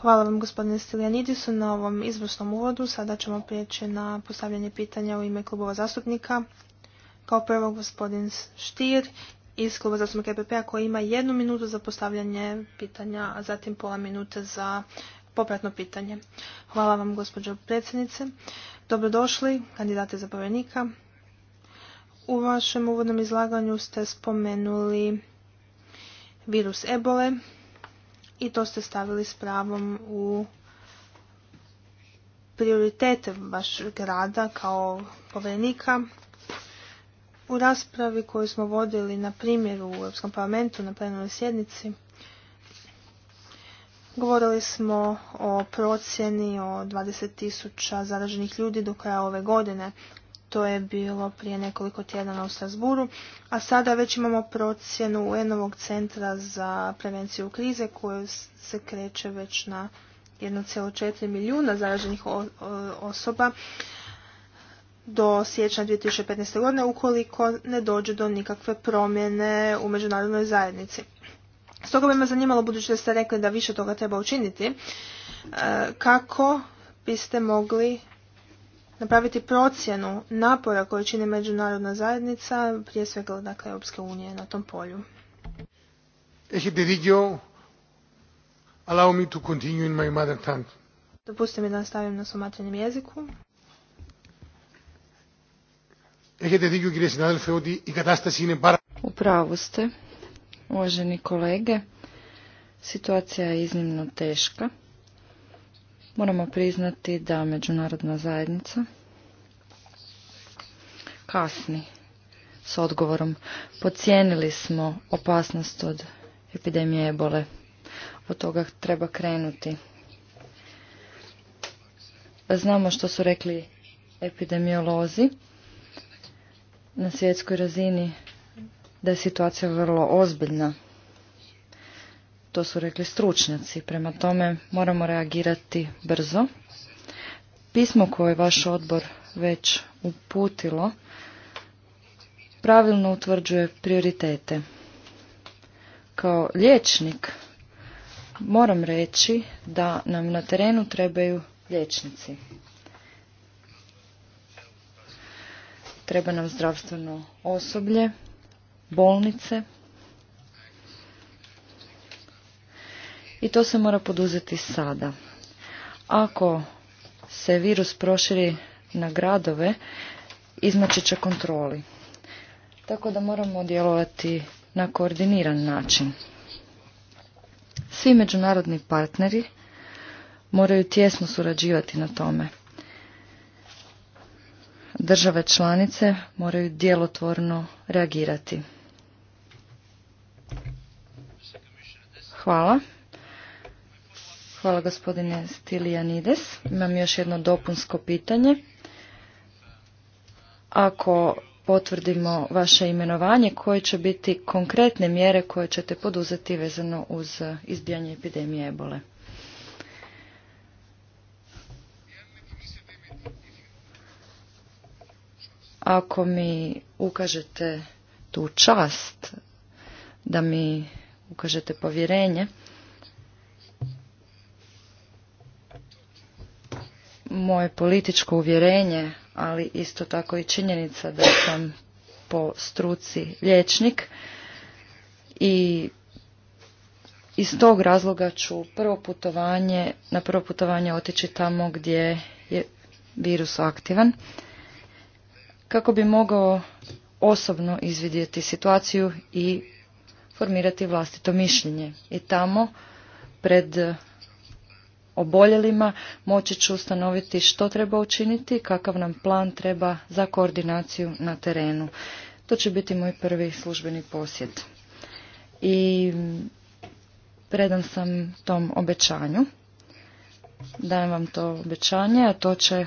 Hvala vam gospodine Stiljanidisu na ovom izvrsnom uvodu. Sada ćemo prijeći na postavljanje pitanja u ime klubova zastupnika. Kao prvo gospodin Štir iz kluba zastupnika EPP-a koji ima jednu minutu za postavljanje pitanja, a zatim pola minute za popratno pitanje. Hvala vam gospođo predsjednice. Dobrodošli kandidate za povjernika. U vašem uvodnom izlaganju ste spomenuli virus ebole i to ste stavili s pravom u prioritete vašeg rada kao povjerenika. U raspravi koju smo vodili na primjeru u Europskom parlamentu na plenarnoj sjednici govorili smo o procjeni o 20.000 zaraženih ljudi do kraja ove godine to je bilo prije nekoliko tjedana u Strasburu, a sada već imamo procjenu UN-ovog centra za prevenciju krize koje se kreće već na 1,4 milijuna zaraženih osoba do siječnja 2015. godine ukoliko ne dođe do nikakve promjene u međunarodnoj zajednici. Stoga bi me zanimalo, budući da ste rekli da više toga treba učiniti, e, kako biste mogli napraviti procjenu napora koju čini međunarodna zajednica, prije svega dakle, Europske unije na tom polju. Allow me to continue in my mother tongue. Dopustite mi da nastavim na svom maternjem jeziku. U pravu ste, uvaženi kolege. Situacija je iznimno teška. Moramo priznati da međunarodna zajednica kasni s odgovorom. Pocijenili smo opasnost od epidemije ebole. Od toga treba krenuti. Znamo što su rekli epidemiolozi na svjetskoj razini da je situacija vrlo ozbiljna to su rekli stručnjaci. Prema tome moramo reagirati brzo. Pismo koje je vaš odbor već uputilo pravilno utvrđuje prioritete. Kao liječnik moram reći da nam na terenu trebaju liječnici. Treba nam zdravstveno osoblje, bolnice, i to se mora poduzeti sada. Ako se virus proširi na gradove, izmaći će kontroli. Tako da moramo djelovati na koordiniran način. Svi međunarodni partneri moraju tjesno surađivati na tome. Države članice moraju djelotvorno reagirati. Hvala. Hvala gospodine Stilijanides. Imam još jedno dopunsko pitanje. Ako potvrdimo vaše imenovanje, koje će biti konkretne mjere koje ćete poduzeti vezano uz izbijanje epidemije ebole? Ako mi ukažete tu čast da mi ukažete povjerenje, moje političko uvjerenje, ali isto tako i činjenica da sam po struci liječnik i iz tog razloga ću prvo putovanje, na prvo putovanje otići tamo gdje je virus aktivan kako bi mogao osobno izvidjeti situaciju i formirati vlastito mišljenje. I tamo pred oboljelima moći ću ustanoviti što treba učiniti, kakav nam plan treba za koordinaciju na terenu. To će biti moj prvi službeni posjet. I predam sam tom obećanju. Dajem vam to obećanje, a to će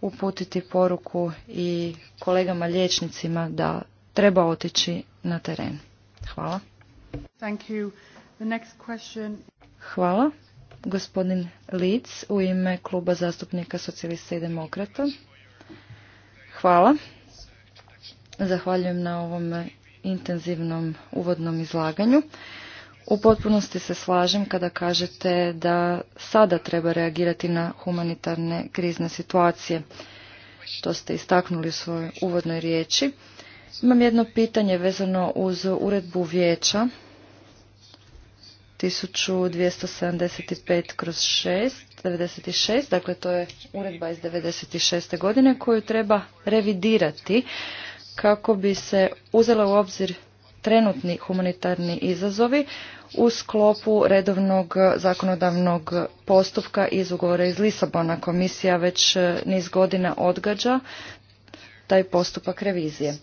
uputiti poruku i kolegama liječnicima da treba otići na teren. Hvala. Hvala gospodin Lic u ime kluba zastupnika socijalista i demokrata. Hvala. Zahvaljujem na ovom intenzivnom uvodnom izlaganju. U potpunosti se slažem kada kažete da sada treba reagirati na humanitarne krizne situacije. To ste istaknuli u svojoj uvodnoj riječi. Imam jedno pitanje vezano uz uredbu vijeća 1275 kroz 6, 96, dakle to je uredba iz 96. godine koju treba revidirati kako bi se uzela u obzir trenutni humanitarni izazovi u sklopu redovnog zakonodavnog postupka iz ugovora iz Lisabona. Komisija već niz godina odgađa taj postupak revizije.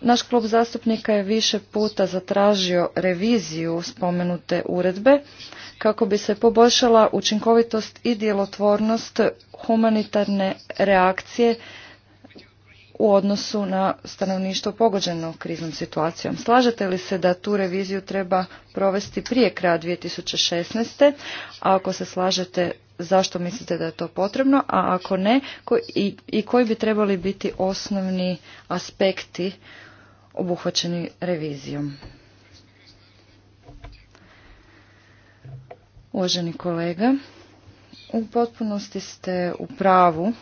Naš klub zastupnika je više puta zatražio reviziju spomenute uredbe kako bi se poboljšala učinkovitost i djelotvornost humanitarne reakcije u odnosu na stanovništvo pogođeno kriznom situacijom. Slažete li se da tu reviziju treba provesti prije kraja 2016. A ako se slažete, zašto mislite da je to potrebno? A ako ne, i koji bi trebali biti osnovni aspekti obuhvaćeni revizijom. Uvaženi kolega, u potpunosti ste u pravu.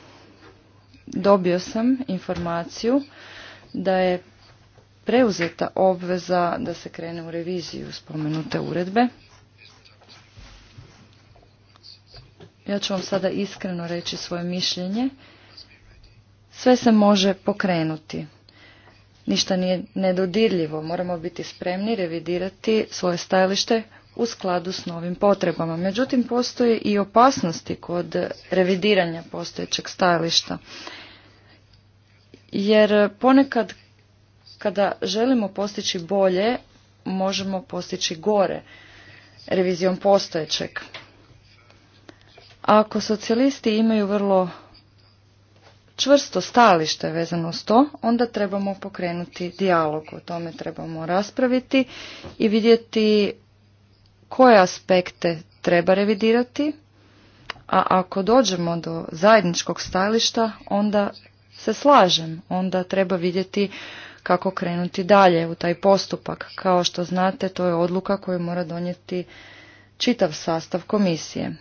Dobio sam informaciju da je preuzeta obveza da se krene u reviziju spomenute uredbe. Ja ću vam sada iskreno reći svoje mišljenje. Sve se može pokrenuti ništa nije nedodirljivo. Moramo biti spremni revidirati svoje stajalište u skladu s novim potrebama. Međutim, postoje i opasnosti kod revidiranja postojećeg stajališta. Jer ponekad kada želimo postići bolje, možemo postići gore revizijom postojećeg. Ako socijalisti imaju vrlo čvrsto stalište vezano s to, onda trebamo pokrenuti dijalog, o tome trebamo raspraviti i vidjeti koje aspekte treba revidirati, a ako dođemo do zajedničkog stajališta, onda se slažem, onda treba vidjeti kako krenuti dalje u taj postupak. Kao što znate, to je odluka koju mora donijeti čitav sastav komisije.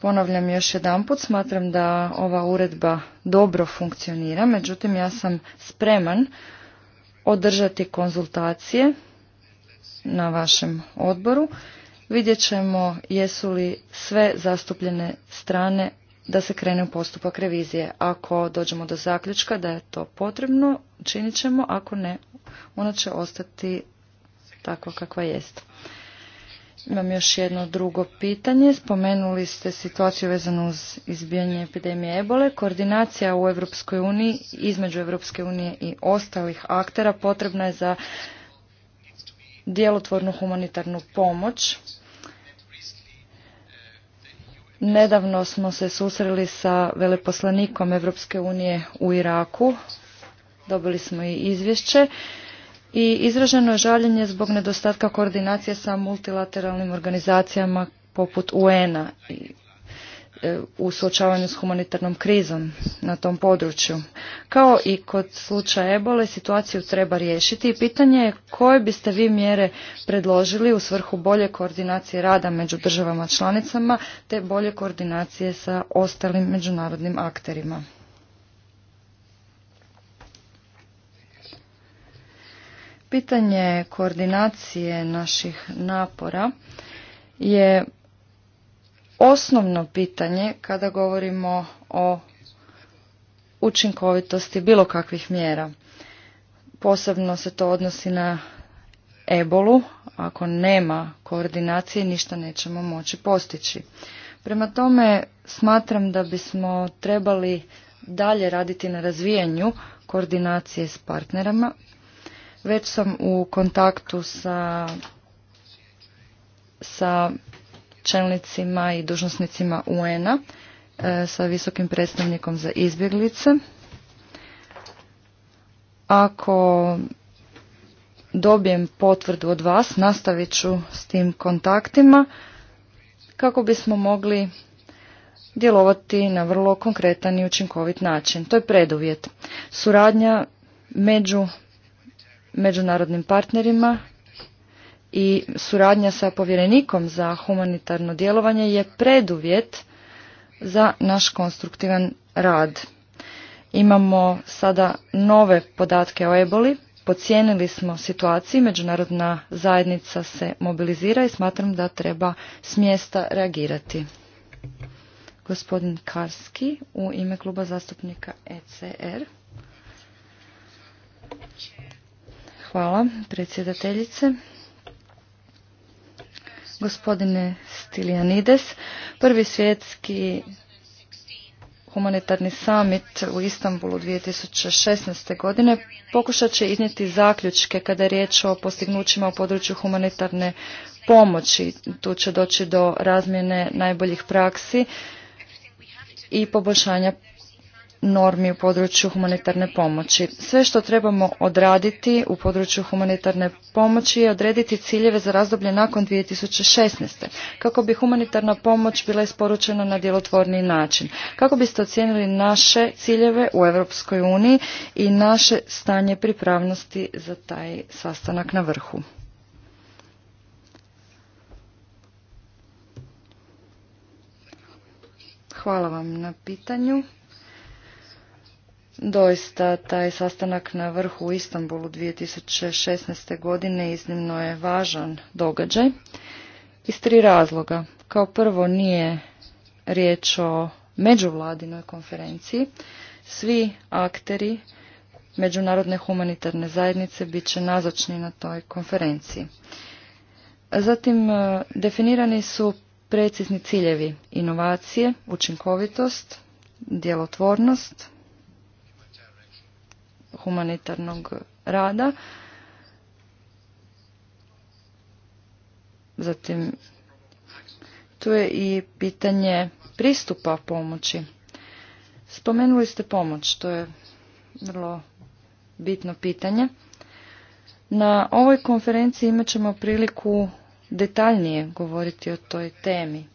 Ponavljam još jedanput, smatram da ova uredba dobro funkcionira, međutim ja sam spreman održati konzultacije na vašem odboru. Vidjet ćemo jesu li sve zastupljene strane da se krene u postupak revizije. Ako dođemo do zaključka da je to potrebno, činit ćemo, ako ne, ona će ostati tako kakva jest. Imam još jedno drugo pitanje. Spomenuli ste situaciju vezanu uz izbijanje epidemije ebole. Koordinacija u Europskoj uniji između Europske unije i ostalih aktera potrebna je za djelotvornu humanitarnu pomoć. Nedavno smo se susreli sa veleposlanikom Europske unije u Iraku. Dobili smo i izvješće i izraženo je žaljenje zbog nedostatka koordinacije sa multilateralnim organizacijama poput UN-a e, u suočavanju s humanitarnom krizom na tom području. Kao i kod slučaja ebole, situaciju treba riješiti i pitanje je koje biste vi mjere predložili u svrhu bolje koordinacije rada među državama članicama te bolje koordinacije sa ostalim međunarodnim akterima. Pitanje koordinacije naših napora je osnovno pitanje kada govorimo o učinkovitosti bilo kakvih mjera. Posebno se to odnosi na ebolu. Ako nema koordinacije, ništa nećemo moći postići. Prema tome, smatram da bismo trebali dalje raditi na razvijanju koordinacije s partnerama, već sam u kontaktu sa, sa čelnicima i dužnosnicima UN-a, e, sa visokim predstavnikom za izbjeglice. Ako dobijem potvrdu od vas, nastavit ću s tim kontaktima kako bismo mogli djelovati na vrlo konkretan i učinkovit način. To je preduvjet. Suradnja među međunarodnim partnerima i suradnja sa povjerenikom za humanitarno djelovanje je preduvjet za naš konstruktivan rad. Imamo sada nove podatke o eboli, pocijenili smo situaciju, međunarodna zajednica se mobilizira i smatram da treba s mjesta reagirati. Gospodin Karski u ime kluba zastupnika ECR. Hvala, predsjedateljice. Gospodine Stilianides, prvi svjetski humanitarni summit u Istanbulu 2016. godine pokušat će iznijeti zaključke kada je riječ o postignućima u području humanitarne pomoći. Tu će doći do razmjene najboljih praksi i poboljšanja normi u području humanitarne pomoći. Sve što trebamo odraditi u području humanitarne pomoći je odrediti ciljeve za razdoblje nakon 2016. kako bi humanitarna pomoć bila isporučena na djelotvorni način. Kako biste ocijenili naše ciljeve u Europskoj uniji i naše stanje pripravnosti za taj sastanak na vrhu? Hvala vam na pitanju. Doista, taj sastanak na vrhu u Istanbulu 2016. godine iznimno je važan događaj iz tri razloga. Kao prvo nije riječ o međuvladinoj konferenciji. Svi akteri međunarodne humanitarne zajednice bit će nazočni na toj konferenciji. Zatim, e, definirani su precizni ciljevi inovacije, učinkovitost, djelotvornost, humanitarnog rada. Zatim, tu je i pitanje pristupa pomoći. Spomenuli ste pomoć, to je vrlo bitno pitanje. Na ovoj konferenciji imat ćemo priliku detaljnije govoriti o toj temi.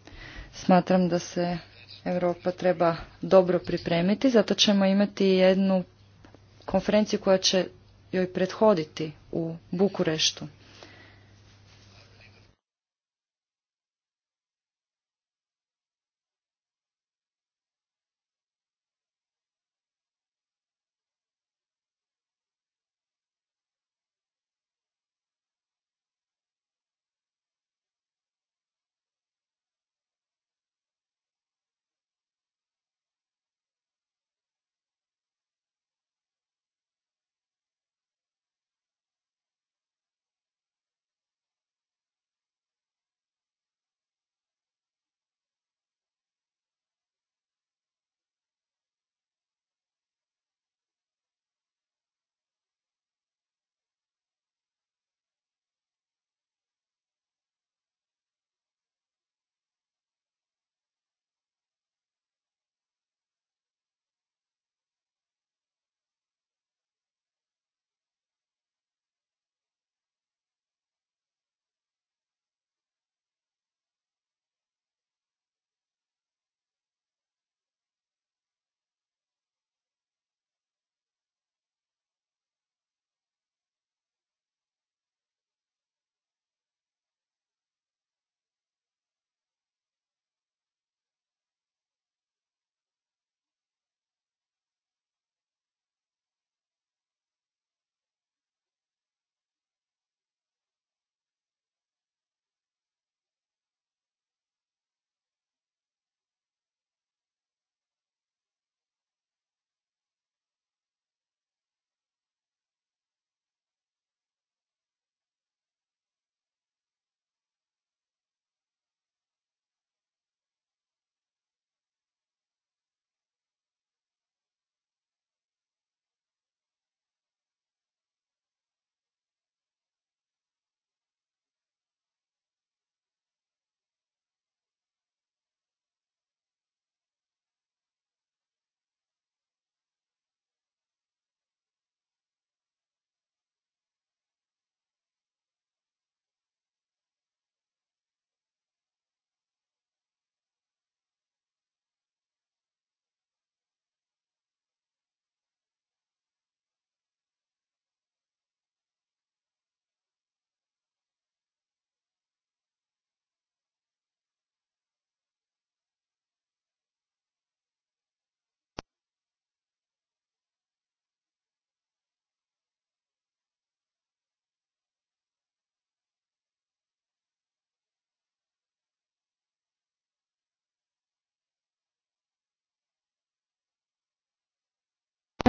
Smatram da se Europa treba dobro pripremiti, zato ćemo imati jednu konferenciju koja će joj prethoditi u Bukureštu.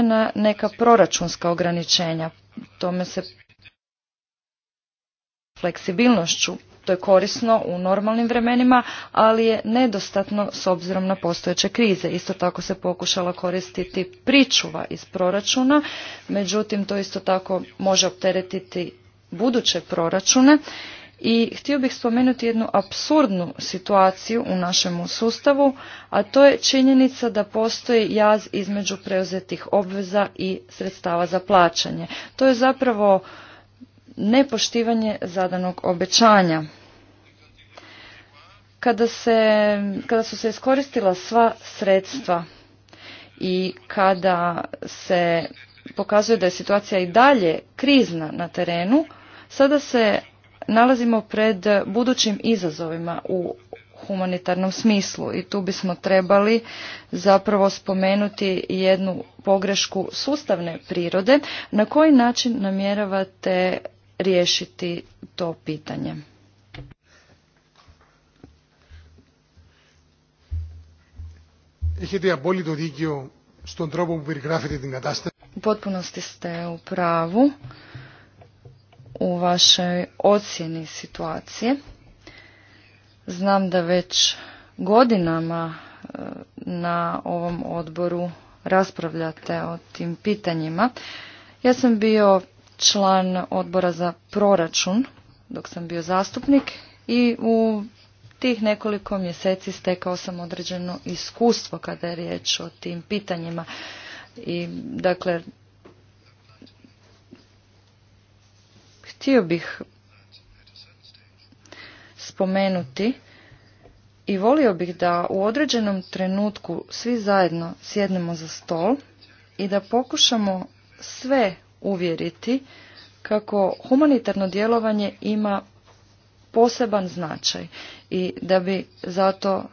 na neka proračunska ograničenja. Tome se fleksibilnošću, to je korisno u normalnim vremenima, ali je nedostatno s obzirom na postojeće krize. Isto tako se pokušala koristiti pričuva iz proračuna, međutim to isto tako može opteretiti buduće proračune i htio bih spomenuti jednu apsurdnu situaciju u našem sustavu, a to je činjenica da postoji jaz između preuzetih obveza i sredstava za plaćanje. To je zapravo nepoštivanje zadanog obećanja. Kada, se, kada su se iskoristila sva sredstva i kada se pokazuje da je situacija i dalje krizna na terenu, sada se nalazimo pred budućim izazovima u humanitarnom smislu i tu bismo trebali zapravo spomenuti jednu pogrešku sustavne prirode. Na koji način namjeravate riješiti to pitanje? U potpunosti ste u pravu u vašoj ocjeni situacije. Znam da već godinama e, na ovom odboru raspravljate o tim pitanjima. Ja sam bio član odbora za proračun dok sam bio zastupnik i u tih nekoliko mjeseci stekao sam određeno iskustvo kada je riječ o tim pitanjima. I dakle Htio bih spomenuti i volio bih da u određenom trenutku svi zajedno sjednemo za stol i da pokušamo sve uvjeriti kako humanitarno djelovanje ima poseban značaj i da bi zato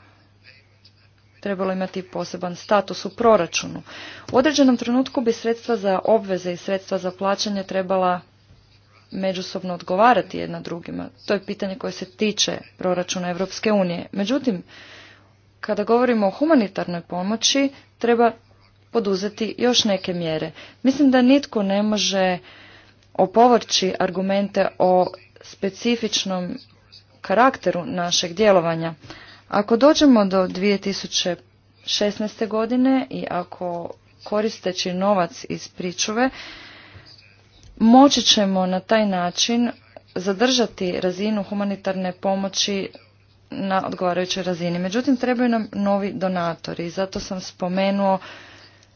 trebalo imati poseban status u proračunu. U određenom trenutku bi sredstva za obveze i sredstva za plaćanje trebala međusobno odgovarati jedna drugima. To je pitanje koje se tiče proračuna Europske unije. Međutim, kada govorimo o humanitarnoj pomoći, treba poduzeti još neke mjere. Mislim da nitko ne može opovrći argumente o specifičnom karakteru našeg djelovanja. Ako dođemo do 2016. godine i ako koristeći novac iz pričuve moći ćemo na taj način zadržati razinu humanitarne pomoći na odgovarajućoj razini. Međutim, trebaju nam novi donatori. Zato sam spomenuo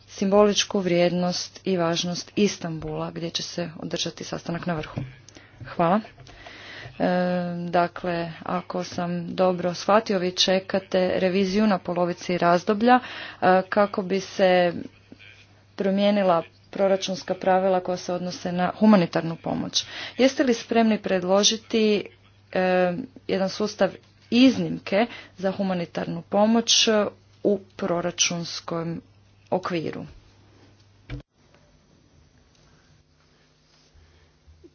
simboličku vrijednost i važnost Istambula gdje će se održati sastanak na vrhu. Hvala. E, dakle, ako sam dobro shvatio, vi čekate reviziju na polovici razdoblja e, kako bi se promijenila proračunska pravila koja se odnose na humanitarnu pomoć. Jeste li spremni predložiti jedan sustav iznimke za humanitarnu pomoć u proračunskom okviru?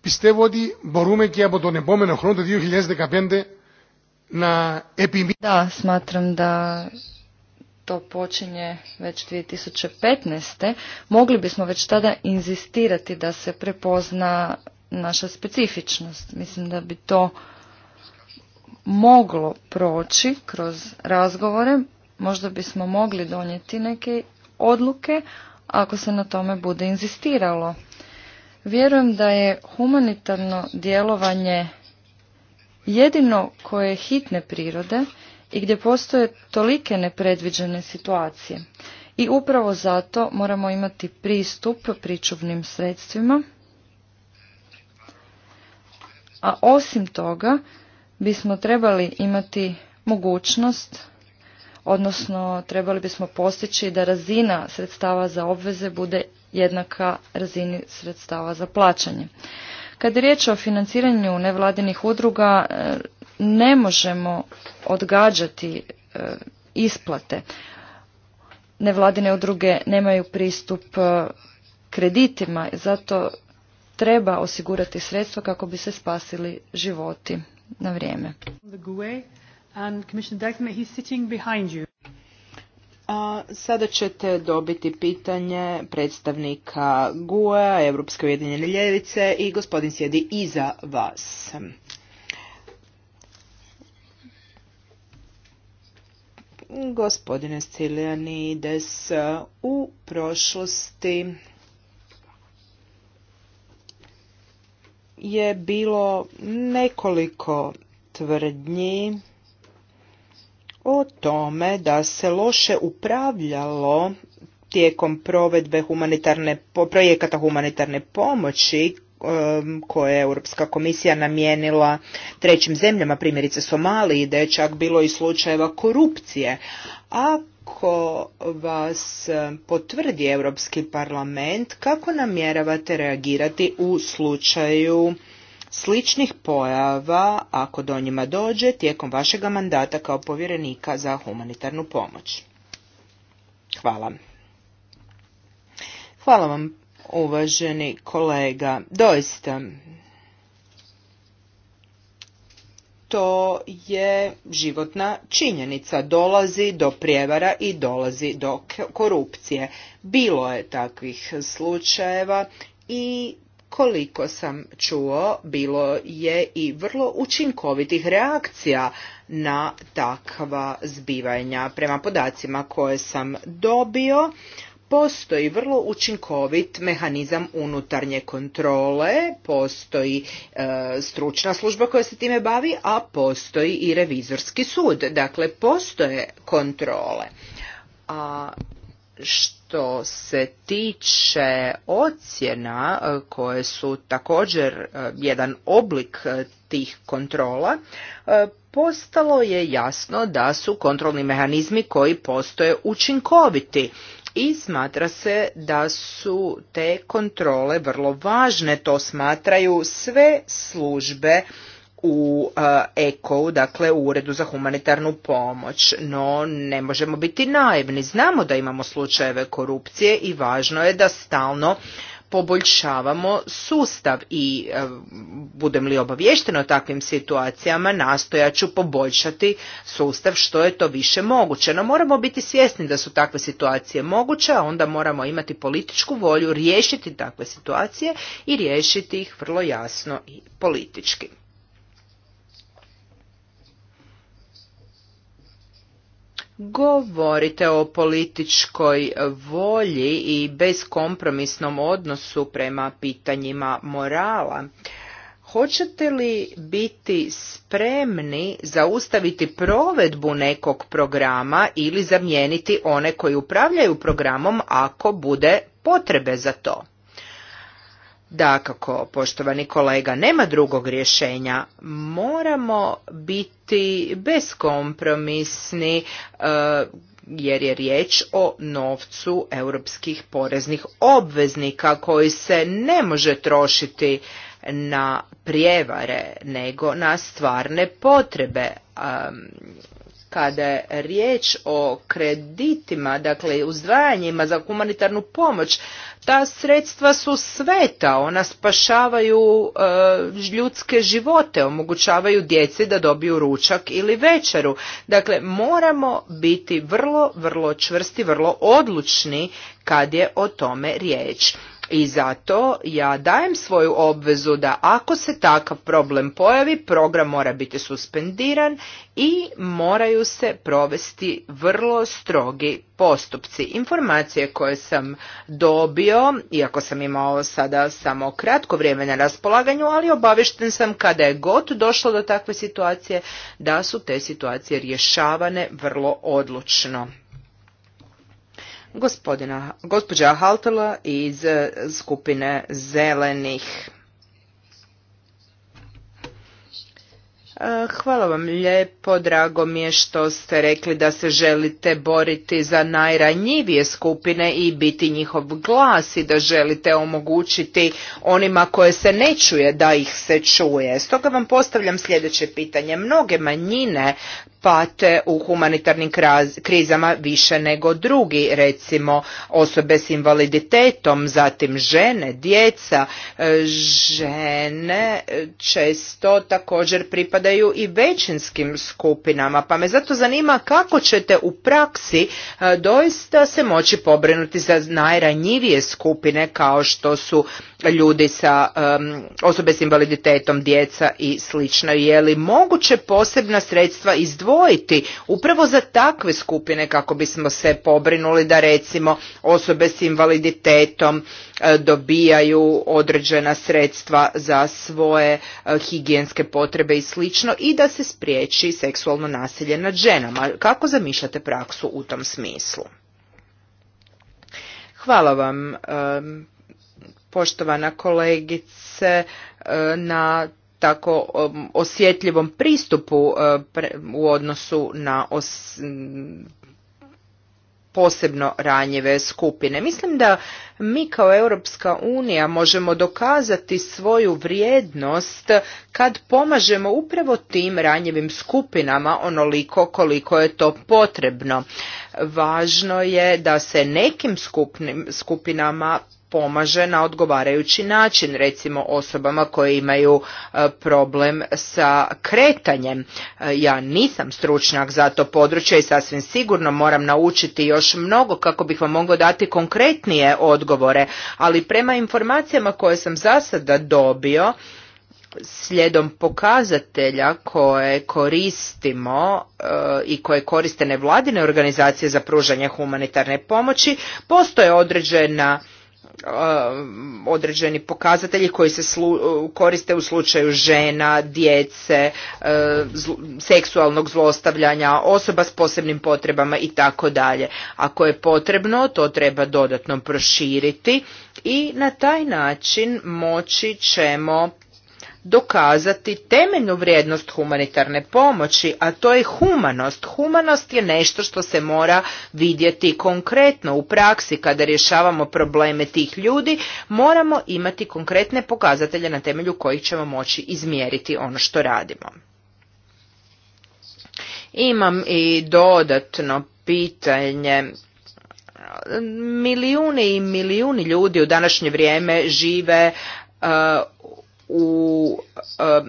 Pistevo di borume ki abo 2015, Da, smatram da to počinje već 2015. mogli bismo već tada inzistirati da se prepozna naša specifičnost. Mislim da bi to moglo proći kroz razgovore. Možda bismo mogli donijeti neke odluke ako se na tome bude inzistiralo. Vjerujem da je humanitarno djelovanje jedino koje je hitne prirode i gdje postoje tolike nepredviđene situacije. I upravo zato moramo imati pristup pričuvnim sredstvima, a osim toga bismo trebali imati mogućnost, odnosno trebali bismo postići da razina sredstava za obveze bude jednaka razini sredstava za plaćanje. Kad je riječ o financiranju nevladinih udruga, ne možemo odgađati e, isplate. Nevladine udruge nemaju pristup e, kreditima, zato treba osigurati sredstva kako bi se spasili životi na vrijeme. E sada ćete dobiti pitanje predstavnika GUA, Europske ujedinjene ljevice i gospodin sjedi iza vas. gospodine Stiljanides, u prošlosti je bilo nekoliko tvrdnji o tome da se loše upravljalo tijekom provedbe humanitarne, projekata humanitarne pomoći Um, koje je Europska komisija namijenila trećim zemljama, primjerice Somaliji, da je čak bilo i slučajeva korupcije. Ako vas potvrdi Europski parlament, kako namjeravate reagirati u slučaju sličnih pojava, ako do njima dođe, tijekom vašeg mandata kao povjerenika za humanitarnu pomoć? Hvala. Hvala vam uvaženi kolega. Doista, to je životna činjenica. Dolazi do prijevara i dolazi do korupcije. Bilo je takvih slučajeva i koliko sam čuo, bilo je i vrlo učinkovitih reakcija na takva zbivanja. Prema podacima koje sam dobio, Postoji vrlo učinkovit mehanizam unutarnje kontrole, postoji e, stručna služba koja se time bavi, a postoji i revizorski sud. Dakle, postoje kontrole. A što se tiče ocjena e, koje su također e, jedan oblik tih kontrola, postalo je jasno da su kontrolni mehanizmi koji postoje učinkoviti i smatra se da su te kontrole vrlo važne. To smatraju sve službe u ECO, dakle u Uredu za humanitarnu pomoć. No, ne možemo biti naivni. Znamo da imamo slučajeve korupcije i važno je da stalno poboljšavamo sustav i e, budem li obaviještena o takvim situacijama nastojat ću poboljšati sustav što je to više moguće. No moramo biti svjesni da su takve situacije moguće, a onda moramo imati političku volju riješiti takve situacije i riješiti ih vrlo jasno i politički. govorite o političkoj volji i bezkompromisnom odnosu prema pitanjima morala. Hoćete li biti spremni zaustaviti provedbu nekog programa ili zamijeniti one koji upravljaju programom ako bude potrebe za to? Dakako, poštovani kolega, nema drugog rješenja. Moramo biti beskompromisni e, jer je riječ o novcu europskih poreznih obveznika koji se ne može trošiti na prijevare nego na stvarne potrebe kada je riječ o kreditima, dakle uzdvajanjima za humanitarnu pomoć, ta sredstva su sveta, ona spašavaju e, ljudske živote, omogućavaju djeci da dobiju ručak ili večeru. Dakle, moramo biti vrlo, vrlo čvrsti, vrlo odlučni kad je o tome riječ. I zato ja dajem svoju obvezu da ako se takav problem pojavi, program mora biti suspendiran i moraju se provesti vrlo strogi postupci. Informacije koje sam dobio, iako sam imao sada samo kratko vrijeme na raspolaganju, ali obavješten sam kada je god došlo do takve situacije, da su te situacije rješavane vrlo odlučno. Gospodina, gospođa Haltala iz eh, skupine zelenih. Eh, hvala vam lijepo, drago mi je što ste rekli da se želite boriti za najranjivije skupine i biti njihov glas i da želite omogućiti onima koje se ne čuje da ih se čuje. Stoga vam postavljam sljedeće pitanje. Mnoge manjine pate u humanitarnim krizama više nego drugi, recimo osobe s invaliditetom, zatim žene, djeca. E, žene e, često također pripadaju i većinskim skupinama, pa me zato zanima kako ćete u praksi e, doista se moći pobrinuti za najranjivije skupine kao što su ljudi sa osobe s invaliditetom, djeca i slično. Je li moguće posebna sredstva izdvojiti izdvojiti upravo za takve skupine kako bismo se pobrinuli da recimo osobe s invaliditetom e, dobijaju određena sredstva za svoje e, higijenske potrebe i slično i da se spriječi seksualno nasilje nad ženama. Kako zamišljate praksu u tom smislu? Hvala vam, e, poštovana kolegice, na tako um, osjetljivom pristupu uh, u odnosu na posebno ranjive skupine. Mislim da mi kao Europska unija možemo dokazati svoju vrijednost kad pomažemo upravo tim ranjivim skupinama onoliko koliko je to potrebno. Važno je da se nekim skupinama pomaže na odgovarajući način, recimo osobama koje imaju e, problem sa kretanjem. E, ja nisam stručnjak za to područje i sasvim sigurno moram naučiti još mnogo kako bih vam mogao dati konkretnije odgovore, ali prema informacijama koje sam za sada dobio, slijedom pokazatelja koje koristimo e, i koje koriste nevladine organizacije za pružanje humanitarne pomoći, postoje određena Um, određeni pokazatelji koji se uh, koriste u slučaju žena, djece, uh, seksualnog zlostavljanja, osoba s posebnim potrebama i tako dalje. Ako je potrebno, to treba dodatno proširiti i na taj način moći ćemo dokazati temeljnu vrijednost humanitarne pomoći, a to je humanost. Humanost je nešto što se mora vidjeti konkretno u praksi kada rješavamo probleme tih ljudi, moramo imati konkretne pokazatelje na temelju kojih ćemo moći izmjeriti ono što radimo. Imam i dodatno pitanje milijuni i milijuni ljudi u današnje vrijeme žive uh, u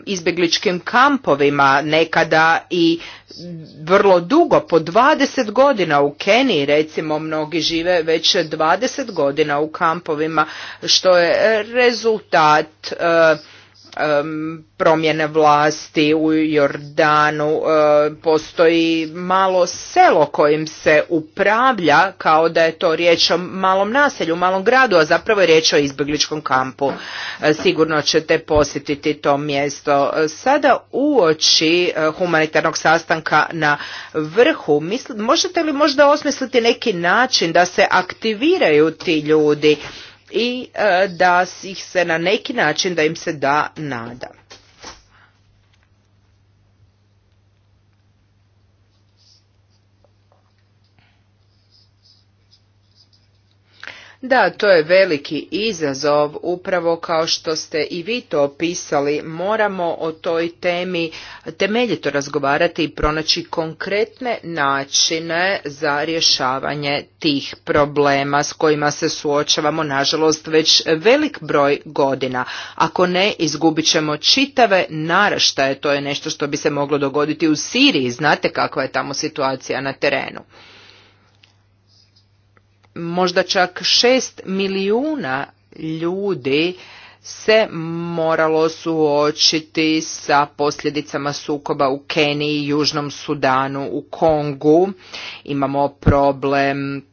izbjegličkim kampovima nekada i vrlo dugo, po 20 godina u Keniji recimo mnogi žive već 20 godina u kampovima što je rezultat promjene vlasti u Jordanu. E, postoji malo selo kojim se upravlja kao da je to riječ o malom naselju, malom gradu, a zapravo je riječ o izbjegličkom kampu. E, sigurno ćete posjetiti to mjesto. E, sada uoči humanitarnog sastanka na vrhu, možete li možda osmisliti neki način da se aktiviraju ti ljudi? i e, da ih se na neki način da im se da nada. Da, to je veliki izazov, upravo kao što ste i vi to opisali, moramo o toj temi temeljito razgovarati i pronaći konkretne načine za rješavanje tih problema s kojima se suočavamo, nažalost, već velik broj godina. Ako ne, izgubit ćemo čitave naraštaje, to je nešto što bi se moglo dogoditi u Siriji, znate kakva je tamo situacija na terenu možda čak šest milijuna ljudi se moralo suočiti sa posljedicama sukoba u Keniji, Južnom Sudanu, u Kongu. Imamo problem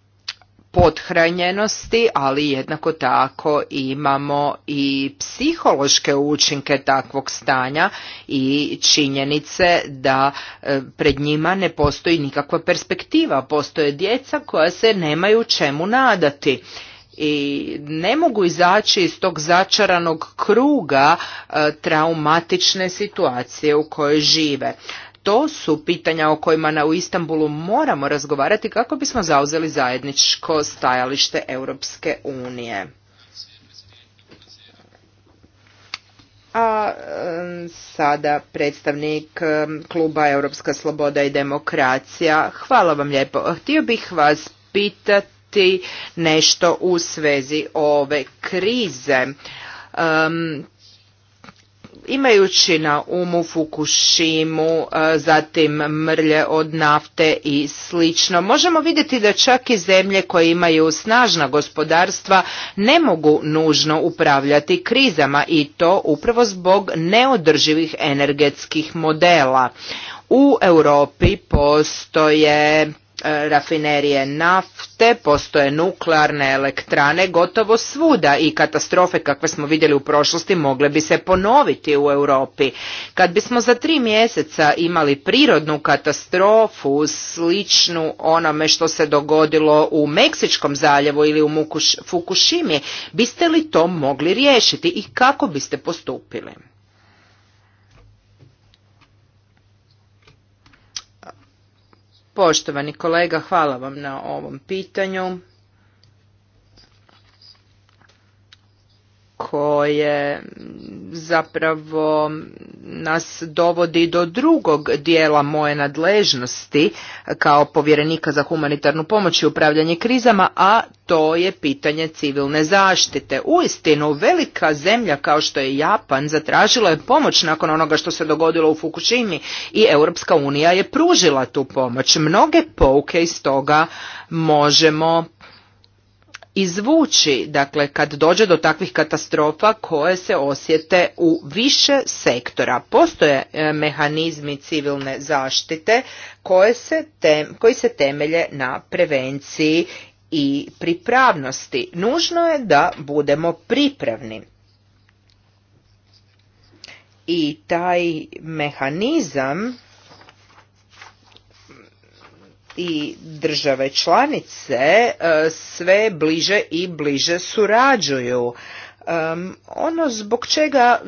pothranjenosti, ali jednako tako imamo i psihološke učinke takvog stanja i činjenice da e, pred njima ne postoji nikakva perspektiva, postoje djeca koja se nemaju čemu nadati i ne mogu izaći iz tog začaranog kruga e, traumatične situacije u kojoj žive to su pitanja o kojima na u Istanbulu moramo razgovarati kako bismo zauzeli zajedničko stajalište Europske unije. A sada predstavnik kluba Europska sloboda i demokracija. Hvala vam lijepo. Htio bih vas pitati nešto u svezi ove krize. Imajući na umu Fukushimu, e, zatim mrlje od nafte i slično, možemo vidjeti da čak i zemlje koje imaju snažna gospodarstva ne mogu nužno upravljati krizama i to upravo zbog neodrživih energetskih modela. U Europi postoje E, rafinerije nafte, postoje nuklearne elektrane gotovo svuda i katastrofe kakve smo vidjeli u prošlosti mogle bi se ponoviti u Europi. Kad bismo za tri mjeseca imali prirodnu katastrofu sličnu onome što se dogodilo u Meksičkom zaljevu ili u Fukushimi, biste li to mogli riješiti i kako biste postupili? Poštovani kolega, hvala vam na ovom pitanju. koje zapravo nas dovodi do drugog dijela moje nadležnosti kao povjerenika za humanitarnu pomoć i upravljanje krizama, a to je pitanje civilne zaštite. Uistinu, velika zemlja kao što je Japan zatražila je pomoć nakon onoga što se dogodilo u Fukushimi i Europska unija je pružila tu pomoć. Mnoge pouke iz toga možemo izvući, dakle kad dođe do takvih katastrofa koje se osjete u više sektora. Postoje e, mehanizmi civilne zaštite se koji se temelje na prevenciji i pripravnosti. Nužno je da budemo pripravni. I taj mehanizam i države članice e, sve bliže i bliže surađuju. ono zbog čega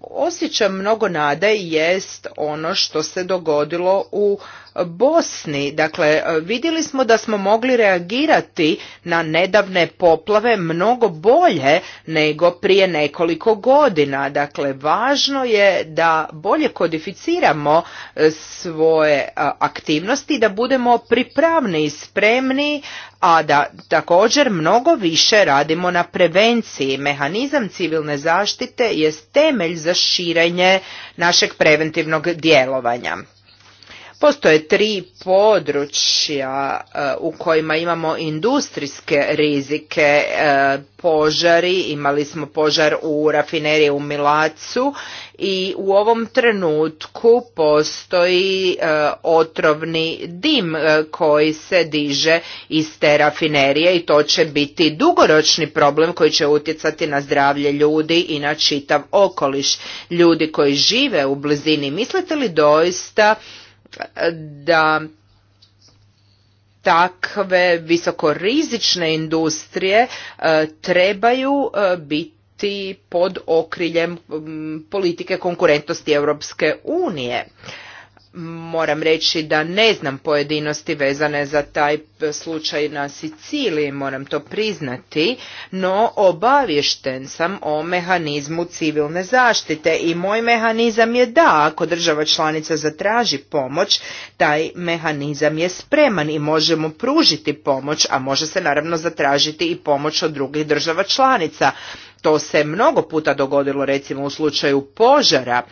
osjećam mnogo nade jest ono što se dogodilo u Bosni. Dakle, vidjeli smo da smo mogli reagirati na nedavne poplave mnogo bolje nego prije nekoliko godina. Dakle, važno je da bolje kodificiramo e, svoje e, aktivnosti, da budemo pripravni i spremni, a da također mnogo više radimo na prevenciji. Mehanizam civilne zaštite je temelj za širenje našeg preventivnog djelovanja. Postoje tri područja e, u kojima imamo industrijske rizike, e, požari, imali smo požar u rafineriji u Milacu i u ovom trenutku postoji e, otrovni dim koji se diže iz te rafinerije i to će biti dugoročni problem koji će utjecati na zdravlje ljudi i na čitav okoliš. Ljudi koji žive u blizini, mislite li doista da takve visokorizične industrije e, trebaju e, biti pod okriljem politike konkurentnosti Europske unije moram reći da ne znam pojedinosti vezane za taj slučaj na Siciliji, moram to priznati, no obavješten sam o mehanizmu civilne zaštite i moj mehanizam je da, ako država članica zatraži pomoć, taj mehanizam je spreman i možemo pružiti pomoć, a može se naravno zatražiti i pomoć od drugih država članica. To se mnogo puta dogodilo recimo u slučaju požara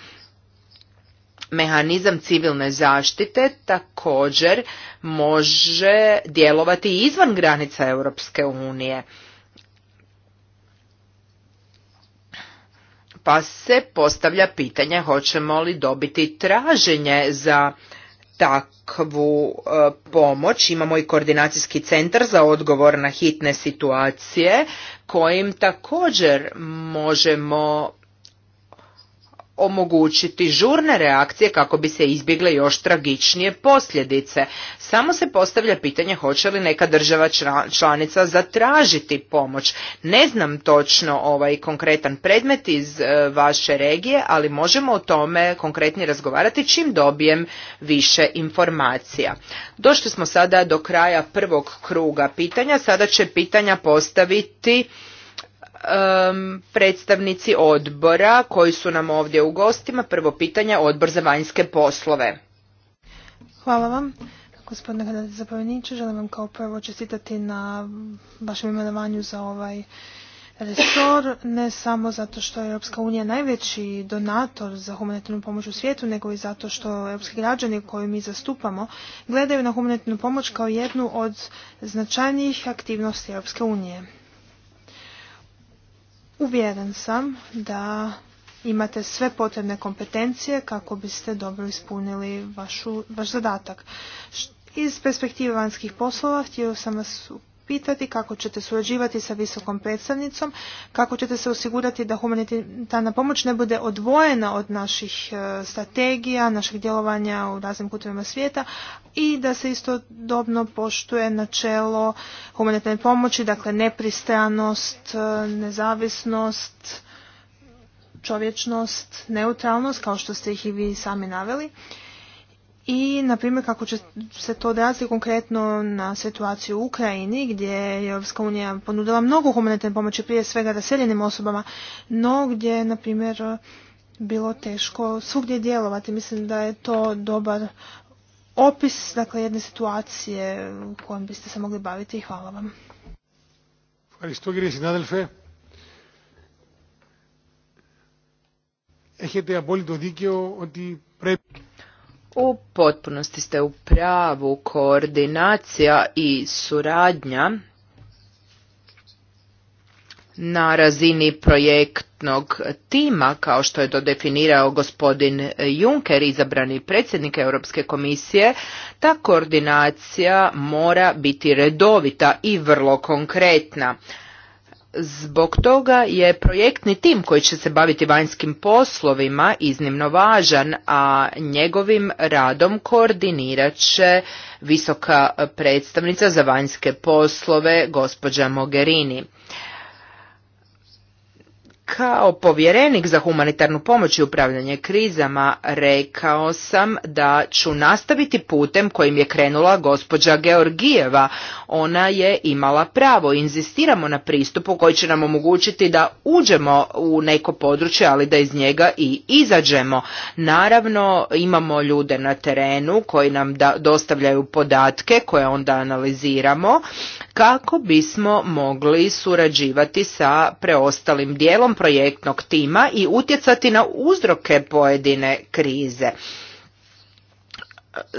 mehanizam civilne zaštite također može djelovati izvan granica Europske unije. Pa se postavlja pitanje hoćemo li dobiti traženje za takvu e, pomoć. Imamo i koordinacijski centar za odgovor na hitne situacije kojim također možemo omogućiti žurne reakcije kako bi se izbjegle još tragičnije posljedice. Samo se postavlja pitanje hoće li neka država članica zatražiti pomoć. Ne znam točno ovaj konkretan predmet iz e, vaše regije, ali možemo o tome konkretnije razgovarati čim dobijem više informacija. Došli smo sada do kraja prvog kruga pitanja, sada će pitanja postaviti predstavnici odbora koji su nam ovdje u gostima. Prvo pitanje, odbor za vanjske poslove. Hvala vam. Gospodine zapovjedniče, želim vam kao prvo čestitati na vašem imenovanju za ovaj resor, ne samo zato što je Europska unija najveći donator za humanitarnu pomoć u svijetu, nego i zato što europski građani koju mi zastupamo gledaju na humanitarnu pomoć kao jednu od značajnijih aktivnosti Europske unije. Uvjeren sam da imate sve potrebne kompetencije kako biste dobro ispunili vaš zadatak. Iz perspektive vanjskih poslova htio sam vas pitati kako ćete surađivati sa visokom predstavnicom, kako ćete se osigurati da humanitarna pomoć ne bude odvojena od naših e, strategija, našeg djelovanja u raznim kutovima svijeta i da se istodobno poštuje načelo humanitarne pomoći, dakle nepristranost, e, nezavisnost, čovječnost, neutralnost, kao što ste ih i vi sami naveli i, na primjer, kako će se to odraziti konkretno na situaciju u Ukrajini, gdje je Europska unija ponudila mnogo humanitarne pomoći, prije svega raseljenim osobama, no gdje je, na primjer, bilo teško svugdje djelovati. Mislim da je to dobar opis dakle, jedne situacije u kojom biste se mogli baviti hvala vam. Έχετε απόλυτο u potpunosti ste u pravu koordinacija i suradnja na razini projektnog tima, kao što je to definirao gospodin Juncker, izabrani predsjednik Europske komisije, ta koordinacija mora biti redovita i vrlo konkretna. Zbog toga je projektni tim koji će se baviti vanjskim poslovima iznimno važan, a njegovim radom koordinirat će visoka predstavnica za vanjske poslove gospođa Mogherini. Kao povjerenik za humanitarnu pomoć i upravljanje krizama rekao sam da ću nastaviti putem kojim je krenula gospođa Georgijeva. Ona je imala pravo, inzistiramo na pristupu koji će nam omogućiti da uđemo u neko područje, ali da iz njega i izađemo. Naravno, imamo ljude na terenu koji nam da, dostavljaju podatke koje onda analiziramo kako bismo mogli surađivati sa preostalim dijelom projektnog tima i utjecati na uzroke pojedine krize.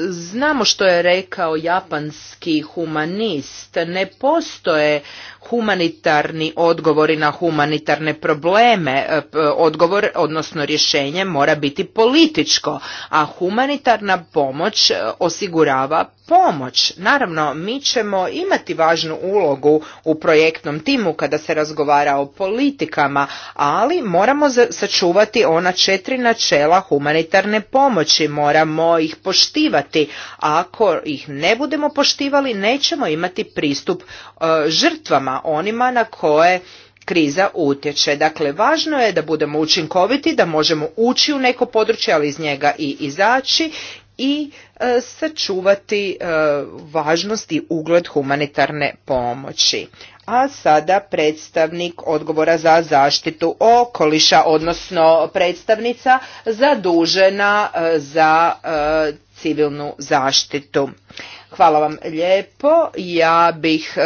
Znamo što je rekao japanski humanist, ne postoje humanitarni odgovori na humanitarne probleme, e, odgovor odnosno rješenje mora biti političko, a humanitarna pomoć e, osigurava pomoć. Naravno, mi ćemo imati važnu ulogu u projektnom timu kada se razgovara o politikama, ali moramo sačuvati ona četiri načela humanitarne pomoći, moramo ih poštivati. Ako ih ne budemo poštivali, nećemo imati pristup e, žrtvama, onima na koje kriza utječe. Dakle, važno je da budemo učinkoviti, da možemo ući u neko područje, ali iz njega i izaći i e, sačuvati e, važnost i ugled humanitarne pomoći. A sada predstavnik odgovora za zaštitu okoliša, odnosno predstavnica zadužena e, za civilnu zaštitu. Hvala vam lijepo. Ja bih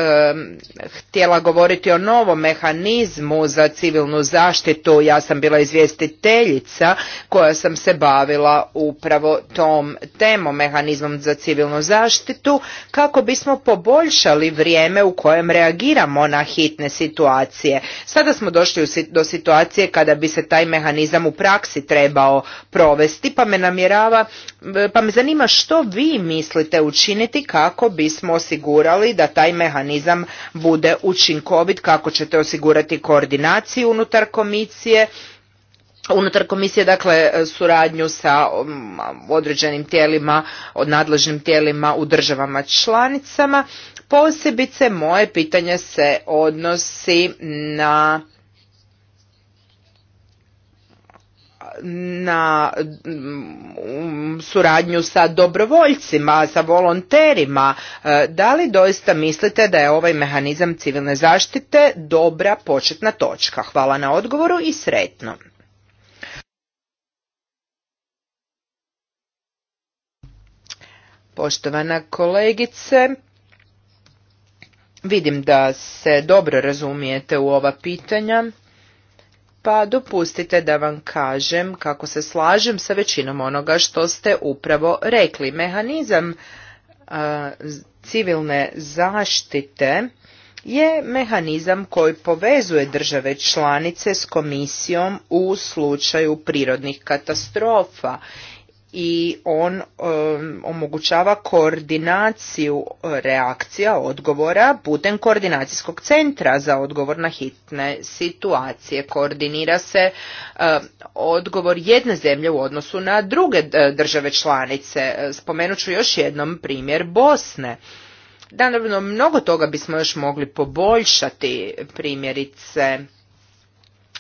htjela govoriti o novom mehanizmu za civilnu zaštitu. Ja sam bila izvjestiteljica koja sam se bavila upravo tom temom mehanizmom za civilnu zaštitu kako bismo poboljšali vrijeme u kojem reagiramo na hitne situacije. Sada smo došli do situacije kada bi se taj mehanizam u praksi trebao provesti pa me namjerava, pa me zanima što vi mislite učiniti kako bismo osigurali da taj mehanizam bude učinkovit, kako ćete osigurati koordinaciju unutar komisije, unutar komisije dakle suradnju sa um, određenim tijelima, od nadležnim tijelima u državama članicama. Posebice moje pitanje se odnosi na na mm, suradnju sa dobrovoljcima, sa volonterima. E, da li doista mislite da je ovaj mehanizam civilne zaštite dobra početna točka? Hvala na odgovoru i sretno. Poštovana kolegice, vidim da se dobro razumijete u ova pitanja pa dopustite da vam kažem kako se slažem sa većinom onoga što ste upravo rekli. Mehanizam civilne zaštite je mehanizam koji povezuje države članice s komisijom u slučaju prirodnih katastrofa i on omogućava koordinaciju reakcija odgovora putem koordinacijskog centra za odgovor na hitne situacije koordinira se odgovor jedne zemlje u odnosu na druge e, države članice e, spomenut ću još jednom primjer Bosne Naravno, mnogo toga bismo još mogli poboljšati, primjerice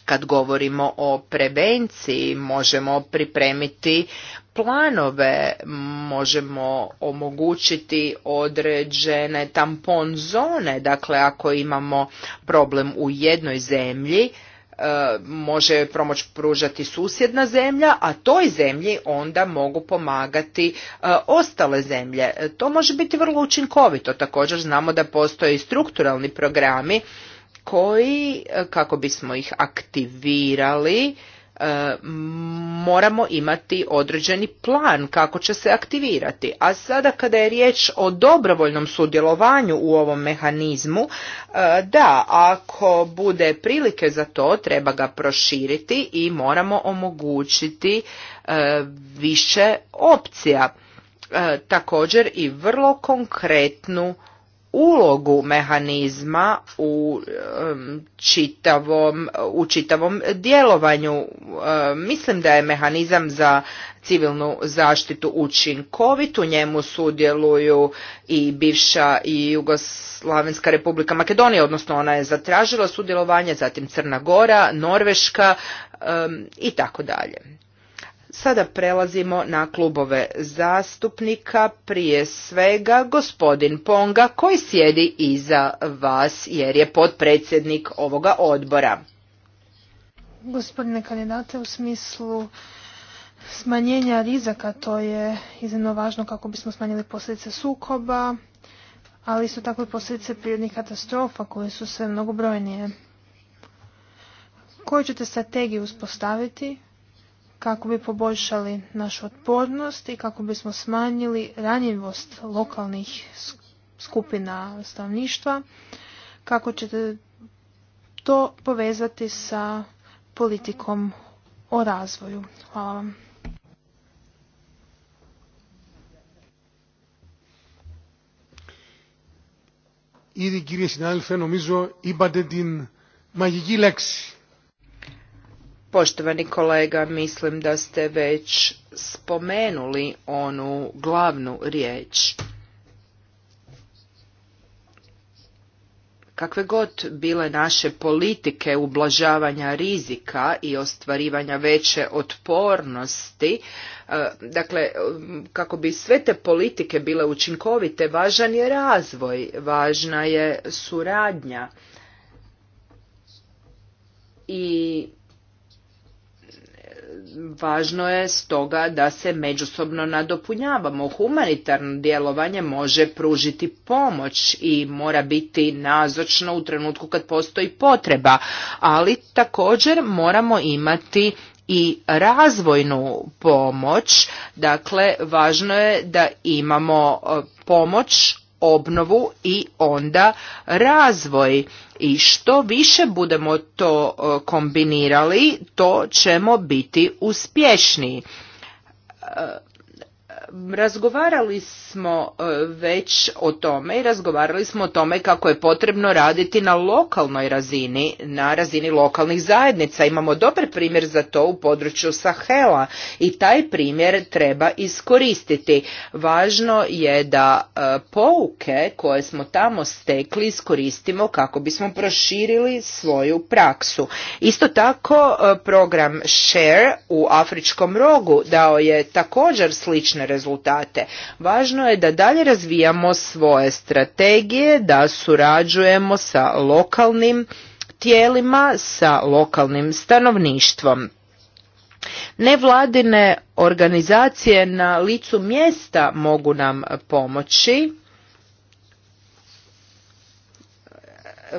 kad govorimo o prevenciji možemo pripremiti planove možemo omogućiti određene tampon zone, dakle ako imamo problem u jednoj zemlji, e, može promoć pružati susjedna zemlja, a toj zemlji onda mogu pomagati e, ostale zemlje. E, to može biti vrlo učinkovito. Također znamo da postoje i strukturalni programi koji, kako bismo ih aktivirali, E, moramo imati određeni plan kako će se aktivirati. A sada kada je riječ o dobrovoljnom sudjelovanju u ovom mehanizmu, e, da, ako bude prilike za to, treba ga proširiti i moramo omogućiti e, više opcija. Također i vrlo konkretnu ulogu mehanizma u čitavom, u djelovanju. Mislim da je mehanizam za civilnu zaštitu učinkovit, u njemu sudjeluju i bivša i Jugoslavenska republika Makedonija, odnosno ona je zatražila sudjelovanje, zatim Crna Gora, Norveška i tako dalje. Sada prelazimo na klubove zastupnika, prije svega gospodin Ponga koji sjedi iza vas jer je potpredsjednik ovoga odbora. Gospodine kandidate, u smislu smanjenja rizika, to je iznimno važno kako bismo smanjili posljedice sukoba, ali isto tako i posljedice prirodnih katastrofa koje su sve mnogobrojnije. Koju ćete strategiju uspostaviti kako bi poboljšali našu otpornost i kako bismo smanjili ranjivost lokalnih skupina stanovništva, kako ćete to povezati sa politikom o razvoju. Hvala vam. Ήδη κύριε συνάδελφε νομίζω είπατε Poštovani kolega, mislim da ste već spomenuli onu glavnu riječ. Kakve god bile naše politike ublažavanja rizika i ostvarivanja veće otpornosti, e, dakle, kako bi sve te politike bile učinkovite, važan je razvoj, važna je suradnja i Važno je stoga da se međusobno nadopunjavamo. Humanitarno djelovanje može pružiti pomoć i mora biti nazočno u trenutku kad postoji potreba, ali također moramo imati i razvojnu pomoć. Dakle, važno je da imamo e, pomoć obnovu i onda razvoj. I što više budemo to e, kombinirali, to ćemo biti uspješniji. E, Razgovarali smo e, već o tome i razgovarali smo o tome kako je potrebno raditi na lokalnoj razini, na razini lokalnih zajednica. Imamo dobar primjer za to u području Sahela i taj primjer treba iskoristiti. Važno je da e, pouke koje smo tamo stekli iskoristimo kako bismo proširili svoju praksu. Isto tako e, program Share u Afričkom rogu dao je također slične rezultate rezultate. Važno je da dalje razvijamo svoje strategije, da surađujemo sa lokalnim tijelima, sa lokalnim stanovništvom. Nevladine organizacije na licu mjesta mogu nam pomoći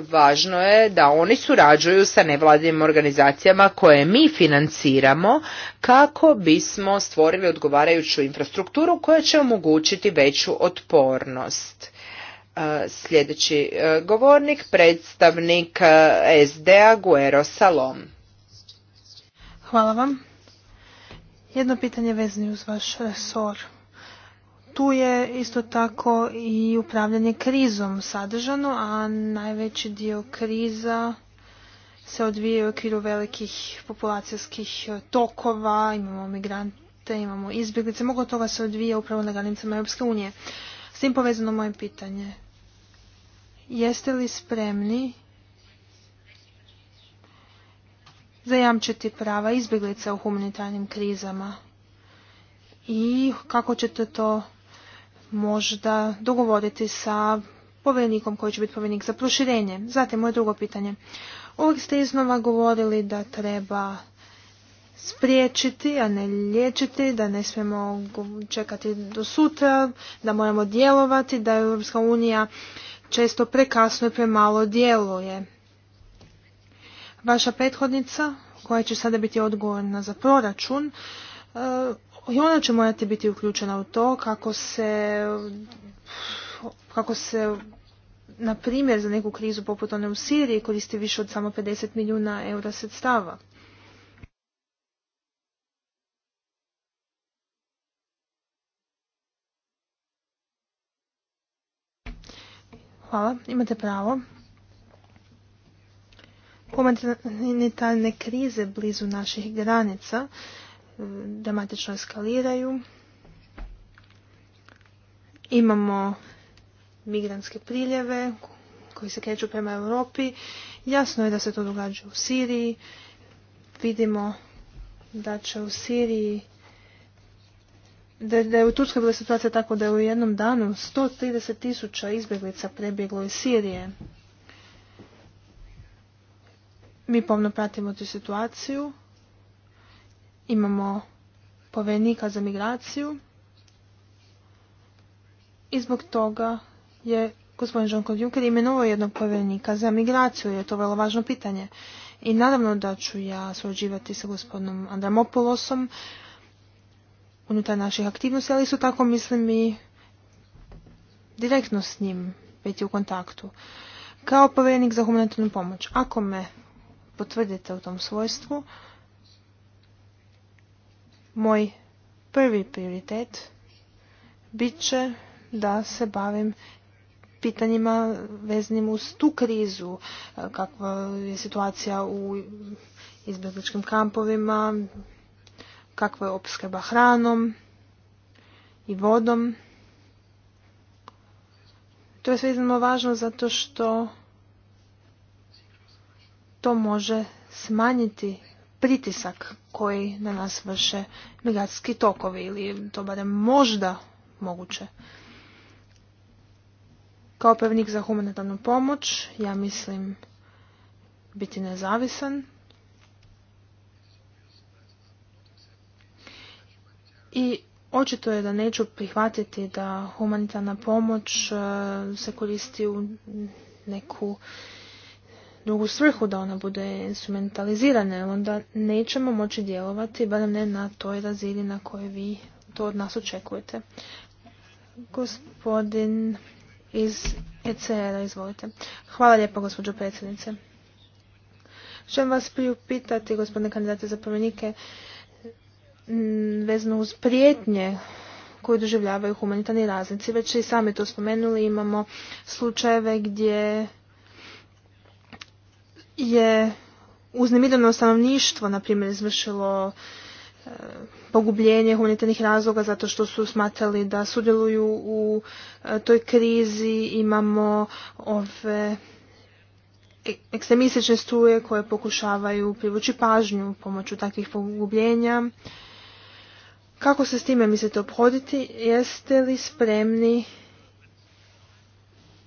važno je da oni surađuju sa nevladinim organizacijama koje mi financiramo kako bismo stvorili odgovarajuću infrastrukturu koja će omogućiti veću otpornost. E, sljedeći e, govornik, predstavnik e, SDA Guero Salom. Hvala vam. Jedno pitanje vezano uz vaš resor. Tu je isto tako i upravljanje krizom sadržano, a najveći dio kriza se odvije u okviru velikih populacijskih e, tokova, imamo migrante, imamo izbjeglice, mnogo toga se odvija upravo na granicama Europske unije. S tim povezano moje pitanje. Jeste li spremni zajamčiti prava izbjeglica u humanitarnim krizama? I kako ćete to možda dogovoriti sa povjerenikom koji će biti povjerenik za proširenje. Zatim, moje drugo pitanje. Uvijek ste iznova govorili da treba spriječiti, a ne liječiti, da ne smijemo čekati do sutra, da moramo djelovati, da Europska unija često prekasno i premalo djeluje. Vaša prethodnica, koja će sada biti odgovorna za proračun, e, i ona će morati biti uključena u to kako se, kako se na primjer za neku krizu poput one u Siriji koristi više od samo 50 milijuna eura sredstava. Hvala, imate pravo. Humanitarne krize blizu naših granica dramatično eskaliraju. Imamo migrantske priljeve koji se kreću prema Europi. Jasno je da se to događa u Siriji. Vidimo da će u Siriji da, da je u Turskoj bila situacija tako da je u jednom danu 130 tisuća izbjeglica prebjeglo iz Sirije. Mi pomno pratimo tu situaciju Imamo povjerenika za migraciju i zbog toga je gospodin Jean-Claude Juncker imenovao jednog povjerenika za migraciju, je to vrlo važno pitanje. I naravno da ću ja surađivati sa gospodinom Andramopoulosom unutar naših aktivnosti, ali su tako mislim i direktno s njim biti u kontaktu. Kao povjerenik za humanitarnu pomoć, ako me potvrdite u tom svojstvu, moj prvi prioritet bit će da se bavim pitanjima vezanim uz tu krizu, e, kakva je situacija u izbjegličkim kampovima, kakva je opskrba hranom i vodom. To je sve iznimno važno zato što to može smanjiti pritisak koji na nas vrše migracijski tokovi ili to barem možda moguće. Kao pevnik za humanitarnu pomoć ja mislim biti nezavisan i očito je da neću prihvatiti da humanitarna pomoć e, se koristi u neku drugu svrhu, da ona bude instrumentalizirana, onda nećemo moći djelovati, barem ne na toj razini na kojoj vi to od nas očekujete. Gospodin iz ECR-a, izvolite. Hvala lijepo, gospođo predsjednice. Želim vas priupitati, gospodine kandidate za promjenike, vezano uz prijetnje koje doživljavaju humanitarni raznici. Već i sami to spomenuli, imamo slučajeve gdje je uznemireno stanovništvo, na primjer, izvršilo e, pogubljenje humanitarnih razloga zato što su smatrali da sudjeluju u e, toj krizi. Imamo ove e, ekstremistične struje koje pokušavaju privući pažnju pomoću takvih pogubljenja. Kako se s time mislite obhoditi? Jeste li spremni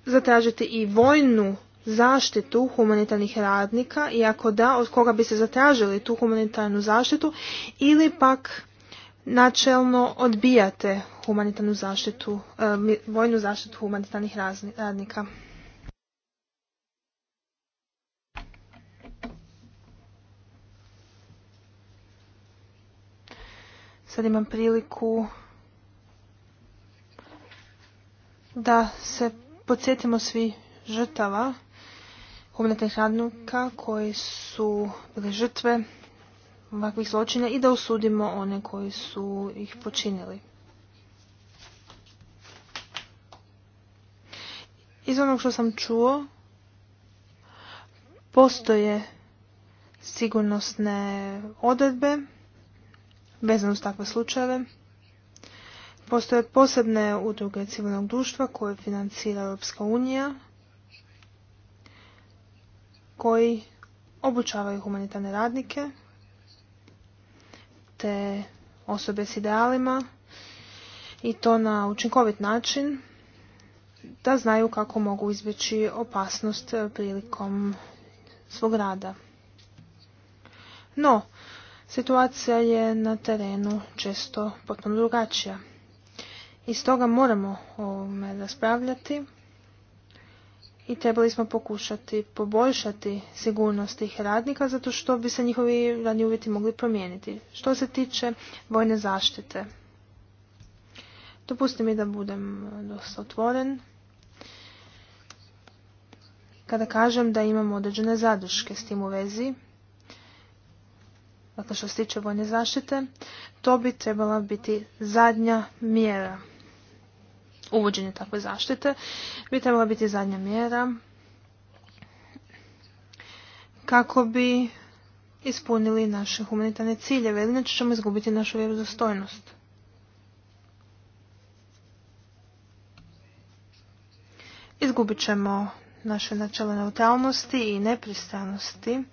zatražiti i vojnu zaštitu humanitarnih radnika i ako da, od koga bi se zatražili tu humanitarnu zaštitu ili pak načelno odbijate humanitarnu zaštitu, e, vojnu zaštitu humanitarnih radnika. Sad imam priliku da se podsjetimo svi žrtava humanitarnih radnika koji su bili žrtve ovakvih zločina i da osudimo one koji su ih počinili. Iz onog što sam čuo, postoje sigurnosne odredbe vezano uz takve slučajeve. Postoje posebne udruge civilnog društva koje financira Europska unija koji obučavaju humanitarne radnike te osobe s idealima i to na učinkovit način da znaju kako mogu izbjeći opasnost prilikom svog rada. No, situacija je na terenu često potpuno drugačija. I stoga moramo o ovome raspravljati i trebali smo pokušati poboljšati sigurnost tih radnika zato što bi se njihovi radni uvjeti mogli promijeniti. Što se tiče vojne zaštite, dopusti mi da budem dosta otvoren kada kažem da imamo određene zaduške s tim u vezi, dakle što se tiče vojne zaštite, to bi trebala biti zadnja mjera uvođenje takve zaštite bi trebala biti zadnja mjera kako bi ispunili naše humanitarne ciljeve, inače ćemo izgubiti našu vjerodostojnost. Izgubit ćemo naše načelo neutralnosti i nepristranosti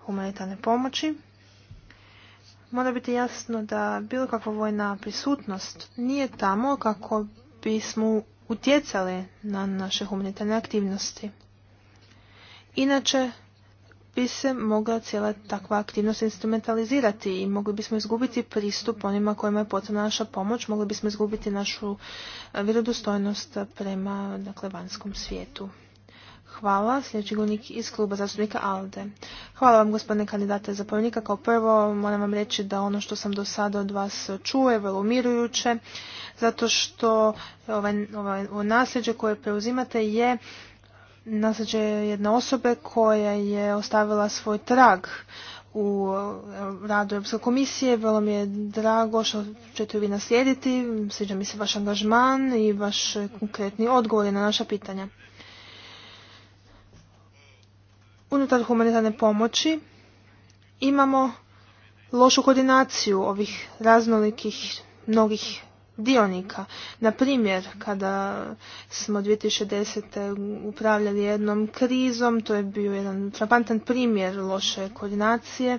humanitarne pomoći. Mora biti jasno da bilo kakva vojna prisutnost nije tamo kako bismo utjecali na naše humanitarne aktivnosti. Inače bi se mogla cijela takva aktivnost instrumentalizirati i mogli bismo izgubiti pristup onima kojima je potrebna naša pomoć, mogli bismo izgubiti našu eh, vjerodostojnost prema dakle, vanjskom svijetu. Hvala. Sljedeći govornik iz kluba zastupnika ALDE. Hvala vam gospodine kandidate za povjednika. Kao prvo moram vam reći da ono što sam do sada od vas čuo je vrlo umirujuće, zato što ovaj, ovaj, nasljeđe koje preuzimate je nasljeđe jedne osobe koja je ostavila svoj trag u eh, radu Europske komisije. Vrlo mi je drago što ćete vi naslijediti. Sviđa mi se vaš angažman i vaš konkretni odgovor na naša pitanja unutar humanitarne pomoći imamo lošu koordinaciju ovih raznolikih mnogih dionika. Na primjer, kada smo 2010. upravljali jednom krizom, to je bio jedan frapantan primjer loše koordinacije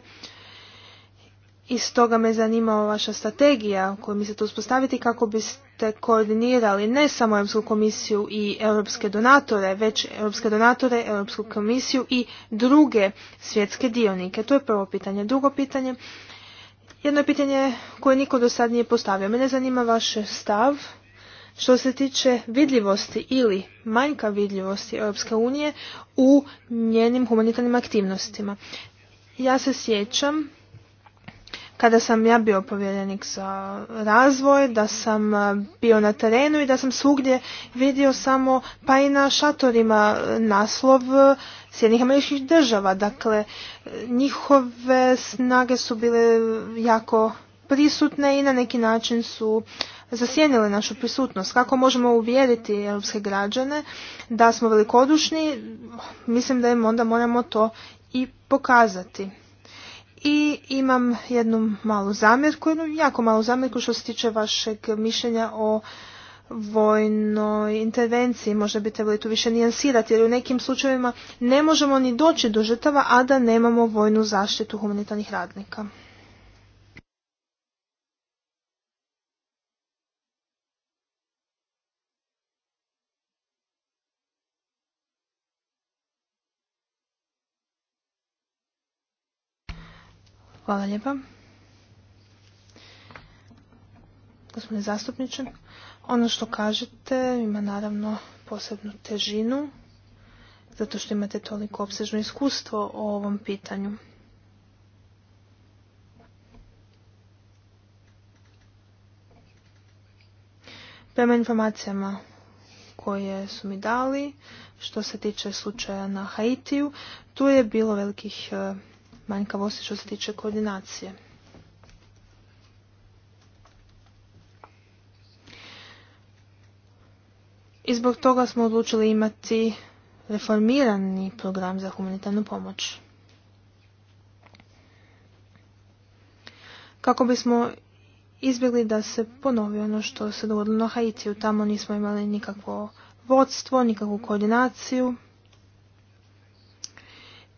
i stoga me zanima vaša strategija koju mislite uspostaviti kako biste koordinirali ne samo Europsku komisiju i europske donatore, već europske donatore, Europsku komisiju i druge svjetske dionike. To je prvo pitanje. Drugo pitanje, jedno je pitanje koje niko do sad nije postavio. Mene zanima vaš stav što se tiče vidljivosti ili manjka vidljivosti Europske unije u njenim humanitarnim aktivnostima. Ja se sjećam kada sam ja bio povjerenik za razvoj, da sam e, bio na terenu i da sam svugdje vidio samo, pa i na šatorima, e, naslov e, Sjednih američkih država. Dakle, njihove snage su bile jako prisutne i na neki način su zasjenile našu prisutnost. Kako možemo uvjeriti europske građane da smo velikodušni, mislim da im onda moramo to i pokazati. I imam jednu malu zamjerku, jednu jako malu zamjerku što se tiče vašeg mišljenja o vojnoj intervenciji. Možda bi trebali tu više nijansirati jer u nekim slučajevima ne možemo ni doći do žrtava, a da nemamo vojnu zaštitu humanitarnih radnika. Hvala lijepa. Gospodine zastupniče, ono što kažete ima naravno posebnu težinu, zato što imate toliko obsežno iskustvo o ovom pitanju. Prema informacijama koje su mi dali, što se tiče slučaja na Haitiju, tu je bilo velikih eh, manjkavosti što se tiče koordinacije. I zbog toga smo odlučili imati reformirani program za humanitarnu pomoć. Kako bismo izbjegli da se ponovi ono što se dogodilo na Haitiju, tamo nismo imali nikakvo vodstvo, nikakvu koordinaciju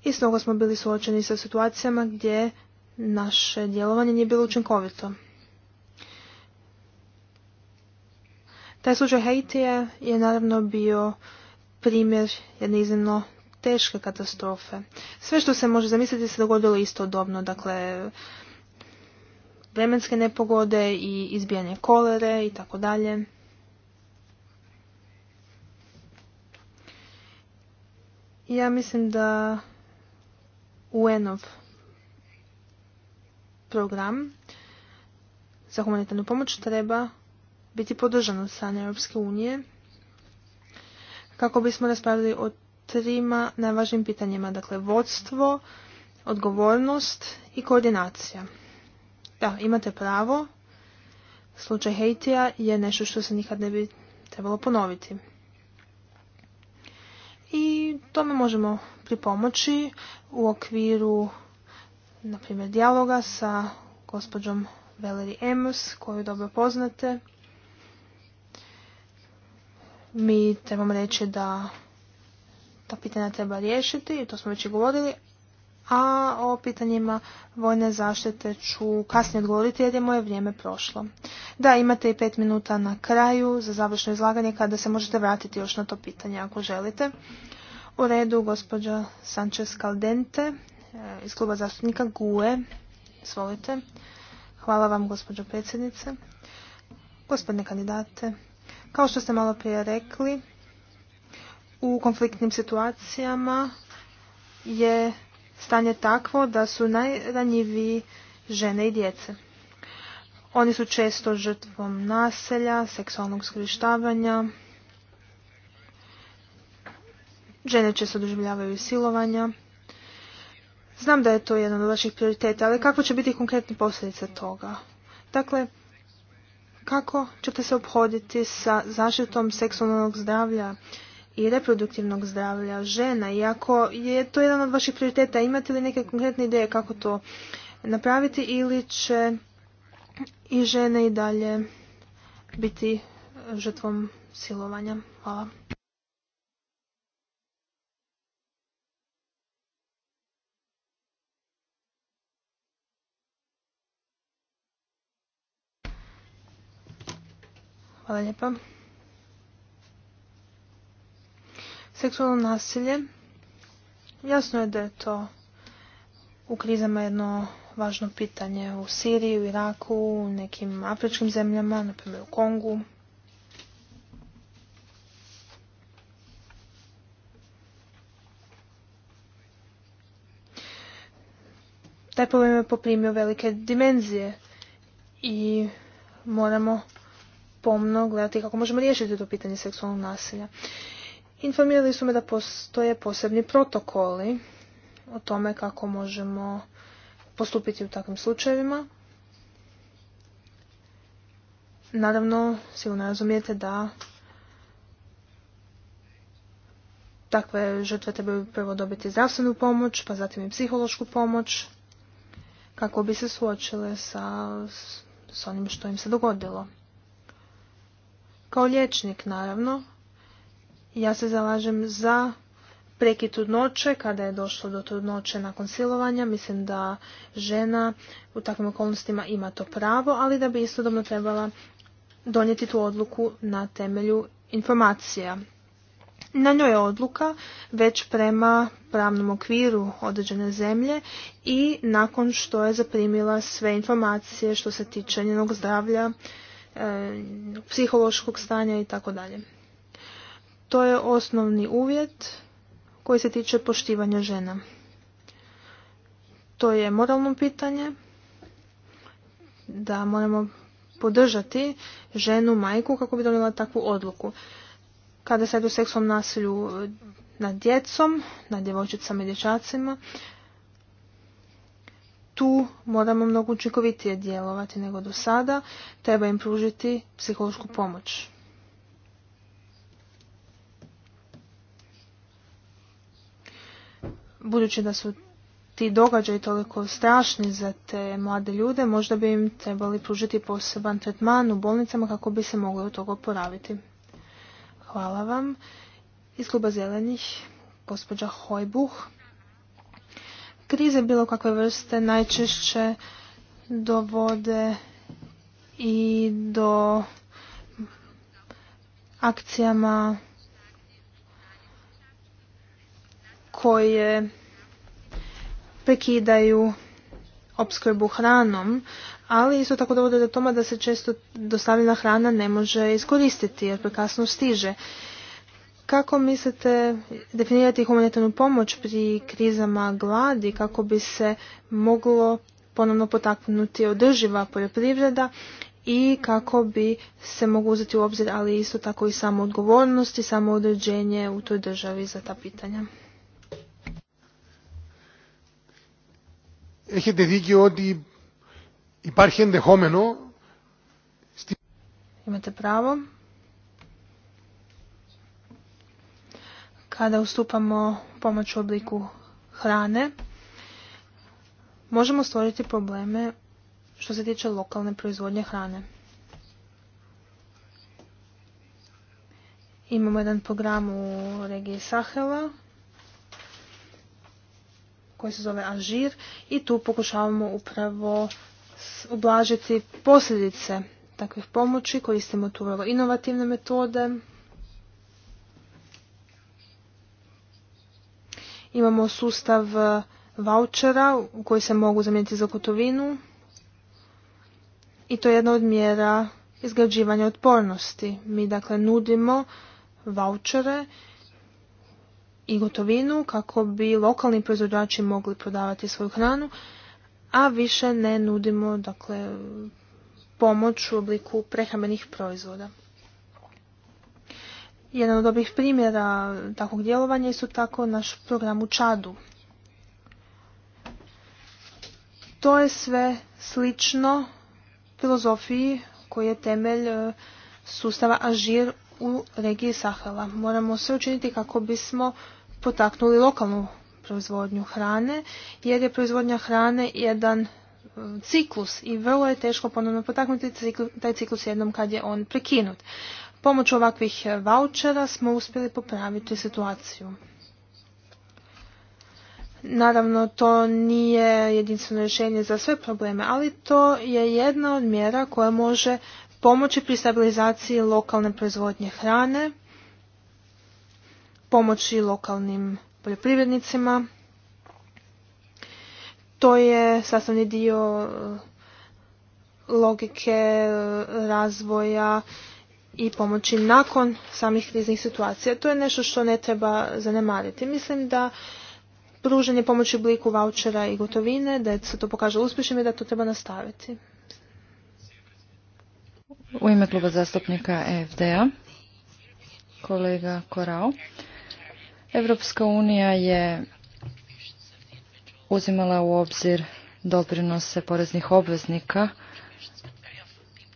i stoga smo bili suočeni sa situacijama gdje naše djelovanje nije bilo učinkovito. Taj slučaj Haitija je naravno bio primjer jedne iznimno teške katastrofe. Sve što se može zamisliti se dogodilo istodobno, dakle vremenske nepogode i izbijanje kolere i tako dalje. Ja mislim da UN-ov program za humanitarnu pomoć treba biti podržan od strane Europske unije kako bismo raspravili o trima najvažnijim pitanjima, dakle vodstvo, odgovornost i koordinacija. Da, imate pravo, slučaj Haitija je nešto što se nikad ne bi trebalo ponoviti. I tome možemo pomoći u okviru, na primjer, dijaloga sa gospođom Valerie Emus, koju dobro poznate. Mi trebamo reći da ta pitanja treba riješiti, i to smo već i govorili, a o pitanjima vojne zaštite ću kasnije odgovoriti jer je moje vrijeme prošlo. Da, imate i pet minuta na kraju za završno izlaganje kada se možete vratiti još na to pitanje ako želite. U redu gospođa Sanchez Caldente e, iz kluba zastupnika GUE. Svolite. Hvala vam gospođo predsjednice. Gospodine kandidate, kao što ste malo prije rekli, u konfliktnim situacijama je stanje takvo da su najranjiviji žene i djece. Oni su često žrtvom naselja, seksualnog skrištavanja, Žene će se doživljavaju silovanja. Znam da je to jedan od vaših prioriteta, ali kako će biti konkretne posljedice toga? Dakle, kako ćete se obhoditi sa zaštitom seksualnog zdravlja i reproduktivnog zdravlja žena? Iako je to jedan od vaših prioriteta, imate li neke konkretne ideje kako to napraviti ili će i žene i dalje biti žrtvom silovanja? Hvala. Hvala lijepa. Seksualno nasilje. Jasno je da je to u krizama jedno važno pitanje u Siriji, u Iraku, u nekim afričkim zemljama, na primjer u Kongu. Taj problem je poprimio velike dimenzije i moramo pomno gledati kako možemo riješiti to pitanje seksualnog nasilja. Informirali su me da postoje posebni protokoli o tome kako možemo postupiti u takvim slučajevima. Naravno, sigurno razumijete da takve žrtve trebaju prvo dobiti zdravstvenu pomoć, pa zatim i psihološku pomoć, kako bi se suočile sa, s onim što im se dogodilo. Kao liječnik, naravno, ja se zalažem za prekid trudnoće, kada je došlo do trudnoće nakon silovanja, mislim da žena u takvim okolnostima ima to pravo, ali da bi istodobno trebala donijeti tu odluku na temelju informacija. Na njoj je odluka već prema pravnom okviru određene zemlje i nakon što je zaprimila sve informacije što se tiče njenog zdravlja, E, psihološkog stanja i tako dalje. To je osnovni uvjet koji se tiče poštivanja žena. To je moralno pitanje da moramo podržati ženu, majku kako bi donijela takvu odluku. Kada se u o nasilju nad djecom, nad djevojčicama i dječacima, tu moramo mnogo učinkovitije djelovati nego do sada. Treba im pružiti psihološku pomoć. Budući da su ti događaji toliko strašni za te mlade ljude, možda bi im trebali pružiti poseban tretman u bolnicama kako bi se mogli od toga oporaviti. Hvala vam. Iz kluba zelenih, gospođa Hojbuh. Krize bilo kakve vrste najčešće dovode i do akcijama koje prekidaju opskrbu hranom, ali isto tako dovode do toma da se često dostavljena hrana ne može iskoristiti jer prekasno stiže. Kako mislite definirati humanitarnu pomoć pri krizama gladi kako bi se moglo ponovno potaknuti održiva poljoprivreda i kako bi se moglo uzeti u obzir, ali isto tako i samo odgovornost i samo određenje u toj državi za ta pitanja. Imate pravo kada ustupamo pomoć u obliku hrane, možemo stvoriti probleme što se tiče lokalne proizvodnje hrane. Imamo jedan program u regiji Sahela koji se zove Ažir i tu pokušavamo upravo ublažiti posljedice takvih pomoći. Koristimo tu vrlo inovativne metode. Imamo sustav e, vouchera koji se mogu zamijeniti za gotovinu i to je jedna od mjera izgrađivanja otpornosti. Mi dakle nudimo vouchere i gotovinu kako bi lokalni proizvođači mogli prodavati svoju hranu, a više ne nudimo dakle, pomoć u obliku prehrambenih proizvoda. Jedan od dobrih primjera takvog djelovanja su tako naš program u Čadu. To je sve slično filozofiji koji je temelj e, sustava Ažir u regiji Sahela. Moramo sve učiniti kako bismo potaknuli lokalnu proizvodnju hrane, jer je proizvodnja hrane jedan e, ciklus i vrlo je teško ponovno potaknuti taj ciklus jednom kad je on prekinut. Pomoć ovakvih e, vouchera smo uspjeli popraviti situaciju. Naravno, to nije jedinstveno rješenje za sve probleme, ali to je jedna od mjera koja može pomoći pri stabilizaciji lokalne proizvodnje hrane, pomoći lokalnim poljoprivrednicima. To je sastavni dio e, logike e, razvoja i pomoći nakon samih kriznih situacija. To je nešto što ne treba zanemariti. Mislim da pružanje pomoći u obliku vouchera i gotovine, da se to pokaže uspješnim i da to treba nastaviti. U ime kluba zastupnika EFDA, kolega Korao. Evropska unija je uzimala u obzir doprinose poreznih obveznika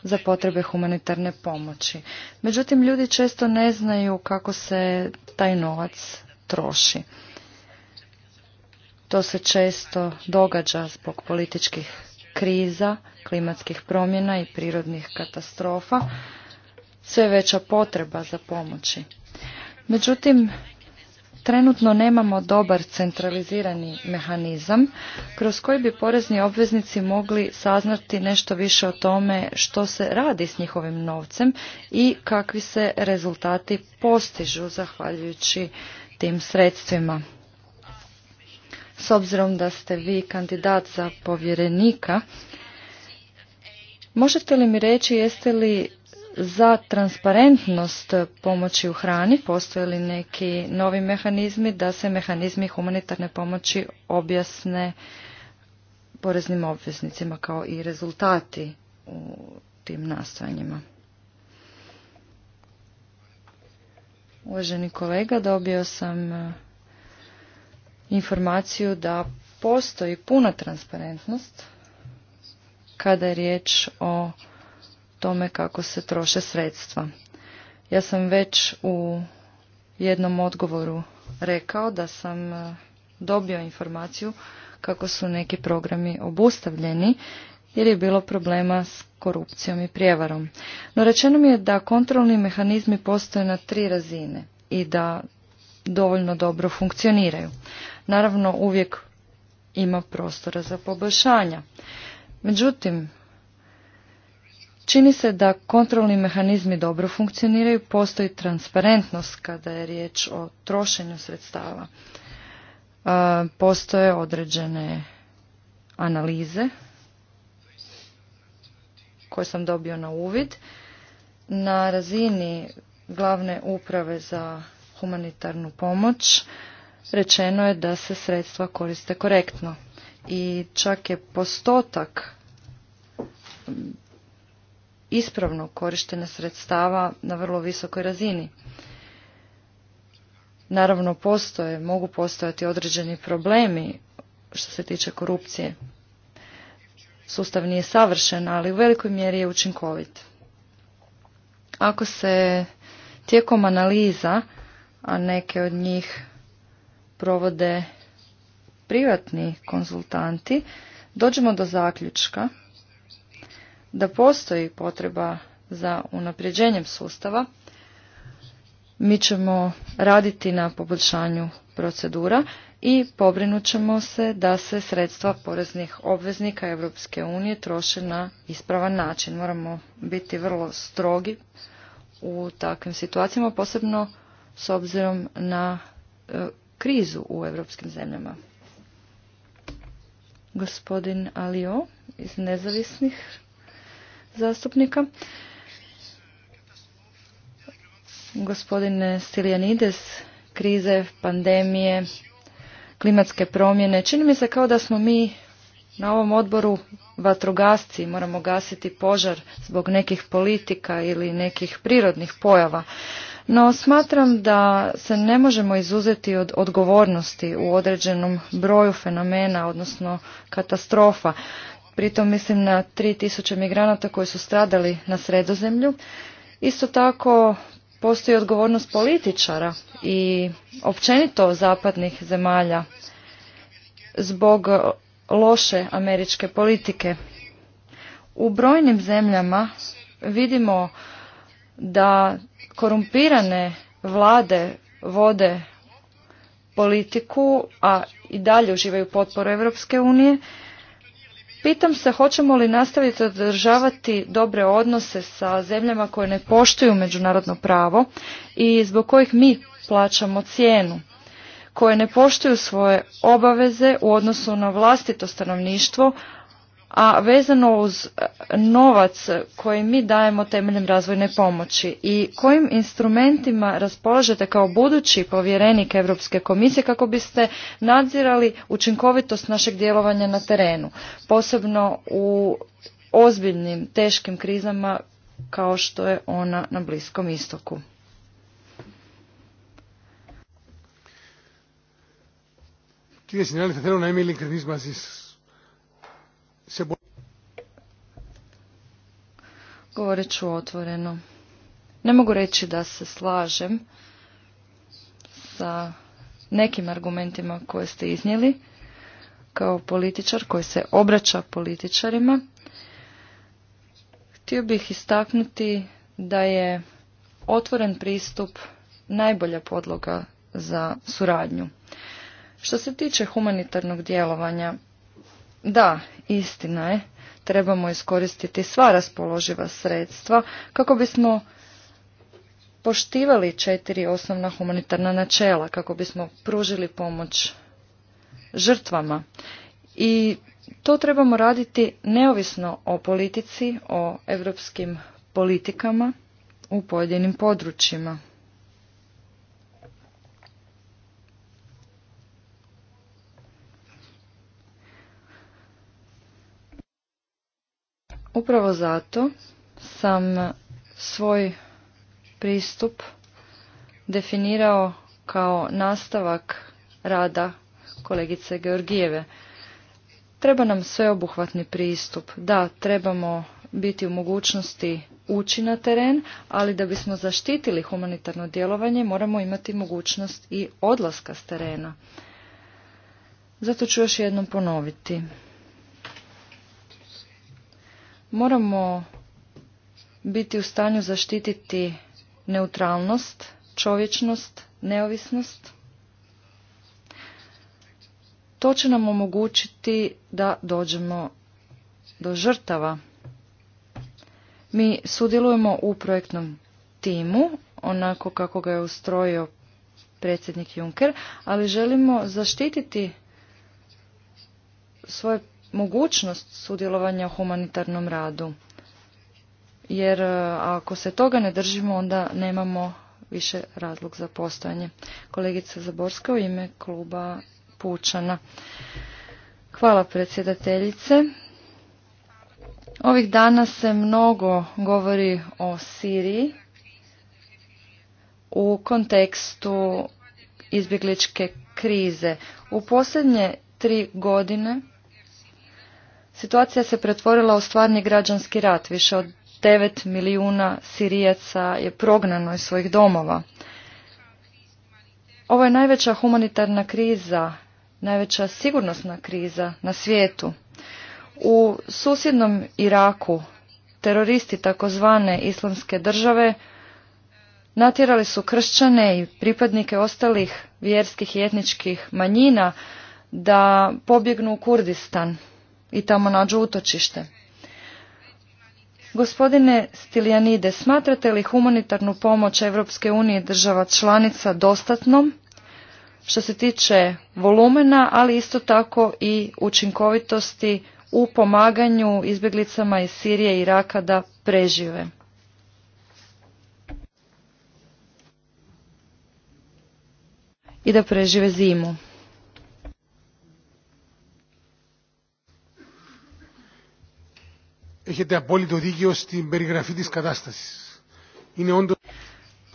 za potrebe humanitarne pomoći. Međutim, ljudi često ne znaju kako se taj novac troši. To se često događa zbog političkih kriza, klimatskih promjena i prirodnih katastrofa, sve veća potreba za pomoći. Međutim, trenutno nemamo dobar centralizirani mehanizam kroz koji bi porezni obveznici mogli saznati nešto više o tome što se radi s njihovim novcem i kakvi se rezultati postižu zahvaljujući tim sredstvima. S obzirom da ste vi kandidat za povjerenika, možete li mi reći jeste li za transparentnost pomoći u hrani? Postoje li neki novi mehanizmi da se mehanizmi humanitarne pomoći objasne poreznim obveznicima kao i rezultati u tim nastojanjima? Uvaženi kolega, dobio sam e, informaciju da postoji puna transparentnost kada je riječ o tome kako se troše sredstva. Ja sam već u jednom odgovoru rekao da sam e, dobio informaciju kako su neki programi obustavljeni jer je bilo problema s korupcijom i prijevarom. No rečeno mi je da kontrolni mehanizmi postoje na tri razine i da dovoljno dobro funkcioniraju. Naravno uvijek ima prostora za poboljšanja. Međutim, Čini se da kontrolni mehanizmi dobro funkcioniraju, postoji transparentnost kada je riječ o trošenju sredstava. E, postoje određene analize koje sam dobio na uvid. Na razini glavne uprave za humanitarnu pomoć rečeno je da se sredstva koriste korektno i čak je postotak ispravnog korištenja sredstava na vrlo visokoj razini. Naravno, postoje, mogu postojati određeni problemi što se tiče korupcije. Sustav nije savršen, ali u velikoj mjeri je učinkovit. Ako se tijekom analiza, a neke od njih provode privatni konzultanti, dođemo do zaključka da postoji potreba za unapređenjem sustava. Mi ćemo raditi na poboljšanju procedura i pobrinut ćemo se da se sredstva poreznih obveznika Europske unije troše na ispravan način. Moramo biti vrlo strogi u takvim situacijama, posebno s obzirom na e, krizu u europskim zemljama. Gospodin Alio iz nezavisnih zastupnika. Gospodine Stiljanides, krize, pandemije, klimatske promjene. Čini mi se kao da smo mi na ovom odboru vatrogasci, moramo gasiti požar zbog nekih politika ili nekih prirodnih pojava. No smatram da se ne možemo izuzeti od odgovornosti u određenom broju fenomena, odnosno katastrofa pritom mislim na 3000 migranata koji su stradali na sredozemlju. Isto tako postoji odgovornost političara i općenito zapadnih zemalja zbog loše američke politike. U brojnim zemljama vidimo da korumpirane vlade vode politiku, a i dalje uživaju potporu Europske unije Pitam se hoćemo li nastaviti održavati dobre odnose sa zemljama koje ne poštuju međunarodno pravo i zbog kojih mi plaćamo cijenu, koje ne poštuju svoje obaveze u odnosu na vlastito stanovništvo, a vezano uz novac koji mi dajemo temeljem razvojne pomoći i kojim instrumentima raspolažete kao budući povjerenik Europske komisije kako biste nadzirali učinkovitost našeg djelovanja na terenu, posebno u ozbiljnim, teškim krizama kao što je ona na Bliskom istoku se Govorit ću otvoreno. Ne mogu reći da se slažem sa nekim argumentima koje ste iznijeli kao političar koji se obraća političarima. Htio bih istaknuti da je otvoren pristup najbolja podloga za suradnju. Što se tiče humanitarnog djelovanja, da, istina je. Trebamo iskoristiti sva raspoloživa sredstva kako bismo poštivali četiri osnovna humanitarna načela, kako bismo pružili pomoć žrtvama. I to trebamo raditi neovisno o politici, o europskim politikama u pojedinim područjima. Upravo zato sam svoj pristup definirao kao nastavak rada kolegice Georgijeve. Treba nam sveobuhvatni pristup. Da, trebamo biti u mogućnosti ući na teren, ali da bismo zaštitili humanitarno djelovanje moramo imati mogućnost i odlaska s terena. Zato ću još jednom ponoviti. Moramo biti u stanju zaštititi neutralnost, čovječnost, neovisnost. To će nam omogućiti da dođemo do žrtava. Mi sudjelujemo u projektnom timu, onako kako ga je ustrojio predsjednik Juncker, ali želimo zaštititi svoje mogućnost sudjelovanja u humanitarnom radu. Jer e, ako se toga ne držimo, onda nemamo više razlog za postojanje. Kolegica Zaborska u ime kluba Pučana. Hvala predsjedateljice. Ovih dana se mnogo govori o Siriji u kontekstu izbjegličke krize. U posljednje tri godine Situacija se pretvorila u stvarni građanski rat. Više od 9 milijuna Sirijaca je prognano iz svojih domova. Ovo je najveća humanitarna kriza, najveća sigurnosna kriza na svijetu. U susjednom Iraku teroristi takozvane islamske države natjerali su kršćane i pripadnike ostalih vjerskih i etničkih manjina da pobjegnu u Kurdistan i tamo nađu utočište. Gospodine Stiljanide, smatrate li humanitarnu pomoć Europske unije država članica dostatnom što se tiče volumena, ali isto tako i učinkovitosti u pomaganju izbjeglicama iz Sirije i Iraka da prežive? i da prežive zimu. Έχετε απόλυτο δίκιο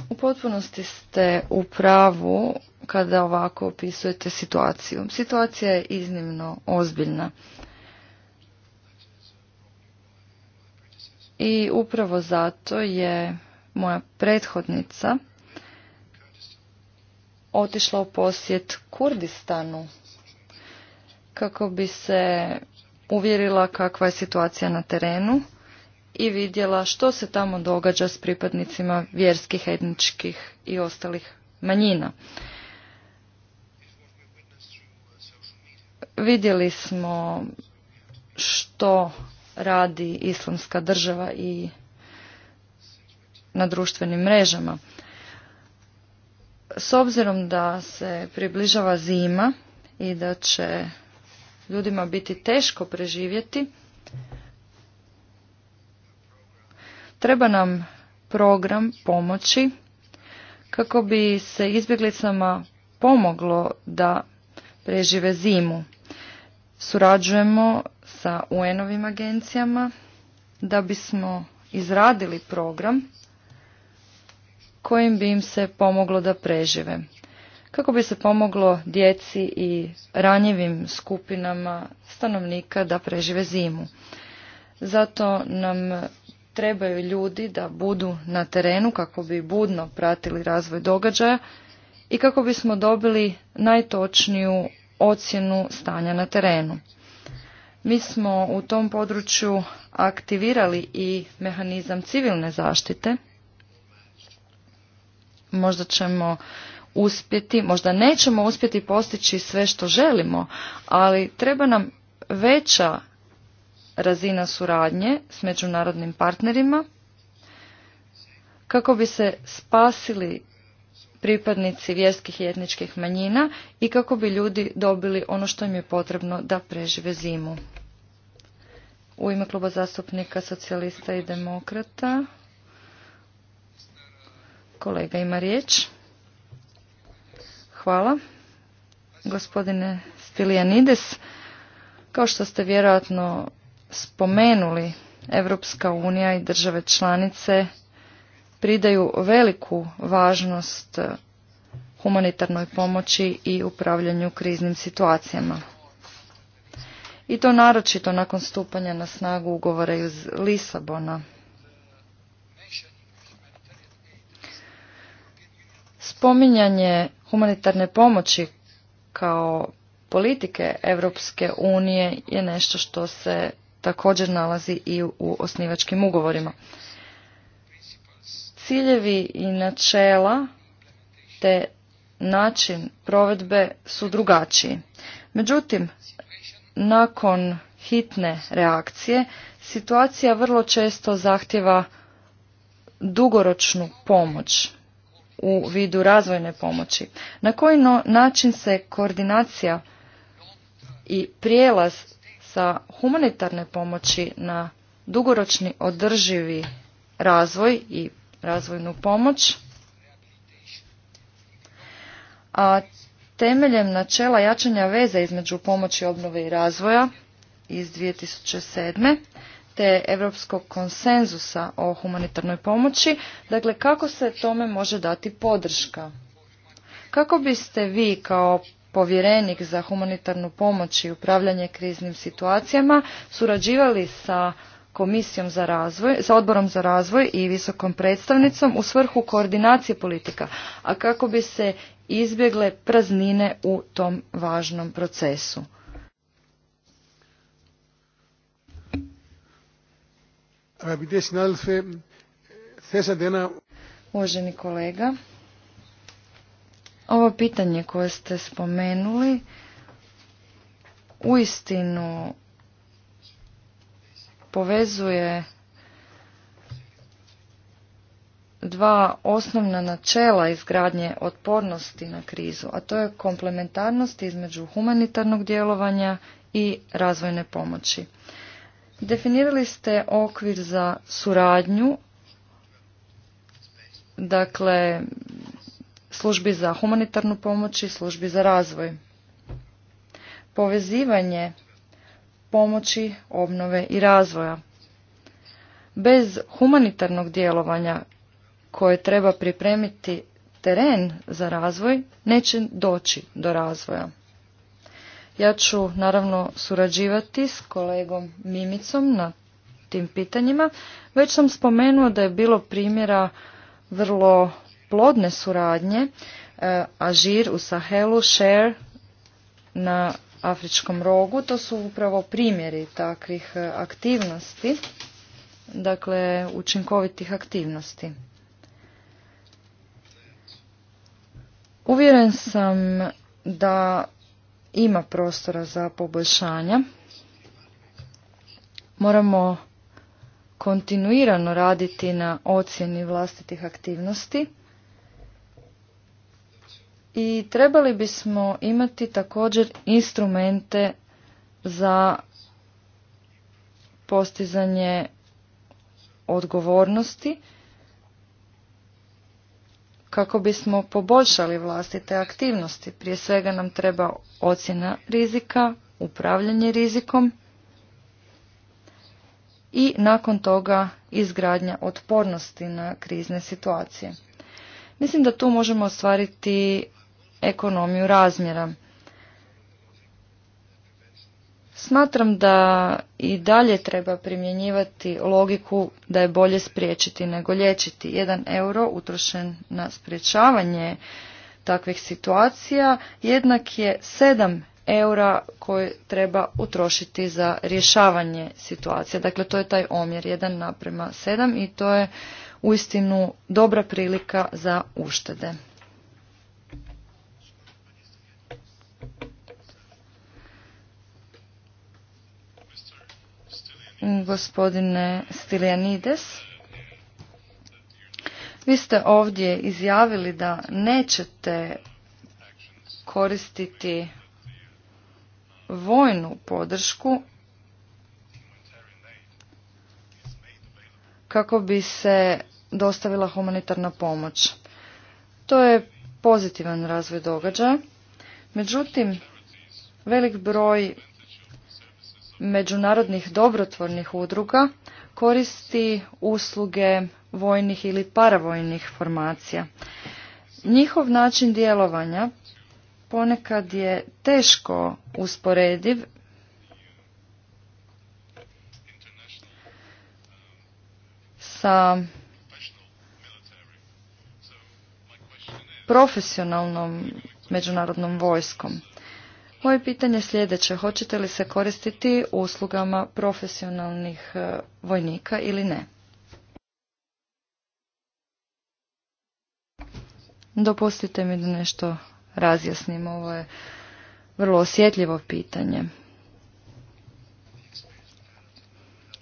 U potpunosti ste u pravu kada ovako opisujete situaciju. Situacija je iznimno ozbiljna. I upravo zato je moja prethodnica otišla u posjet Kurdistanu kako bi se uvjerila kakva je situacija na terenu i vidjela što se tamo događa s pripadnicima vjerskih, etničkih i ostalih manjina. Vidjeli smo što radi islamska država i na društvenim mrežama. S obzirom da se približava zima i da će ljudima biti teško preživjeti. Treba nam program pomoći kako bi se izbjeglicama pomoglo da prežive zimu. Surađujemo sa UN-ovim agencijama da bismo izradili program kojim bi im se pomoglo da prežive kako bi se pomoglo djeci i ranjivim skupinama stanovnika da prežive zimu. Zato nam trebaju ljudi da budu na terenu kako bi budno pratili razvoj događaja i kako bismo dobili najtočniju ocjenu stanja na terenu. Mi smo u tom području aktivirali i mehanizam civilne zaštite. Možda ćemo uspjeti, možda nećemo uspjeti postići sve što želimo, ali treba nam veća razina suradnje s međunarodnim partnerima kako bi se spasili pripadnici vjerskih i etničkih manjina i kako bi ljudi dobili ono što im je potrebno da prežive zimu. U ime kluba zastupnika socijalista i demokrata kolega ima riječ. Hvala. Gospodine Stilijanides, kao što ste vjerojatno spomenuli, Evropska unija i države članice pridaju veliku važnost humanitarnoj pomoći i upravljanju kriznim situacijama. I to naročito nakon stupanja na snagu ugovora iz Lisabona Spominjanje humanitarne pomoći kao politike Europske unije je nešto što se također nalazi i u osnivačkim ugovorima. Ciljevi i načela te način provedbe su drugačiji. Međutim, nakon hitne reakcije, situacija vrlo često zahtjeva dugoročnu pomoć u vidu razvojne pomoći. Na koji način se koordinacija i prijelaz sa humanitarne pomoći na dugoročni održivi razvoj i razvojnu pomoć, a temeljem načela jačanja veze između pomoći obnove i razvoja iz 2007 te europskog konsenzusa o humanitarnoj pomoći, dakle kako se tome može dati podrška? Kako biste vi kao povjerenik za humanitarnu pomoć i upravljanje kriznim situacijama surađivali sa Komisijom za razvoj, sa odborom za razvoj i visokom predstavnicom u svrhu koordinacije politika, a kako bi se izbjegle praznine u tom važnom procesu. Uvaženi kolega, ovo pitanje koje ste spomenuli uistinu povezuje dva osnovna načela izgradnje otpornosti na krizu, a to je komplementarnost između humanitarnog djelovanja i razvojne pomoći. Definirali ste okvir za suradnju, dakle službi za humanitarnu pomoć i službi za razvoj. Povezivanje pomoći, obnove i razvoja. Bez humanitarnog djelovanja koje treba pripremiti teren za razvoj, neće doći do razvoja. Ja ću naravno surađivati s kolegom Mimicom na tim pitanjima. Već sam spomenuo da je bilo primjera vrlo plodne suradnje e, Ažir u Sahelu, Share na Afričkom rogu. To su upravo primjeri takvih e, aktivnosti, dakle učinkovitih aktivnosti. Uvjeren sam da ima prostora za poboljšanja. Moramo kontinuirano raditi na ocjeni vlastitih aktivnosti i trebali bismo imati također instrumente za postizanje odgovornosti kako bismo poboljšali vlastite aktivnosti. Prije svega nam treba ocjena rizika, upravljanje rizikom i nakon toga izgradnja otpornosti na krizne situacije. Mislim da tu možemo ostvariti ekonomiju razmjera. Smatram da i dalje treba primjenjivati logiku da je bolje spriječiti nego liječiti. Jedan euro utrošen na spriječavanje takvih situacija jednak je sedam eura koje treba utrošiti za rješavanje situacije. Dakle, to je taj omjer 1 naprema 7 i to je uistinu dobra prilika za uštede. gospodine Stiljanides. Vi ste ovdje izjavili da nećete koristiti vojnu podršku kako bi se dostavila humanitarna pomoć. To je pozitivan razvoj događaja. Međutim, velik broj međunarodnih dobrotvornih udruga koristi usluge vojnih ili paravojnih formacija. Njihov način djelovanja ponekad je teško usporediv sa profesionalnom međunarodnom vojskom. Moje pitanje je sljedeće. Hoćete li se koristiti uslugama profesionalnih e, vojnika ili ne? Dopustite mi da nešto razjasnim. Ovo je vrlo osjetljivo pitanje.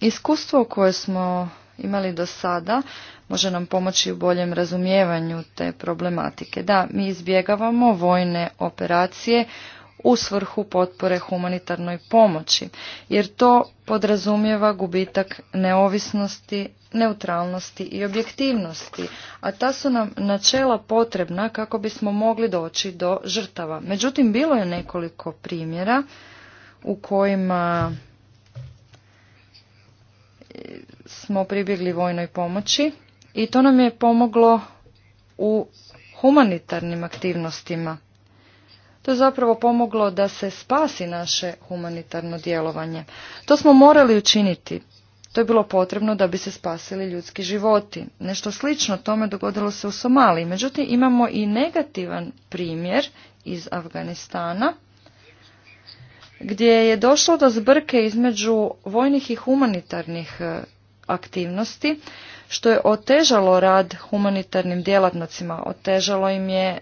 Iskustvo koje smo imali do sada može nam pomoći u boljem razumijevanju te problematike. Da, mi izbjegavamo vojne operacije u svrhu potpore humanitarnoj pomoći, jer to podrazumijeva gubitak neovisnosti, neutralnosti i objektivnosti, a ta su nam načela potrebna kako bismo mogli doći do žrtava. Međutim, bilo je nekoliko primjera u kojima e, smo pribjegli vojnoj pomoći i to nam je pomoglo u humanitarnim aktivnostima to je zapravo pomoglo da se spasi naše humanitarno djelovanje. To smo morali učiniti. To je bilo potrebno da bi se spasili ljudski životi. Nešto slično tome dogodilo se u Somaliji. Međutim, imamo i negativan primjer iz Afganistana gdje je došlo do zbrke između vojnih i humanitarnih e, aktivnosti, što je otežalo rad humanitarnim djelatnicima, otežalo im je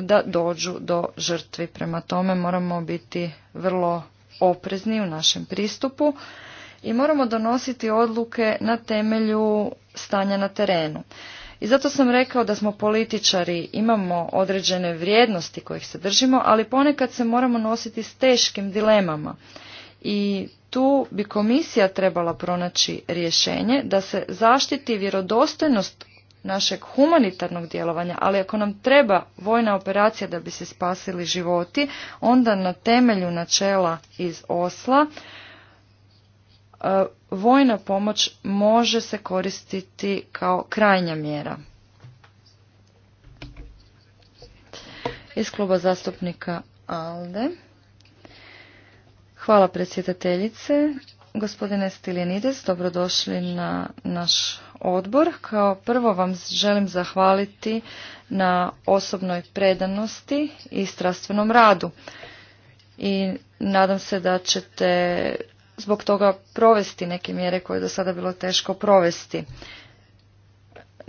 da dođu do žrtvi. Prema tome moramo biti vrlo oprezni u našem pristupu i moramo donositi odluke na temelju stanja na terenu. I zato sam rekao da smo političari, imamo određene vrijednosti kojih se držimo, ali ponekad se moramo nositi s teškim dilemama. I tu bi komisija trebala pronaći rješenje da se zaštiti vjerodostojnost našeg humanitarnog djelovanja, ali ako nam treba vojna operacija da bi se spasili životi, onda na temelju načela iz Osla e, vojna pomoć može se koristiti kao krajnja mjera. Iz kluba zastupnika ALDE. Hvala predsjedateljice. Gospodine Stiljenides, dobrodošli na naš odbor. Kao prvo vam želim zahvaliti na osobnoj predanosti i strastvenom radu. I nadam se da ćete zbog toga provesti neke mjere koje je do sada bilo teško provesti.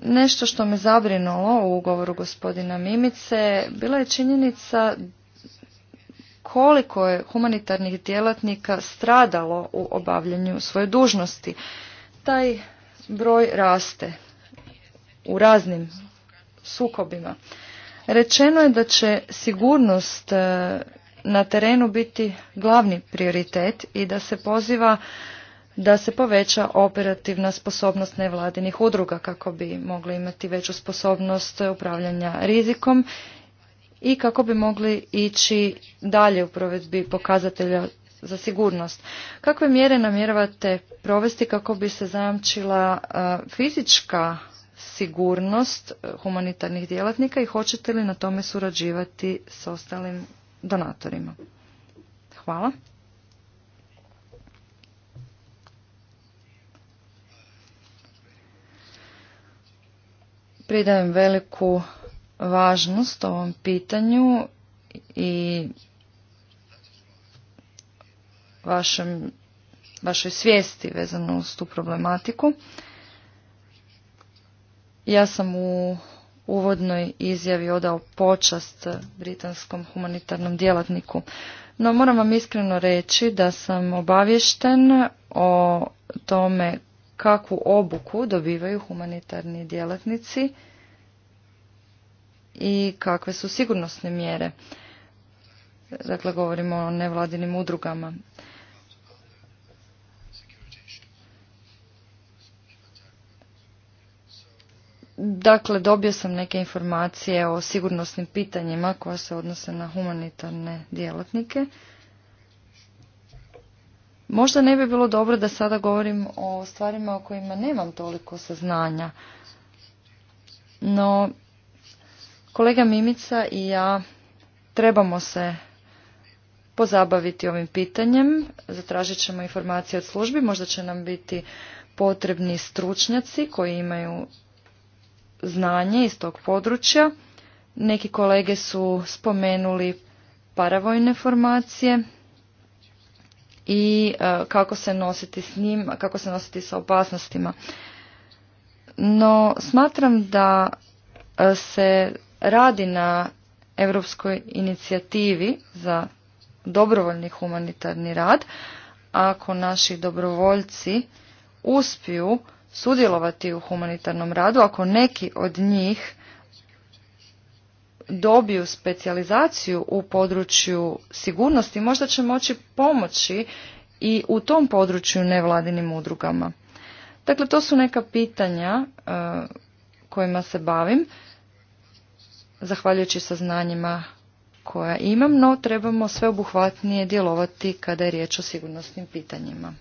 Nešto što me zabrinulo u ugovoru gospodina Mimice bila je činjenica koliko je humanitarnih djelatnika stradalo u obavljanju svoje dužnosti. Taj broj raste u raznim sukobima. Rečeno je da će sigurnost e, na terenu biti glavni prioritet i da se poziva da se poveća operativna sposobnost nevladinih udruga kako bi mogli imati veću sposobnost upravljanja rizikom i kako bi mogli ići dalje u provedbi pokazatelja za sigurnost. Kakve mjere namjeravate provesti kako bi se zajamčila e, fizička sigurnost e, humanitarnih djelatnika i hoćete li na tome surađivati s ostalim donatorima? Hvala. Pridajem veliku važnost ovom pitanju i vašem, vašoj svijesti vezano uz tu problematiku. Ja sam u uvodnoj izjavi odao počast britanskom humanitarnom djelatniku. No moram vam iskreno reći da sam obavješten o tome kakvu obuku dobivaju humanitarni djelatnici i kakve su sigurnosne mjere. Dakle, govorimo o nevladinim udrugama. Dakle, dobio sam neke informacije o sigurnosnim pitanjima koja se odnose na humanitarne djelatnike. Možda ne bi bilo dobro da sada govorim o stvarima o kojima nemam toliko saznanja. No, Kolega Mimica i ja trebamo se pozabaviti ovim pitanjem. Zatražit ćemo informacije od službi. Možda će nam biti potrebni stručnjaci koji imaju znanje iz tog područja. Neki kolege su spomenuli paravojne formacije i e, kako se nositi s njim, kako se nositi sa opasnostima. No, smatram da e, se radi na europskoj inicijativi za dobrovoljni humanitarni rad. Ako naši dobrovoljci uspiju sudjelovati u humanitarnom radu, ako neki od njih dobiju specijalizaciju u području sigurnosti, možda će moći pomoći i u tom području nevladinim udrugama. Dakle, to su neka pitanja e, kojima se bavim zahvaljujući saznanjima koja imam, no trebamo sveobuhvatnije djelovati kada je riječ o sigurnosnim pitanjima.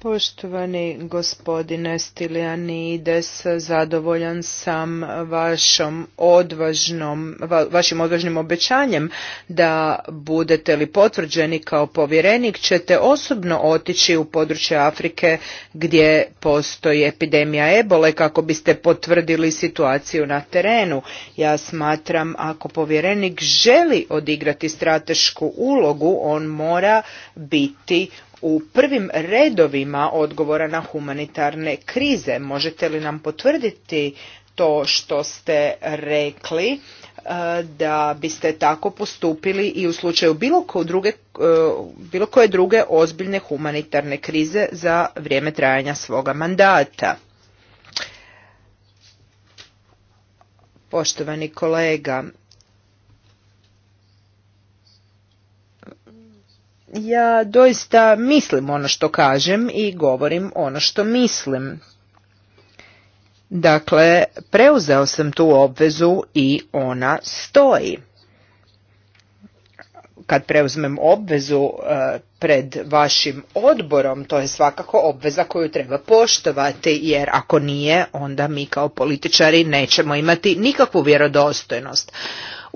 Poštovani gospodine Stilianides, zadovoljan sam vašom odvažnom, vašim odvažnim obećanjem da budete li potvrđeni kao povjerenik ćete osobno otići u područje Afrike gdje postoji epidemija ebole kako biste potvrdili situaciju na terenu. Ja smatram ako povjerenik želi odigrati stratešku ulogu on mora biti u prvim redovima odgovora na humanitarne krize. Možete li nam potvrditi to što ste rekli e, da biste tako postupili i u slučaju bilo, druge, e, bilo koje druge ozbiljne humanitarne krize za vrijeme trajanja svoga mandata. Poštovani kolega, ja doista mislim ono što kažem i govorim ono što mislim. Dakle, preuzeo sam tu obvezu i ona stoji. Kad preuzmem obvezu e, pred vašim odborom, to je svakako obveza koju treba poštovati, jer ako nije, onda mi kao političari nećemo imati nikakvu vjerodostojnost.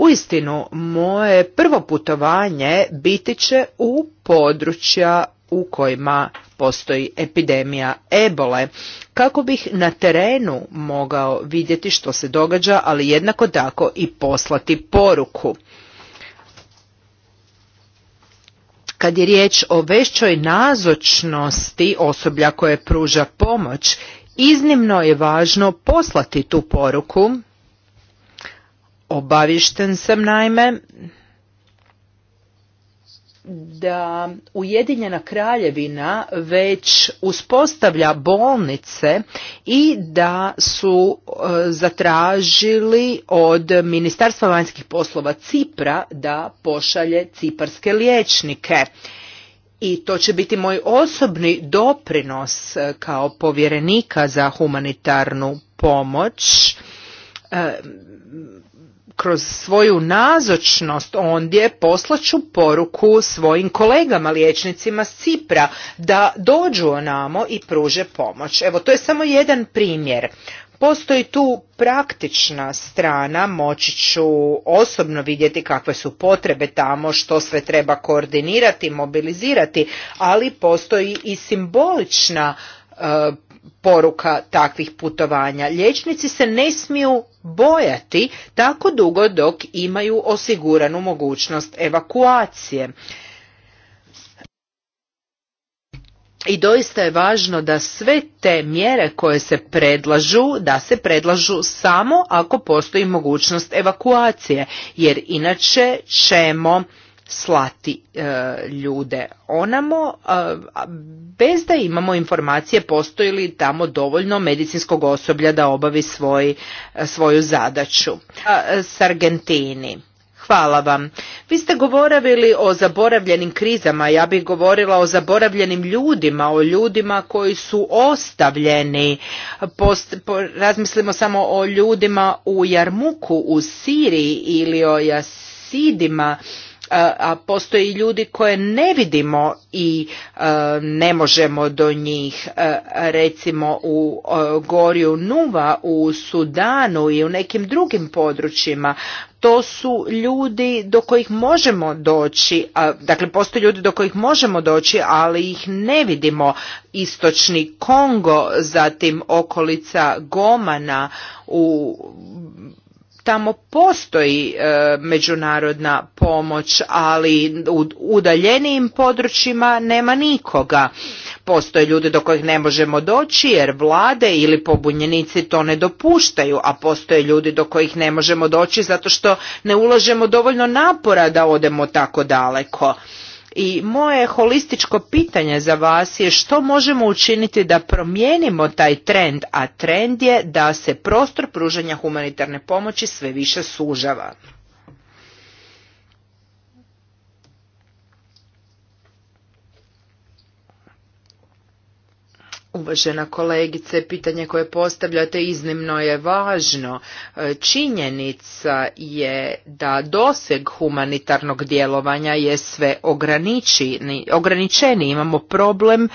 Uistinu, moje prvo putovanje biti će u područja u kojima postoji epidemija ebole, kako bih na terenu mogao vidjeti što se događa, ali jednako tako i poslati poruku. Kad je riječ o većoj nazočnosti osoblja koje pruža pomoć, iznimno je važno poslati tu poruku Obavišten sam naime da Ujedinjena kraljevina već uspostavlja bolnice i da su e, zatražili od Ministarstva vanjskih poslova Cipra da pošalje ciparske liječnike. I to će biti moj osobni doprinos e, kao povjerenika za humanitarnu pomoć. E, kroz svoju nazočnost ondje poslaću poruku svojim kolegama liječnicima s Cipra da dođu onamo i pruže pomoć. Evo, to je samo jedan primjer. Postoji tu praktična strana, moći ću osobno vidjeti kakve su potrebe tamo, što sve treba koordinirati, mobilizirati, ali postoji i simbolična e, poruka takvih putovanja. Liječnici se ne smiju bojati tako dugo dok imaju osiguranu mogućnost evakuacije. I doista je važno da sve te mjere koje se predlažu, da se predlažu samo ako postoji mogućnost evakuacije, jer inače ćemo slati e, ljude onamo e, bez da imamo informacije postoji li tamo dovoljno medicinskog osoblja da obavi svoj, e, svoju zadaću. s Argentini. Hvala vam. Vi ste govorili o zaboravljenim krizama, ja bih govorila o zaboravljenim ljudima, o ljudima koji su ostavljeni. razmislimo samo o ljudima u Jarmuku, u Siriji ili o Jasidima a i ljudi koje ne vidimo i e, ne možemo do njih e, recimo u e, Goriju Nuva u Sudanu i u nekim drugim područjima to su ljudi do kojih možemo doći, dakle postoje ljudi do kojih možemo doći, ali ih ne vidimo. Istočni Kongo, zatim okolica Gomana u tamo postoji e, međunarodna pomoć, ali u udaljenijim područjima nema nikoga. Postoje ljudi do kojih ne možemo doći jer vlade ili pobunjenici to ne dopuštaju, a postoje ljudi do kojih ne možemo doći zato što ne ulažemo dovoljno napora da odemo tako daleko. I moje holističko pitanje za vas je što možemo učiniti da promijenimo taj trend, a trend je da se prostor pružanja humanitarne pomoći sve više sužava. Uvažena kolegice, pitanje koje postavljate iznimno je važno. E, činjenica je da doseg humanitarnog djelovanja je sve ograničeni. Imamo problem e,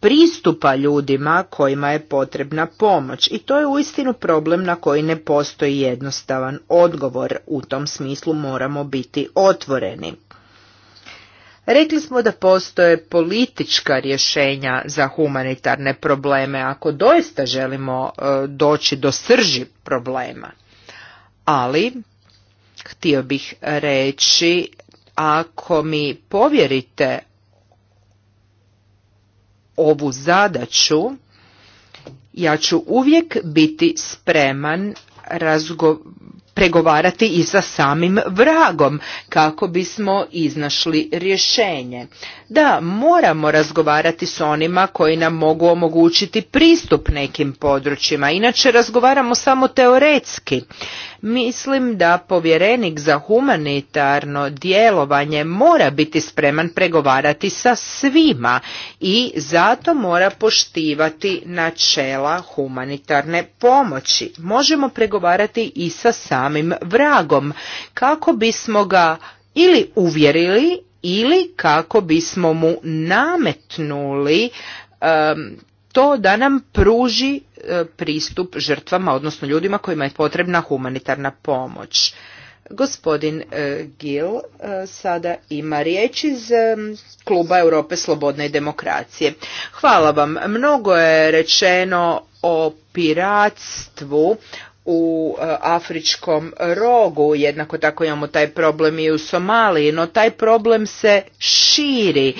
pristupa ljudima kojima je potrebna pomoć i to je uistinu problem na koji ne postoji jednostavan odgovor. U tom smislu moramo biti otvoreni. Rekli smo da postoje politička rješenja za humanitarne probleme ako doista želimo e, doći do srži problema. Ali, htio bih reći, ako mi povjerite ovu zadaću, ja ću uvijek biti spreman razgovoriti pregovarati i sa samim vragom kako bismo iznašli rješenje. Da, moramo razgovarati s onima koji nam mogu omogućiti pristup nekim područjima, inače razgovaramo samo teoretski. Mislim da povjerenik za humanitarno djelovanje mora biti spreman pregovarati sa svima i zato mora poštivati načela humanitarne pomoći. Možemo pregovarati i sa samim vragom kako bismo ga ili uvjerili ili kako bismo mu nametnuli to da nam pruži E, pristup žrtvama, odnosno ljudima kojima je potrebna humanitarna pomoć. Gospodin e, Gil e, sada ima riječ iz Kluba Europe Slobodne i Demokracije. Hvala vam. Mnogo je rečeno o piratstvu u afričkom rogu, jednako tako imamo taj problem i u Somaliji, no taj problem se širi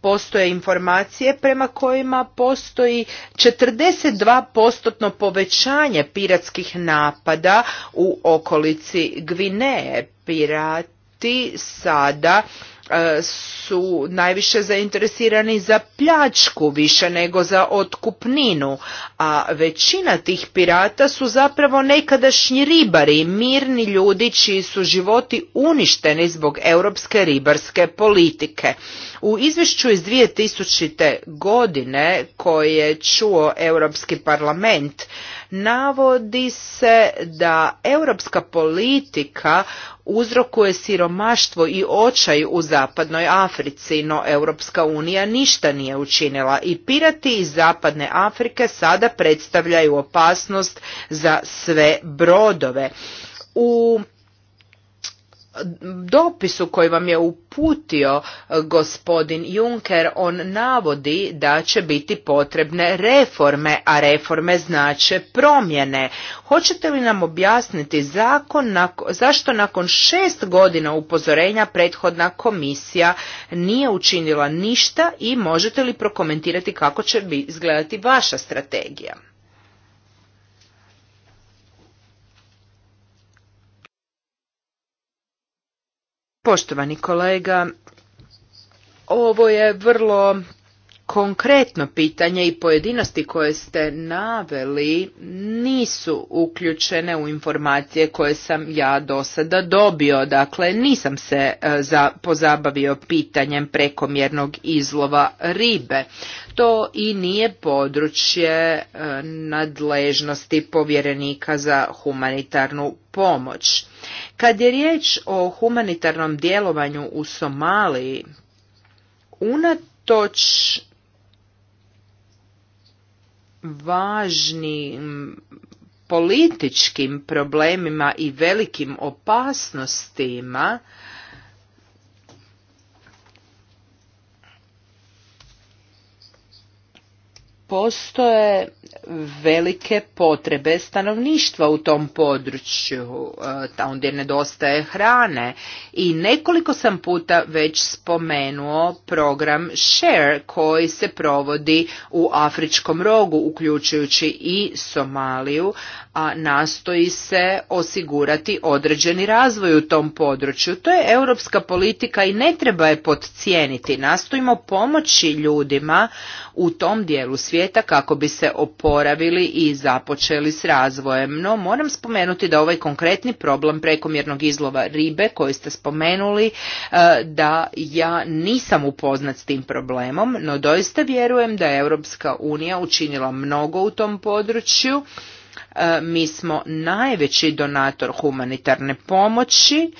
postoje informacije prema kojima postoji 42% povećanje piratskih napada u okolici Gvineje. Pirati sada E, su najviše zainteresirani za pljačku više nego za otkupninu, a većina tih pirata su zapravo nekadašnji ribari, mirni ljudi čiji su životi uništeni zbog europske ribarske politike. U izvješću iz 2000. godine koje je čuo Europski parlament, navodi se da europska politika uzrokuje siromaštvo i očaj u zapadnoj Africi, no Europska unija ništa nije učinila i pirati iz zapadne Afrike sada predstavljaju opasnost za sve brodove. U dopisu koji vam je uputio e, gospodin Juncker on navodi da će biti potrebne reforme, a reforme znače promjene. Hoćete li nam objasniti zakon zašto nakon šest godina upozorenja prethodna komisija nije učinila ništa i možete li prokomentirati kako će izgledati vaša strategija? Poštovani kolega, ovo je vrlo konkretno pitanje i pojedinosti koje ste naveli nisu uključene u informacije koje sam ja do sada dobio. Dakle, nisam se e, pozabavio pitanjem prekomjernog izlova ribe. To i nije područje e, nadležnosti povjerenika za humanitarnu pomoć. Kad je riječ o humanitarnom djelovanju u Somaliji, unatoč važnim političkim problemima i velikim opasnostima postoje velike potrebe stanovništva u tom području, e, tamo gdje nedostaje hrane. I nekoliko sam puta već spomenuo program SHARE koji se provodi u Afričkom rogu, uključujući i Somaliju, a nastoji se osigurati određeni razvoj u tom području. To je europska politika i ne treba je podcijeniti. Nastojimo pomoći ljudima u tom dijelu svijeta kako bi se oporavili i započeli s razvojem. No moram spomenuti da ovaj konkretni problem prekomjernog izlova ribe koji ste spomenuli, e, da ja nisam upoznat s tim problemom, no doista vjerujem da je Europska unija učinila mnogo u tom području. E, mi smo najveći donator humanitarne pomoći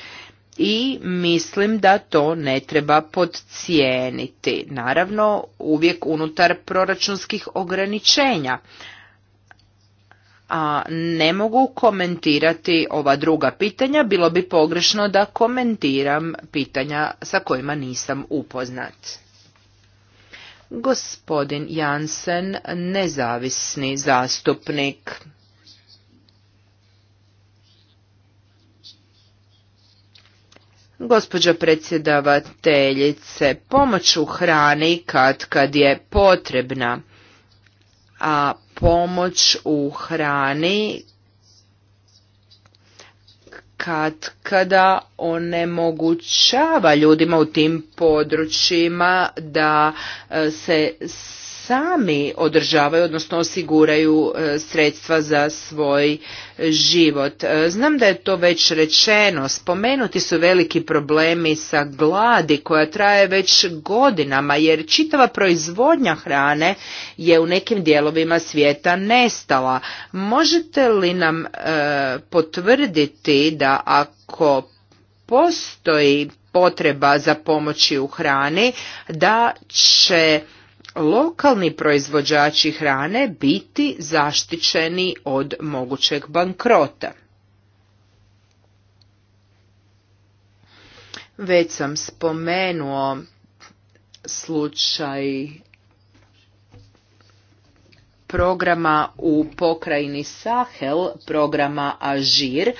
i mislim da to ne treba podcijeniti. Naravno, uvijek unutar proračunskih ograničenja. A ne mogu komentirati ova druga pitanja, bilo bi pogrešno da komentiram pitanja sa kojima nisam upoznat. Gospodin Jansen, nezavisni zastupnik. Gospođo predsjedavateljice, pomoć u hrani kad kad je potrebna, a pomoć u hrani kad kada onemogućava ljudima u tim područjima da e, se sami održavaju, odnosno osiguraju e, sredstva za svoj život. E, znam da je to već rečeno, spomenuti su veliki problemi sa gladi koja traje već godinama jer čitava proizvodnja hrane je u nekim dijelovima svijeta nestala. Možete li nam e, potvrditi da ako postoji potreba za pomoći u hrani da će lokalni proizvođači hrane biti zaštićeni od mogućeg bankrota. Već sam spomenuo slučaj programa u pokrajini Sahel, programa Ažir, e,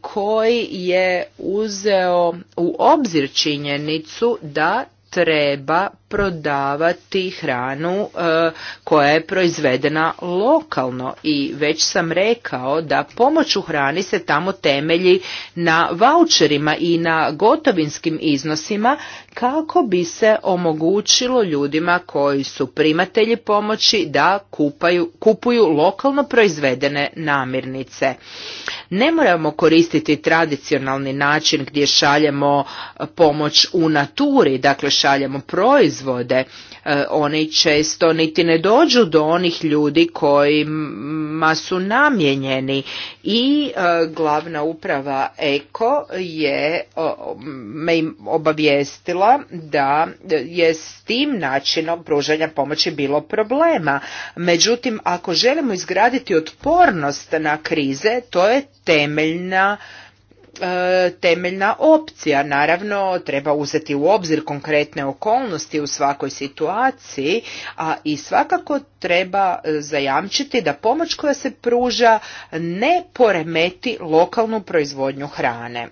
koji je uzeo u obzir činjenicu da treba prodavati hranu e, koja je proizvedena lokalno i već sam rekao da pomoć u hrani se tamo temelji na voucherima i na gotovinskim iznosima kako bi se omogućilo ljudima koji su primatelji pomoći da kupaju, kupuju lokalno proizvedene namirnice. Ne moramo koristiti tradicionalni način gdje šaljemo e, pomoć u naturi, dakle šaljemo proizvode. E, oni često niti ne dođu do onih ljudi kojima su namijenjeni i e, glavna uprava Eko je me obavijestila da je s tim načinom pružanja pomoći bilo problema. Međutim, ako želimo izgraditi otpornost na krize, to je temeljna e, temeljna opcija. Naravno, treba uzeti u obzir konkretne okolnosti u svakoj situaciji, a i svakako treba e, zajamčiti da pomoć koja se pruža ne poremeti lokalnu proizvodnju hrane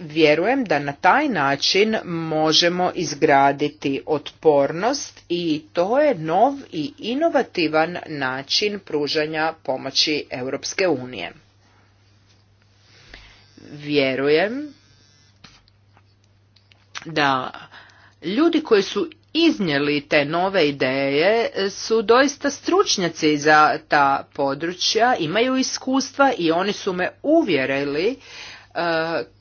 vjerujem da na taj način možemo izgraditi otpornost i to je nov i inovativan način pružanja pomoći Europske unije. Vjerujem da ljudi koji su iznijeli te nove ideje su doista stručnjaci za ta područja, imaju iskustva i oni su me uvjerili e,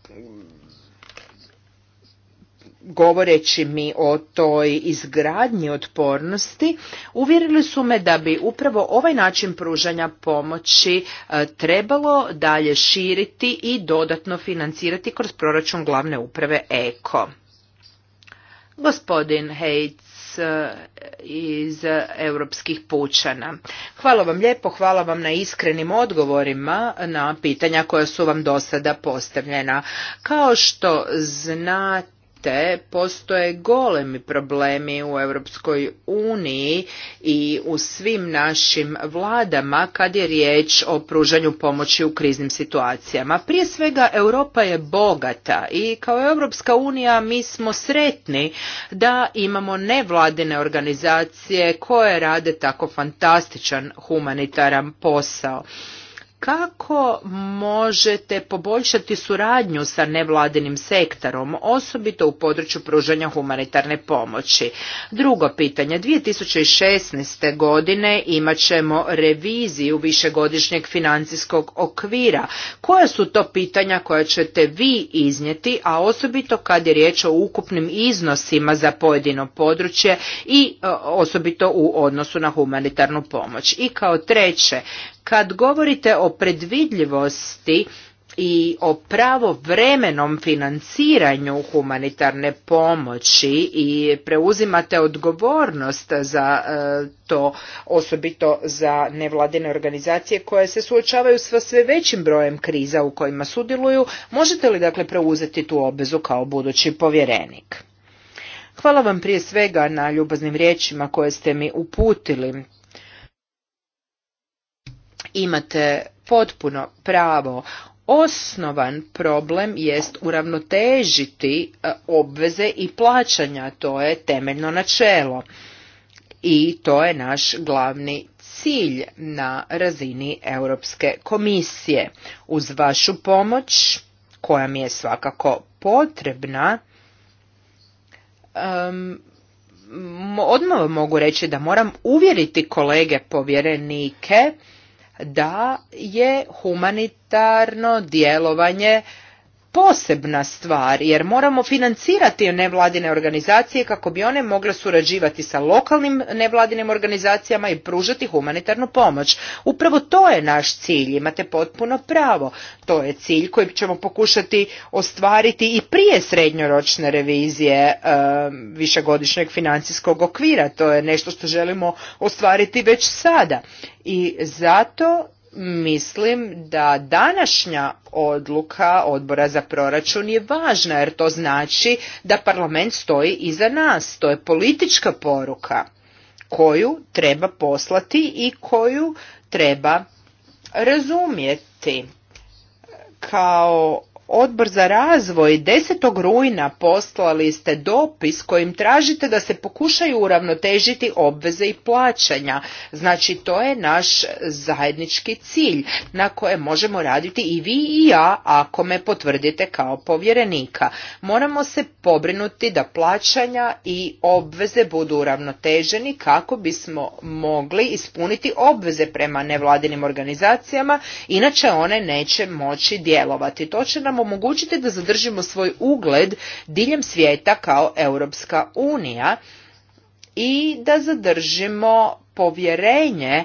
govoreći mi o toj izgradnji otpornosti, uvjerili su me da bi upravo ovaj način pružanja pomoći e, trebalo dalje širiti i dodatno financirati kroz proračun glavne uprave EKO. Gospodin Hejt E, iz Europskih pučana. Hvala vam lijepo, hvala vam na iskrenim odgovorima na pitanja koja su vam do sada postavljena. Kao što znate, te postoje golemi problemi u Europskoj uniji i u svim našim vladama kad je riječ o pružanju pomoći u kriznim situacijama. Prije svega Europa je bogata i kao Europska unija mi smo sretni da imamo nevladine organizacije koje rade tako fantastičan humanitaran posao kako možete poboljšati suradnju sa nevladinim sektorom, osobito u području pružanja humanitarne pomoći? Drugo pitanje, 2016. godine imat ćemo reviziju višegodišnjeg financijskog okvira. Koja su to pitanja koja ćete vi iznijeti, a osobito kad je riječ o ukupnim iznosima za pojedino područje i e, osobito u odnosu na humanitarnu pomoć? I kao treće, kad govorite o predvidljivosti i o pravovremenom financiranju humanitarne pomoći i preuzimate odgovornost za e, to, osobito za nevladine organizacije koje se suočavaju sa sve većim brojem kriza u kojima sudjeluju, možete li dakle preuzeti tu obvezu kao budući povjerenik? Hvala vam prije svega na ljubaznim riječima koje ste mi uputili imate potpuno pravo osnovan problem jest uravnotežiti e, obveze i plaćanja to je temeljno načelo i to je naš glavni cilj na razini Europske komisije uz vašu pomoć koja mi je svakako potrebna um, odmah mogu reći da moram uvjeriti kolege povjerenike da je humanitarno djelovanje posebna stvar jer moramo financirati nevladine organizacije kako bi one mogle surađivati sa lokalnim nevladinim organizacijama i pružati humanitarnu pomoć. Upravo to je naš cilj, imate potpuno pravo. To je cilj koji ćemo pokušati ostvariti i prije srednjoročne revizije e, višegodišnjeg financijskog okvira. To je nešto što želimo ostvariti već sada. I zato mislim da današnja odluka odbora za proračun je važna jer to znači da parlament stoji iza nas. To je politička poruka koju treba poslati i koju treba razumjeti. Kao Odbor za razvoj 10. rujna poslali ste dopis kojim tražite da se pokušaju uravnotežiti obveze i plaćanja. Znači to je naš zajednički cilj na koje možemo raditi i vi i ja ako me potvrdite kao povjerenika. Moramo se pobrinuti da plaćanja i obveze budu uravnoteženi kako bismo mogli ispuniti obveze prema nevladinim organizacijama, inače one neće moći djelovati. To će nam omogućiti da zadržimo svoj ugled diljem svijeta kao Europska unija i da zadržimo povjerenje e,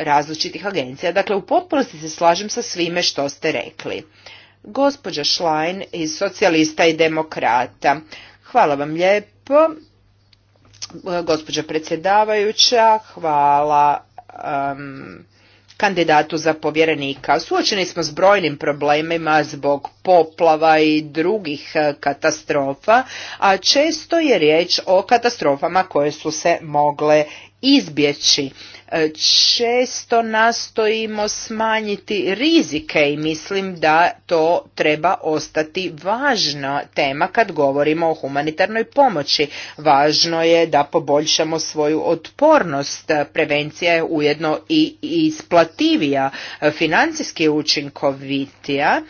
različitih agencija. Dakle, u potpunosti se slažem sa svime što ste rekli. Gospođa Šlajn iz Socijalista i Demokrata. Hvala vam lijepo. E, gospođa predsjedavajuća, hvala kandidatu za povjerenika. Suočeni smo s brojnim problemima zbog poplava i drugih e, katastrofa, a često je riječ o katastrofama koje su se mogle izbjeći često nastojimo smanjiti rizike i mislim da to treba ostati važna tema kad govorimo o humanitarnoj pomoći. Važno je da poboljšamo svoju otpornost. Prevencija je ujedno i isplativija, financijski učinkovitija.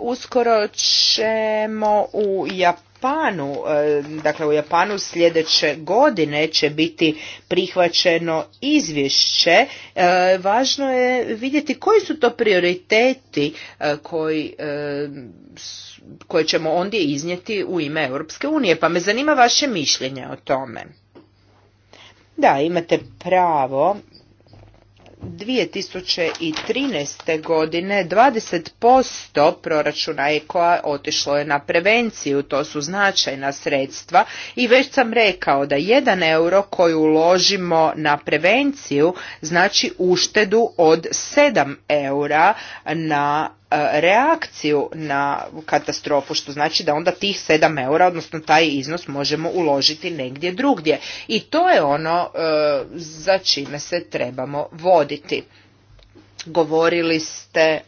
Uskoro ćemo u Japonsku. Japanu, e, dakle u Japanu sljedeće godine će biti prihvaćeno izvješće. E, važno je vidjeti koji su to prioriteti e, koji, koje ćemo ondje iznijeti u ime Europske unije, pa me zanima vaše mišljenje o tome. Da, imate pravo 2013. godine 20% proračuna EKOA otišlo je na prevenciju, to su značajna sredstva i već sam rekao da jedan euro koji uložimo na prevenciju znači uštedu od 7 eura na E, reakciju na katastrofu, što znači da onda tih 7 eura, odnosno taj iznos možemo uložiti negdje drugdje. I to je ono e, za čime se trebamo voditi. Govorili ste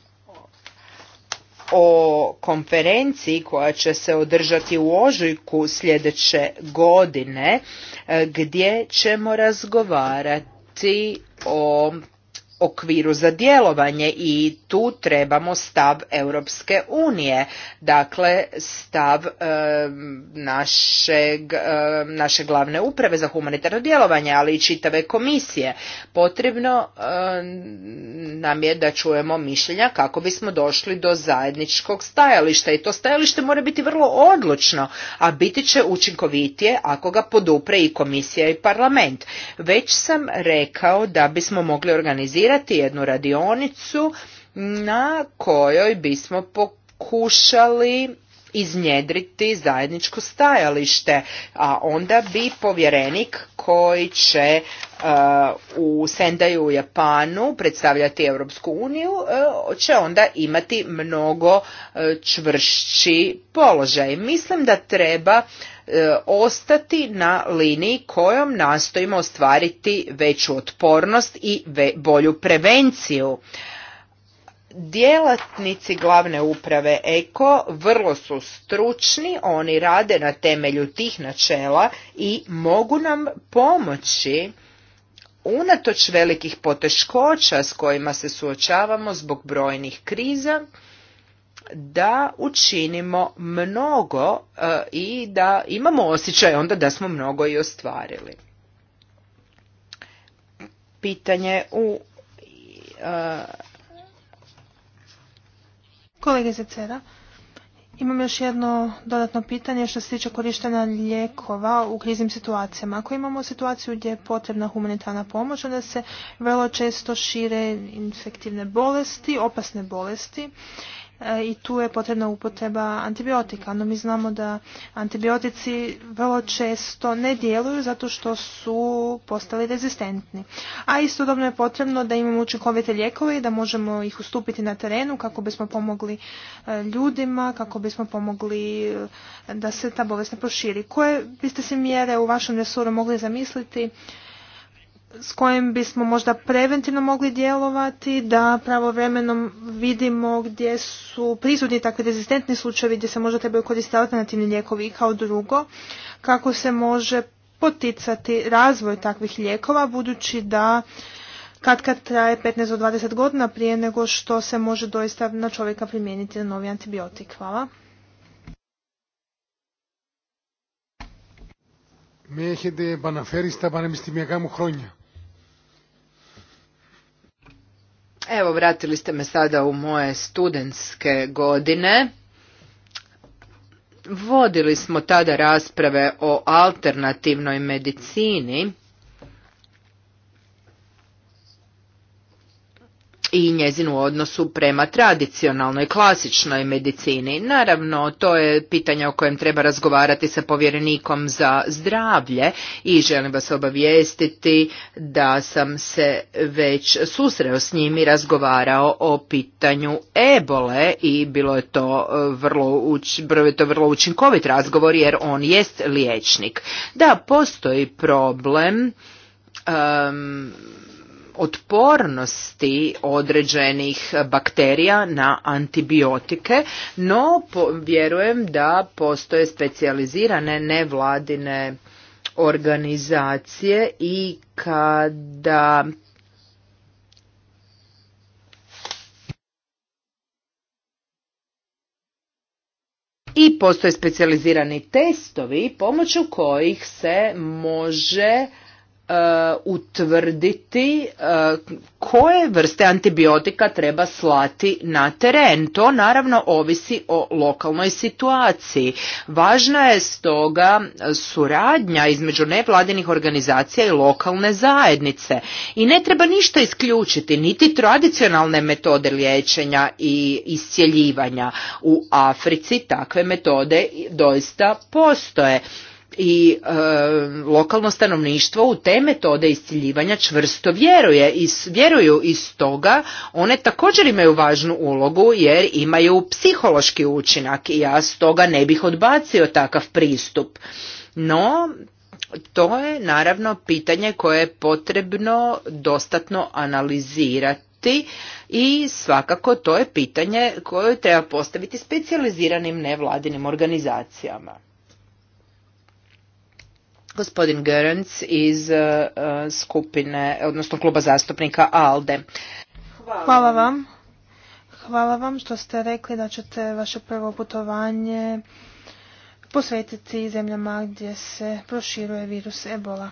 o konferenciji koja će se održati u ožujku sljedeće godine e, gdje ćemo razgovarati o okviru za djelovanje i tu trebamo stav Europske unije, dakle stav eh, našeg, eh, naše glavne uprave za humanitarno djelovanje, ali i čitave komisije. Potrebno eh, nam je da čujemo mišljenja kako bismo došli do zajedničkog stajališta i to stajalište mora biti vrlo odlučno, a biti će učinkovitije ako ga podupre i komisija i parlament. Već sam rekao da bismo mogli organizirati organizirati jednu radionicu na kojoj bismo pokušali iznjedriti zajedničko stajalište, a onda bi povjerenik koji će e, u Sendaju u Japanu predstavljati Europsku uniju e, će onda imati mnogo e, čvršći položaj. Mislim da treba E, ostati na liniji kojom nastojimo ostvariti veću otpornost i bolju prevenciju. Djelatnici glavne uprave Eko vrlo su stručni, oni rade na temelju tih načela i mogu nam pomoći unatoč velikih poteškoća s kojima se suočavamo zbog brojnih kriza da učinimo mnogo e, i da imamo osjećaj onda da smo mnogo i ostvarili. Pitanje u... E, Kolege Zecera, imam još jedno dodatno pitanje što se tiče korištenja lijekova u kriznim situacijama. Ako imamo situaciju gdje je potrebna humanitarna pomoć, onda se vrlo često šire infektivne bolesti, opasne bolesti E, i tu je potrebna upotreba antibiotika. No mi znamo da antibiotici vrlo često ne djeluju zato što su postali rezistentni. A istodobno je potrebno da imamo učinkovite lijekove i da možemo ih ustupiti na terenu kako bismo pomogli e, ljudima, kako bismo pomogli e, da se ta bolest ne proširi. Koje biste si mjere u vašem resoru mogli zamisliti s kojim bismo možda preventivno mogli djelovati, da pravovremeno vidimo gdje su prisutni takvi rezistentni slučajevi gdje se možda trebaju koristiti alternativni lijekovi i kao drugo, kako se može poticati razvoj takvih lijekova budući da kad kad traje 15 do 20 godina prije nego što se može doista na čovjeka primijeniti na novi antibiotik. Hvala. έχετε επαναφέρει στα πανεπιστημιακά μου χρόνια. Evo, vratili ste me sada u moje studentske godine. Vodili smo tada rasprave o alternativnoj medicini i njezinu odnosu prema tradicionalnoj klasičnoj medicini. Naravno, to je pitanje o kojem treba razgovarati sa povjerenikom za zdravlje i želim vas obavijestiti da sam se već susreo s njim i razgovarao o pitanju ebole i bilo je to e, vrlo, uč, je to vrlo učinkovit razgovor jer on jest liječnik. Da, postoji problem otpornosti određenih bakterija na antibiotike, no vjerujem da postoje specijalizirane nevladine organizacije i kada i postoje specijalizirani testovi pomoću kojih se može Uh, utvrditi uh, koje vrste antibiotika treba slati na teren. To naravno ovisi o lokalnoj situaciji. Važna je stoga suradnja između nevladinih organizacija i lokalne zajednice. I ne treba ništa isključiti, niti tradicionalne metode liječenja i iscjeljivanja. U Africi takve metode doista postoje i e, lokalno stanovništvo u te metode isciljivanja čvrsto vjeruje i vjeruju iz toga, one također imaju važnu ulogu jer imaju psihološki učinak i ja stoga ne bih odbacio takav pristup no to je naravno pitanje koje je potrebno dostatno analizirati i svakako to je pitanje koje treba postaviti specijaliziranim nevladinim organizacijama gospodin Görens iz e, skupine, odnosno kluba zastupnika ALDE. Hvala, vam. Hvala vam što ste rekli da ćete vaše prvo putovanje posvetiti zemljama gdje se proširuje virus ebola.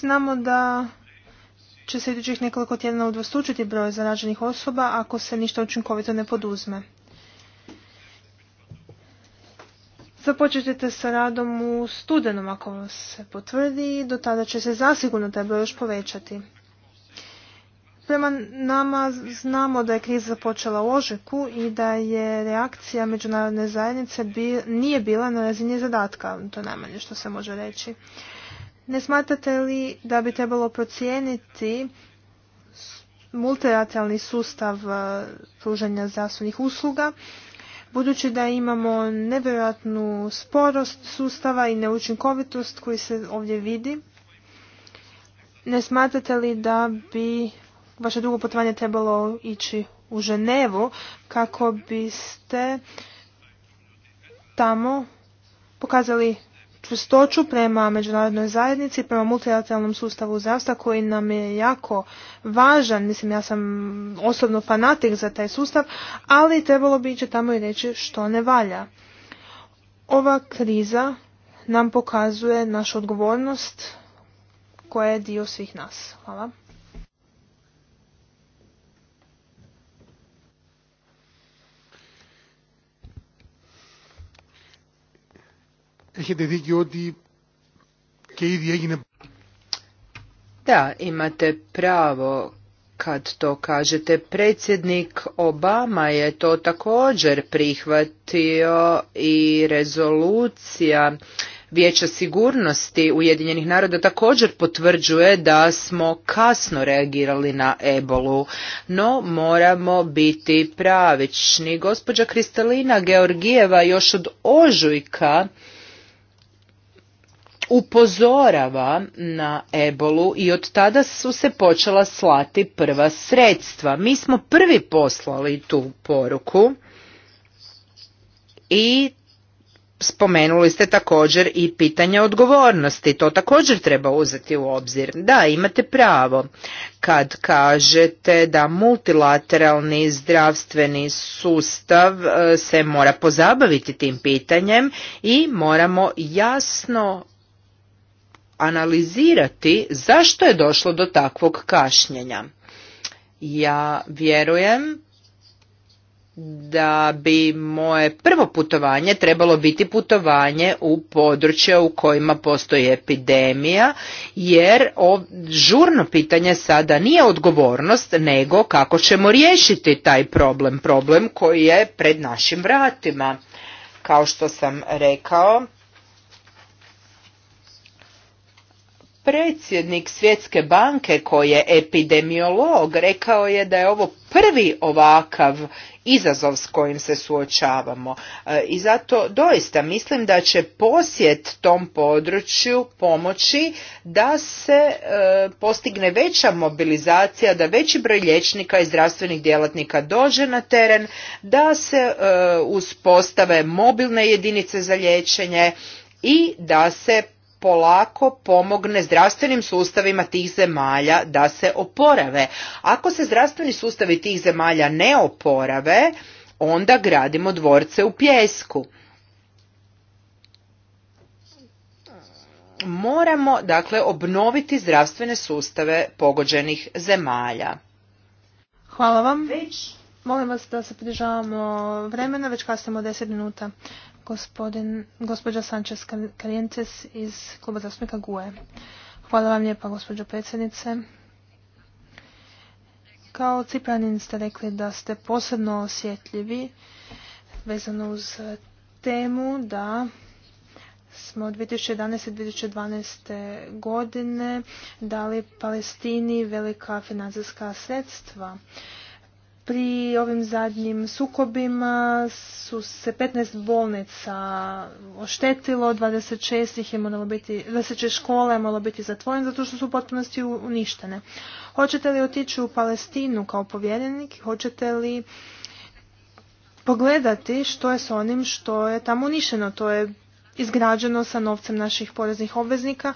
Znamo da će se idućih nekoliko tjedana udvostučiti broj zaraženih osoba ako se ništa učinkovito ne poduzme. Započet ćete sa radom u studenom ako se potvrdi i do tada će se zasigurno taj još povećati. Prema nama znamo da je kriza započela u ožeku i da je reakcija međunarodne zajednice nije bila na razini zadatka, to je najmanje što se može reći. Ne smatrate li da bi trebalo procijeniti multilateralni sustav eh, pružanja zdravstvenih usluga budući da imamo nevjerojatnu sporost sustava i neučinkovitost koji se ovdje vidi. Ne smatrate li da bi vaše drugo putovanje trebalo ići u Ženevu kako biste tamo pokazali čvrstoću prema međunarodnoj zajednici, prema multilateralnom sustavu zdravstva koji nam je jako važan. Mislim, ja sam osobno fanatik za taj sustav, ali trebalo bi ići tamo i reći što ne valja. Ova kriza nam pokazuje našu odgovornost koja je dio svih nas. Hvala. Έχετε Da, imate pravo kad to kažete. Predsjednik Obama je to također prihvatio i rezolucija Vijeća sigurnosti Ujedinjenih naroda također potvrđuje da smo kasno reagirali na ebolu, no moramo biti pravični. Gospođa Kristalina Georgijeva još od ožujka upozorava na ebolu i od tada su se počela slati prva sredstva. Mi smo prvi poslali tu poruku i spomenuli ste također i pitanje odgovornosti. To također treba uzeti u obzir. Da, imate pravo kad kažete da multilateralni zdravstveni sustav e, se mora pozabaviti tim pitanjem i moramo jasno analizirati zašto je došlo do takvog kašnjenja. Ja vjerujem da bi moje prvo putovanje trebalo biti putovanje u područje u kojima postoji epidemija, jer žurno pitanje sada nije odgovornost, nego kako ćemo riješiti taj problem, problem koji je pred našim vratima. Kao što sam rekao, predsjednik Svjetske banke koji je epidemiolog rekao je da je ovo prvi ovakav izazov s kojim se suočavamo. E, I zato doista mislim da će posjet tom području pomoći da se e, postigne veća mobilizacija, da veći broj liječnika i zdravstvenih djelatnika dođe na teren, da se e, uspostave mobilne jedinice za liječenje i da se polako pomogne zdravstvenim sustavima tih zemalja da se oporave. Ako se zdravstveni sustavi tih zemalja ne oporave, onda gradimo dvorce u pjesku. Moramo dakle obnoviti zdravstvene sustave pogođenih zemalja. Hvala vam. Molim vas da se pridržavamo vremena, već kasnimo 10 minuta gospođa Sanchez Calientes iz kluba zastupnika e. Hvala vam lijepa, gospođo predsjednice. Kao Cipranin ste rekli da ste posebno osjetljivi vezano uz temu da smo 2011. 2012. godine dali Palestini velika financijska sredstva pri ovim zadnjim sukobima su se 15 bolnica oštetilo, 26 ih je moralo biti, 26 škola je moralo biti zatvorene zato što su u potpunosti uništene. Hoćete li otići u Palestinu kao povjerenik? Hoćete li pogledati što je s onim što je tamo uništeno? To je izgrađeno sa novcem naših poreznih obveznika,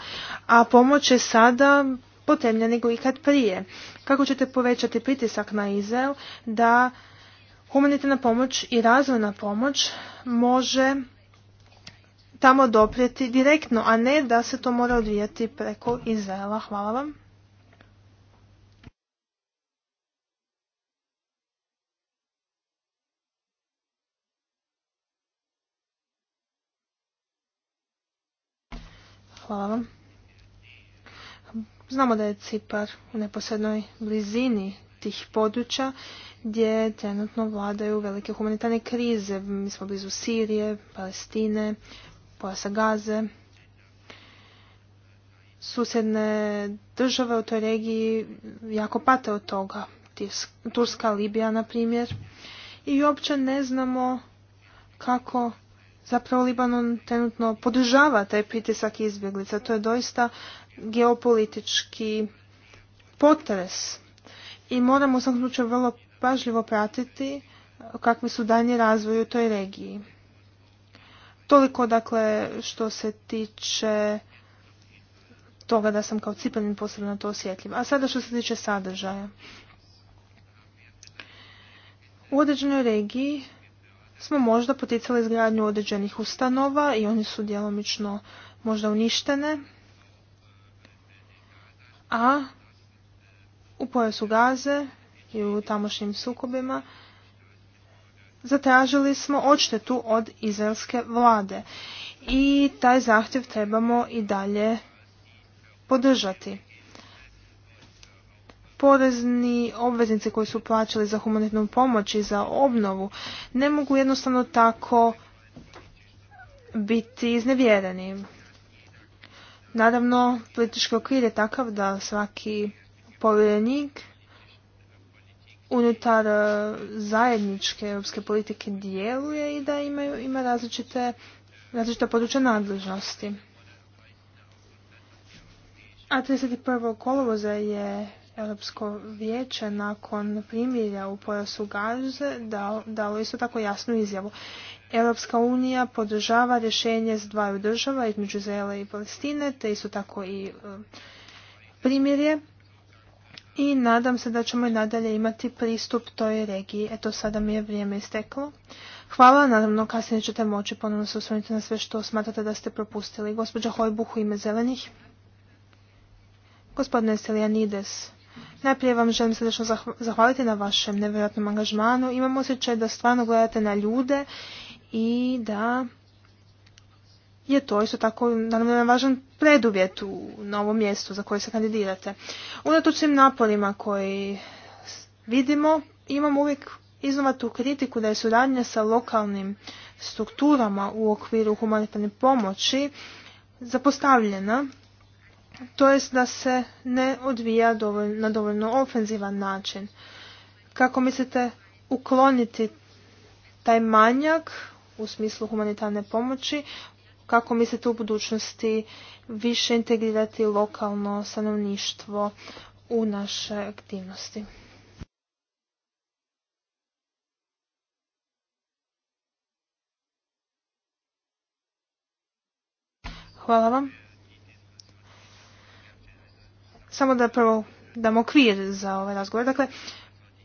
a pomoć je sada Potemlja nego ikad prije. Kako ćete povećati pritisak na Izrael da humanitarna pomoć i razvojna pomoć može tamo doprijeti direktno, a ne da se to mora odvijati preko Izraela. Hvala vam. Hvala vam. Znamo da je Cipar u neposrednoj blizini tih područja gdje trenutno vladaju velike humanitarne krize. Mi smo blizu Sirije, Palestine, pojasa Gaze. Susjedne države u toj regiji jako pate od toga. Turska, Libija, na primjer. I uopće ne znamo kako zapravo Libanon trenutno podržava taj pritisak izbjeglica. To je doista geopolitički potres i moramo u svakom slučaju vrlo pažljivo pratiti e, kakvi su daljnji razvoj u toj regiji. Toliko dakle što se tiče toga da sam kao cipanin posebno to osjetljiva. A sada što se tiče sadržaja. U određenoj regiji smo možda poticali izgradnju određenih ustanova i oni su djelomično možda uništene a u pojasu Gaze i u tamošnjim sukobima zatražili smo odštetu od izraelske vlade i taj zahtjev trebamo i dalje podržati. Porezni obveznici koji su plaćali za humanitnu pomoć i za obnovu ne mogu jednostavno tako biti iznevjereni. Naravno, politički okvir je takav da svaki povjerenik unutar e, zajedničke europske politike djeluje i da ima različite, različite područja nadležnosti. A 31. kolovoza je Europsko vijeće nakon primjerja u pojasu Gaze dalo isto tako jasnu izjavu. Europska unija podržava rješenje s dvaju država između Izraela i Palestine, te isto tako i e, primjerje I nadam se da ćemo i nadalje imati pristup toj regiji. Eto, sada mi je vrijeme isteklo. Hvala, naravno kasnije ćete moći ponovno se osvrnuti na sve što smatrate da ste propustili. Gospođa Hojbuh u ime zelenih. Gospodine Selianides, najprije vam želim srdečno zahvaliti na vašem nevjerojatnom angažmanu. Imam osjećaj da stvarno gledate na ljude i da je to isto tako naravno važan preduvjet u novom mjestu za koje se kandidirate. Unatoč svim naporima koji vidimo, imamo uvijek iznova tu kritiku da je suradnja sa lokalnim strukturama u okviru humanitarne pomoći zapostavljena, to jest da se ne odvija na dovoljno ofenzivan način. Kako mislite ukloniti taj manjak u smislu humanitarne pomoći, kako mislite u budućnosti više integrirati lokalno stanovništvo u naše aktivnosti. Hvala vam. Samo da prvo damo okvir za ovaj razgovor. Dakle,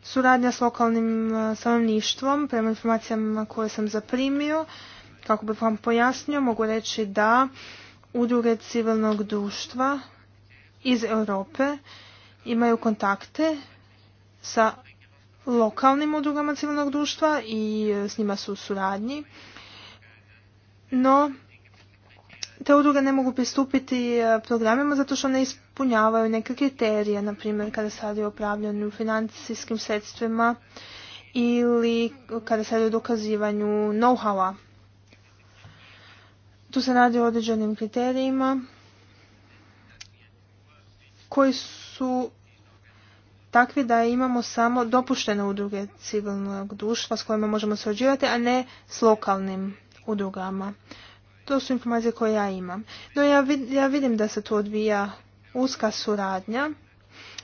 Suradnja s lokalnim e, stanovništvom, prema informacijama koje sam zaprimio, kako bih vam pojasnio, mogu reći da udruge civilnog društva iz Europe imaju kontakte sa lokalnim udrugama civilnog društva i e, s njima su u suradnji. No, te udruge ne mogu pristupiti e, programima zato što ne ispunjavaju neke kriterije, na primjer kada se radi o upravljanju financijskim sredstvima ili kada se radi o dokazivanju know a Tu se radi o određenim kriterijima koji su takvi da imamo samo dopuštene udruge civilnog društva s kojima možemo surađivati, a ne s lokalnim udrugama. To su informacije koje ja imam. No ja vidim da se tu odvija uska suradnja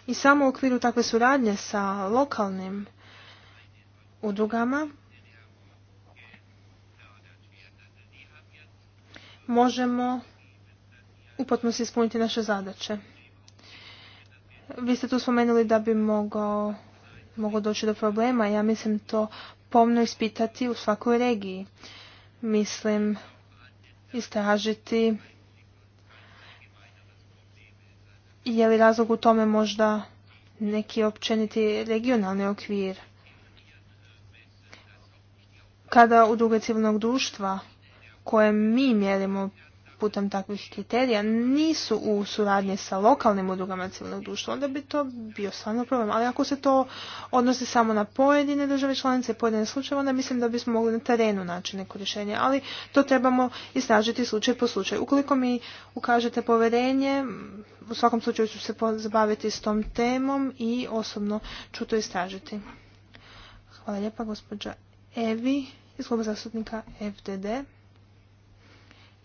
i samo u okviru takve suradnje sa lokalnim udrugama možemo upotno se ispuniti naše zadaće. Vi ste tu spomenuli da bi mogao, mogao doći do problema. Ja mislim to pomno ispitati u svakoj regiji. Mislim istražiti je li razlog u tome možda neki općeniti regionalni okvir. Kada udruge civilnog društva koje mi mjerimo putem takvih kriterija nisu u suradnji sa lokalnim udrugama civilnog društva, onda bi to bio stvarno problem. Ali ako se to odnosi samo na pojedine države članice, pojedine slučaje, onda mislim da bismo mogli na terenu naći neko rješenje. Ali to trebamo istražiti slučaj po slučaju. Ukoliko mi ukažete poverenje, u svakom slučaju ću se zabaviti s tom temom i osobno ću to istražiti. Hvala lijepa gospođa Evi iz kluba zastupnika FDD.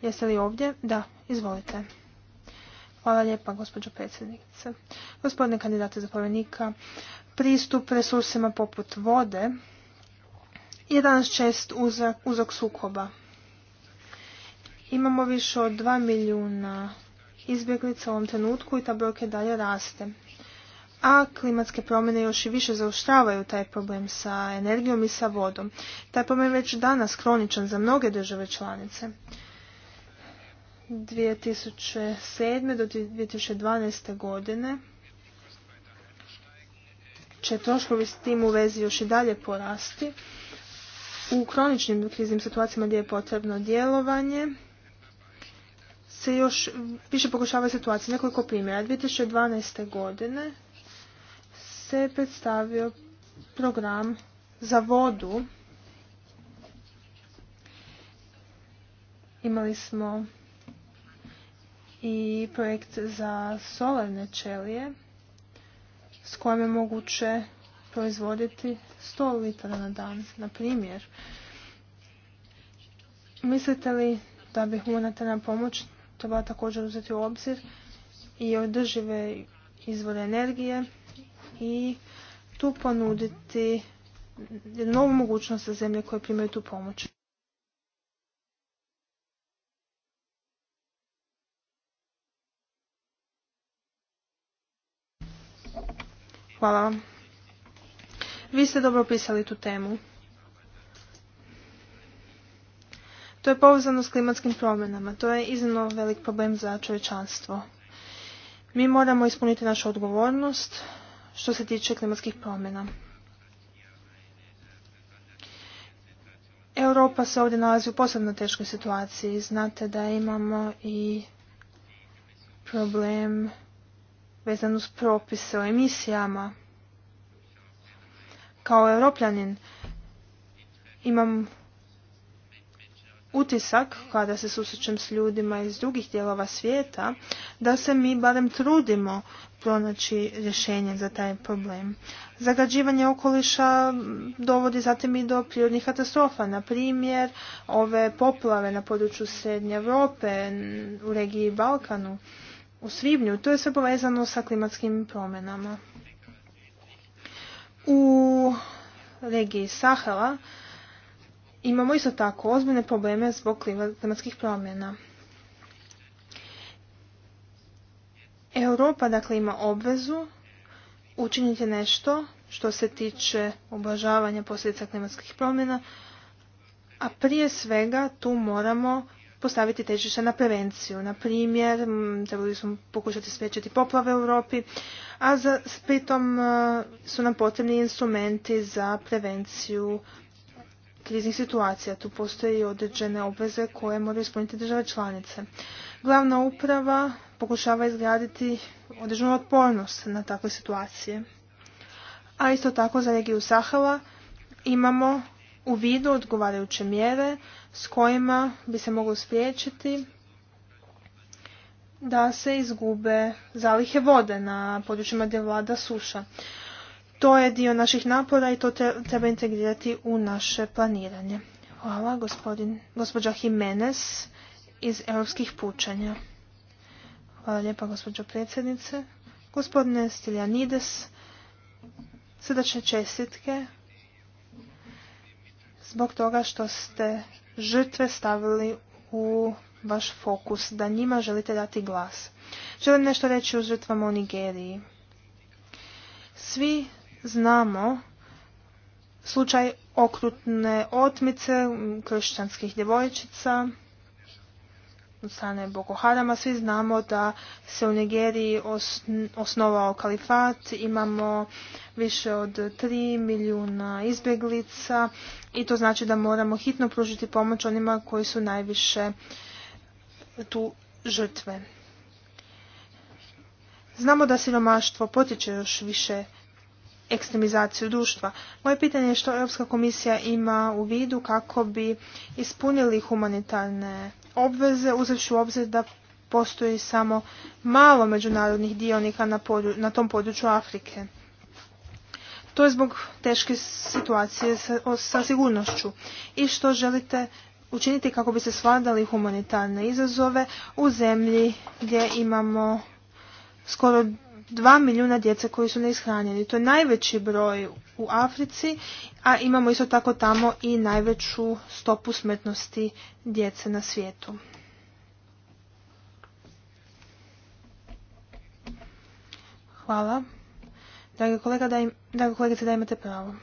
Jeste li ovdje? Da, izvolite. Hvala lijepa, gospođo predsjednice. Gospodine kandidate zapovjednika, pristup resursima poput vode je danas čest sukoba. Imamo više od 2 milijuna izbjeglica u ovom trenutku i ta brojka dalje raste. A klimatske promjene još i više zaoštravaju taj problem sa energijom i sa vodom. Taj problem je već danas kroničan za mnoge države članice. 2007. do 2012. godine će troškovi s tim u vezi još i dalje porasti. U kroničnim kriznim situacijama gdje je potrebno djelovanje se još više pokušava situacija. Nekoliko primjera. 2012. godine se predstavio program za vodu. Imali smo i projekt za solarne čelije s kojim je moguće proizvoditi 100 litara na dan, na primjer. Mislite li da bi humanitarna pomoć treba također uzeti u obzir i održive izvore energije i tu ponuditi novu mogućnost za zemlje koje primaju tu pomoć. Hvala Vi ste dobro opisali tu temu. To je povezano s klimatskim promjenama. To je iznimno velik problem za čovječanstvo. Mi moramo ispuniti našu odgovornost što se tiče klimatskih promjena. Europa se ovdje nalazi u posebno teškoj situaciji. Znate da imamo i problem vezano uz propise o emisijama. Kao europljanin imam utisak kada se susrećem s ljudima iz drugih dijelova svijeta da se mi barem trudimo pronaći rješenje za taj problem. Zagađivanje okoliša dovodi zatim i do prirodnih katastrofa, na primjer ove poplave na području Srednje Europe u regiji Balkanu u svibnju. To je sve povezano sa klimatskim promjenama. U regiji Sahela imamo isto tako ozbiljne probleme zbog klimatskih promjena. Europa dakle ima obvezu učiniti nešto što se tiče oblažavanja posljedica klimatskih promjena, a prije svega tu moramo postaviti težište na prevenciju. Na primjer, trebali smo pokušati spriječiti poplave u Europi, a za, pritom e, su nam potrebni instrumenti za prevenciju kriznih situacija. Tu postoje određene obveze koje moraju ispuniti države članice. Glavna uprava pokušava izgraditi određenu otpornost na takve situacije. A isto tako za regiju Sahela imamo u vidu odgovarajuće mjere s kojima bi se moglo spriječiti da se izgube zalihe vode na područjima gdje vlada suša. To je dio naših napora i to treba integrirati u naše planiranje. Hvala, gospodin, gospođa Jimenez iz Europskih pučanja. Hvala lijepa, gospođo predsjednice. Gospodine Stiljanides, srdačne čestitke zbog toga što ste žrtve stavili u vaš fokus, da njima želite dati glas. Želim nešto reći o žrtvama u Nigeriji. Svi znamo slučaj okrutne otmice kršćanskih djevojčica, od strane Boko Harama. Svi znamo da se u Nigeriji osnovao kalifat, imamo više od 3 milijuna izbjeglica i to znači da moramo hitno pružiti pomoć onima koji su najviše tu žrtve. Znamo da siromaštvo potiče još više ekstremizaciju društva. Moje pitanje je što Europska komisija ima u vidu kako bi ispunili humanitarne obveze uzevši u obzir da postoji samo malo međunarodnih dionika na, na tom području Afrike. To je zbog teške situacije sa, sa sigurnošću. I što želite učiniti kako bi se svladali humanitarne izazove u zemlji gdje imamo skoro dva milijuna djece koji su neishranjeni. To je najveći broj u Africi, a imamo isto tako tamo i najveću stopu smrtnosti djece na svijetu. Hvala. Dragi kolega, da, kolegice, da imate pravo.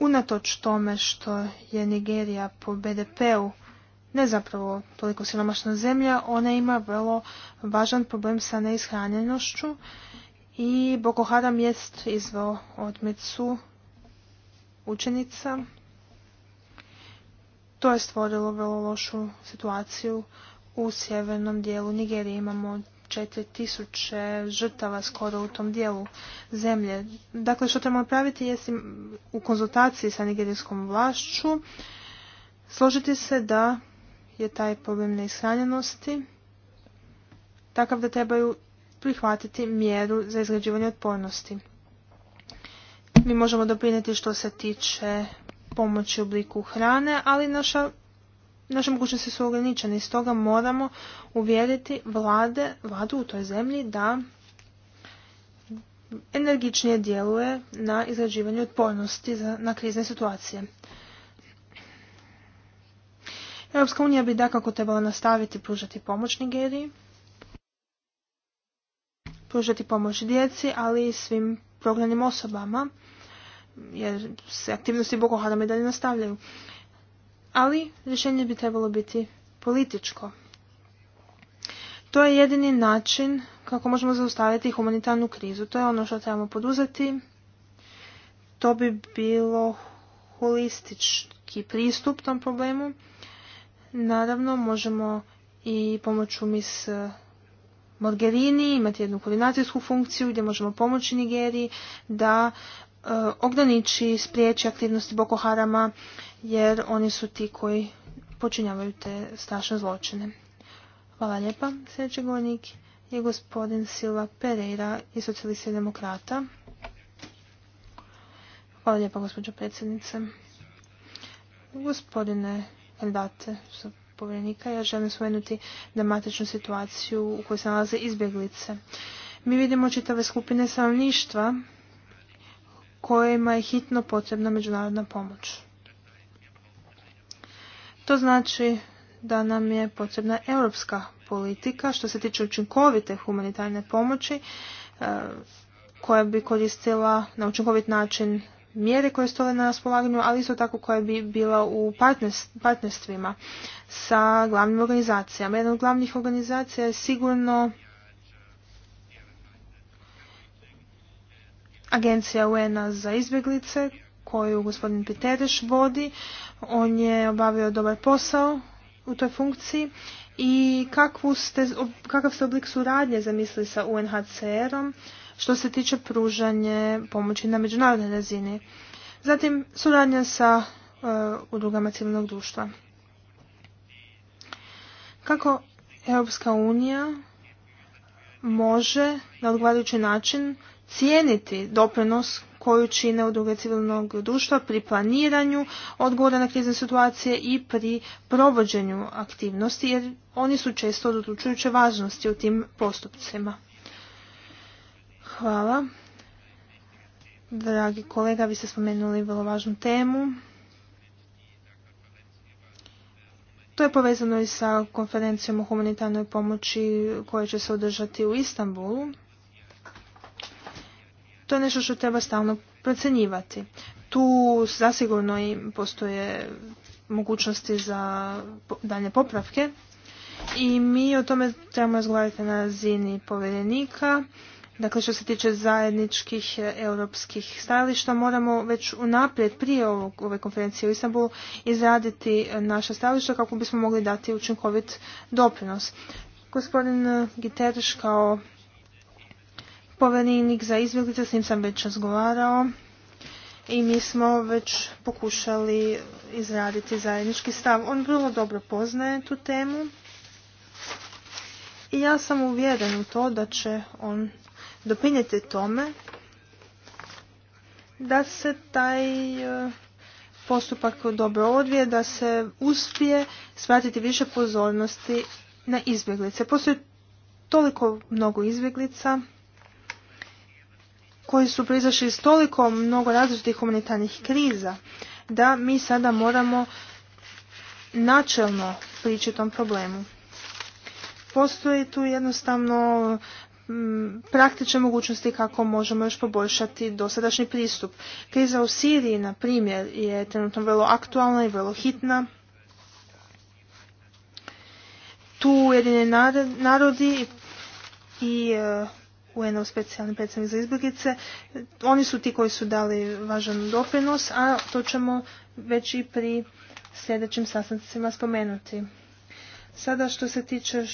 Unatoč tome što je Nigerija po BDP-u ne zapravo toliko siromašna zemlja, ona ima vrlo važan problem sa neishranjenošću i Boko Haram jest izveo odmicu učenica. To je stvorilo vrlo lošu situaciju u sjevernom dijelu Nigerije. Imamo 4000 žrtava skoro u tom dijelu zemlje. Dakle, što trebamo praviti je u konzultaciji sa nigerijskom vlašću složiti se da je taj problem neishranjenosti takav da trebaju prihvatiti mjeru za izgrađivanje otpornosti. Mi možemo doprinijeti što se tiče pomoći u obliku hrane, ali naša, naše mogućnosti su ograničene i stoga moramo uvjeriti vlade, vladu u toj zemlji da energičnije djeluje na izrađivanju otpornosti za, na krizne situacije. Europska unija bi dakako trebala nastaviti pružati pomoć Nigeriji, pružati pomoć djeci, ali i svim prognanim osobama, jer se aktivnosti Boko Haram i dalje nastavljaju. Ali rješenje bi trebalo biti političko. To je jedini način kako možemo zaustaviti humanitarnu krizu. To je ono što trebamo poduzeti. To bi bilo holistički pristup tom problemu. Naravno, možemo i pomoću mis eh, Morgerini imati jednu koordinacijsku funkciju gdje možemo pomoći Nigeriji da ograniči eh, ograniči, spriječi aktivnosti Boko Harama jer oni su ti koji počinjavaju te strašne zločine. Hvala lijepa. Sljedeći govornik je gospodin Silva Pereira iz Socialista demokrata. Hvala lijepa gospođo predsjednice. Gospodine kandidate za povjerenika, ja želim spomenuti dramatičnu situaciju u kojoj se nalaze izbjeglice. Mi vidimo čitave skupine stanovništva kojima je hitno potrebna međunarodna pomoć. To znači da nam je potrebna europska politika što se tiče učinkovite humanitarne pomoći eh, koja bi koristila na učinkovit način mjere koje stole na raspolaganju, ali isto tako koja bi bila u partnerstvima sa glavnim organizacijama. Jedna od glavnih organizacija je sigurno agencija UN-a za izbjeglice koju gospodin Piteriš vodi. On je obavio dobar posao u toj funkciji i kakav ste oblik suradnje zamislili sa UNHCR-om što se tiče pružanje pomoći na međunarodnoj razini. Zatim suradnja sa uh, udrugama civilnog društva. Kako Europska unija može na odgovarajući način cijeniti doprinos koju čine udruge civilnog društva pri planiranju odgovora na krizne situacije i pri provođenju aktivnosti, jer oni su često od odlučujuće važnosti u tim postupcima. Hvala. Dragi kolega, vi ste spomenuli vrlo važnu temu. To je povezano i sa konferencijom o humanitarnoj pomoći koja će se održati u Istanbulu. To je nešto što treba stalno procenjivati. Tu zasigurno i postoje mogućnosti za dalje popravke i mi o tome trebamo razgovarati na razini povjerenika Dakle, što se tiče zajedničkih e, europskih stajališta, moramo već unaprijed prije ovog, ove konferencije u Istanbulu izraditi e, naša stajališta kako bismo mogli dati učinkovit doprinos. Gospodin e, Giterš kao povjerenik za izbjeglice, s njim sam već razgovarao i mi smo već pokušali izraditi zajednički stav. On vrlo dobro poznaje tu temu i ja sam uvjeren u to da će on doprinijeti tome da se taj e, postupak dobro odvije, da se uspije shvatiti više pozornosti na izbjeglice. Postoji toliko mnogo izbjeglica koji su prizašli iz toliko mnogo različitih humanitarnih kriza da mi sada moramo načelno prići tom problemu. Postoji tu jednostavno praktične mogućnosti kako možemo još poboljšati dosadašnji pristup. Kriza u Siriji, na primjer, je trenutno vrlo aktualna i vrlo hitna. Tu jedine narodi i e, UN-ov specijalni predstavnik za izbjeglice, oni su ti koji su dali važan doprinos, a to ćemo već i pri sljedećim sastancima spomenuti. Sada što se tiče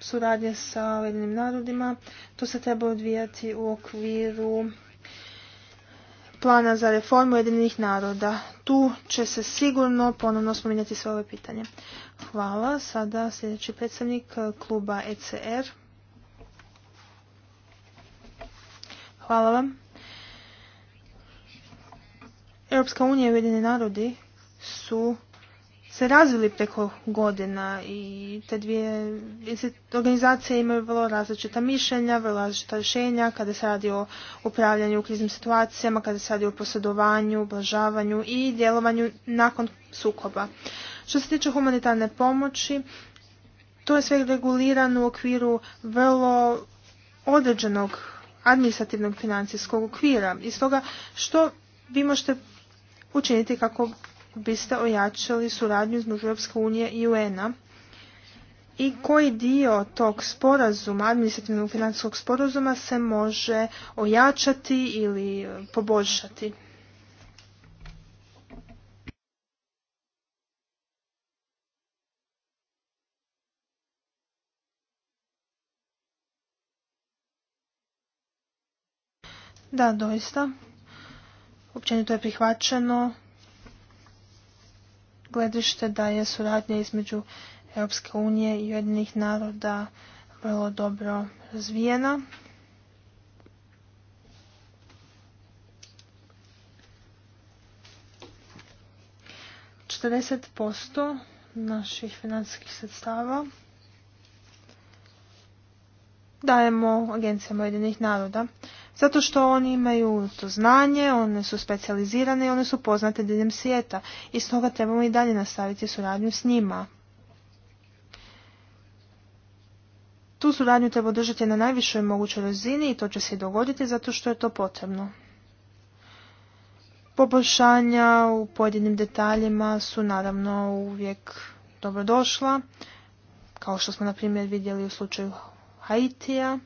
suradnje sa Ujedinim narodima. To se treba odvijati u okviru plana za reformu jedinih naroda. Tu će se sigurno ponovno spominjati sve ove pitanje. Hvala. Sada sljedeći predstavnik e, kluba ECR. Hvala vam. Europska unija i narodi su se razvili preko godina i te dvije organizacije imaju vrlo različita mišljenja, vrlo različita rješenja kada se radi o upravljanju u kriznim situacijama, kada se radi o posjedovanju, ublažavanju i djelovanju nakon sukoba. Što se tiče humanitarne pomoći, to je sve regulirano u okviru vrlo određenog administrativnog financijskog okvira. I stoga što vi možete učiniti kako biste ojačali suradnju između Europske unije i UN-a i koji dio tog sporazuma, administrativnog financijskog sporazuma se može ojačati ili poboljšati? Da, doista. Uopćenito je prihvaćeno gledište da je suradnja između Europske unije i Ujedinih naroda vrlo dobro razvijena. Četrdeset posto naših financijskih sredstava dajemo agencijama jedinih naroda. Zato što oni imaju to znanje, one su specijalizirane i one su poznate diljem svijeta i stoga trebamo i dalje nastaviti suradnju s njima. Tu suradnju treba održati na najvišoj mogućoj razini i to će se i dogoditi zato što je to potrebno. Poboljšanja u pojedinim detaljima su naravno uvijek dobrodošla, kao što smo na primjer vidjeli u slučaju Haitija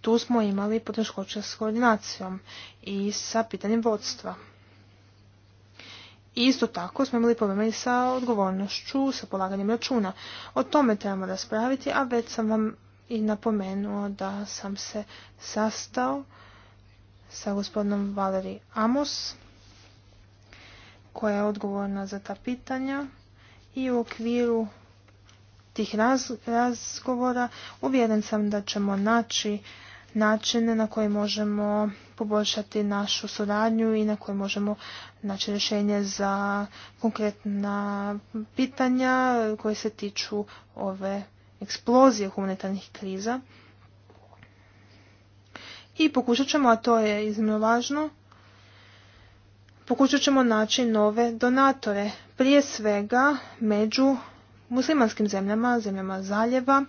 tu smo imali poteškoća s koordinacijom i sa pitanjem vodstva. isto tako smo imali problema i sa odgovornošću, sa polaganjem računa. O tome trebamo raspraviti, a već sam vam i napomenuo da sam se sastao sa gospodinom Valeri Amos, koja je odgovorna za ta pitanja i u okviru tih razgovora uvjeren sam da ćemo naći načine na koji možemo poboljšati našu suradnju i na koje možemo naći rješenje za konkretna pitanja koje se tiču ove eksplozije humanitarnih kriza. I pokušat ćemo, a to je iznimno važno, pokušat ćemo naći nove donatore. Prije svega među muslimanskim zemljama, zemljama zaljeva,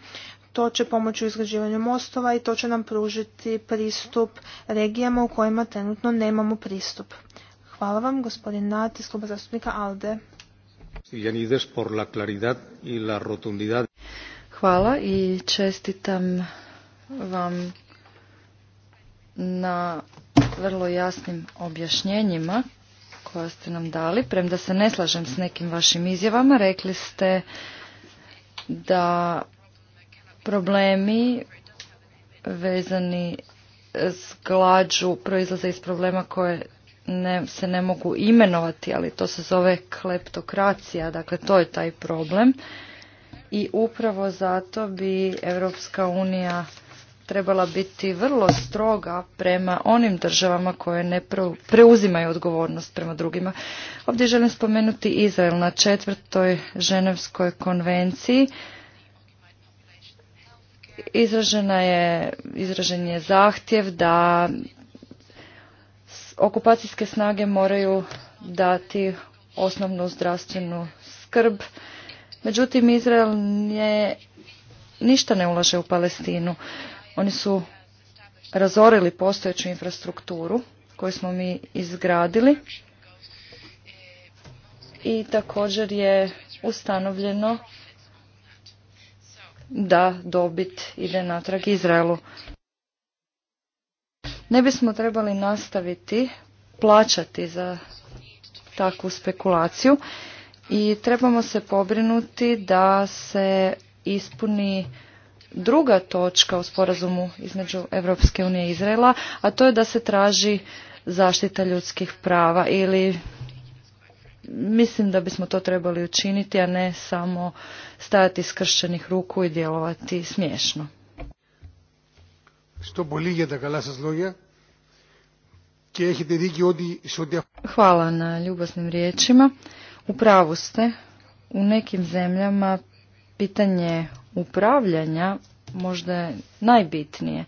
to će pomoći u izgrađivanju mostova i to će nam pružiti pristup regijama u kojima trenutno nemamo pristup. Hvala vam, gospodin Nat iz kluba zastupnika ALDE. Hvala i čestitam vam na vrlo jasnim objašnjenjima koja ste nam dali. Premda se ne slažem s nekim vašim izjavama, rekli ste da Problemi vezani s glađu proizlaze iz problema koje ne, se ne mogu imenovati, ali to se zove kleptokracija, dakle to je taj problem. I upravo zato bi Europska unija trebala biti vrlo stroga prema onim državama koje ne preuzimaju odgovornost prema drugima. Ovdje želim spomenuti Izrael na četvrtoj ženevskoj konvenciji izražena je, izražen je zahtjev da okupacijske snage moraju dati osnovnu zdravstvenu skrb. Međutim, Izrael je ništa ne ulaže u Palestinu. Oni su razorili postojeću infrastrukturu koju smo mi izgradili i također je ustanovljeno da dobit ide natrag Izraelu. Ne bismo trebali nastaviti plaćati za takvu spekulaciju i trebamo se pobrinuti da se ispuni druga točka u sporazumu između Europske unije i Izraela, a to je da se traži zaštita ljudskih prava ili Mislim da bismo to trebali učiniti, a ne samo stajati skršenih ruku i djelovati smiješno. Hvala na ljubosnim riječima. U pravu ste, u nekim zemljama pitanje upravljanja možda je najbitnije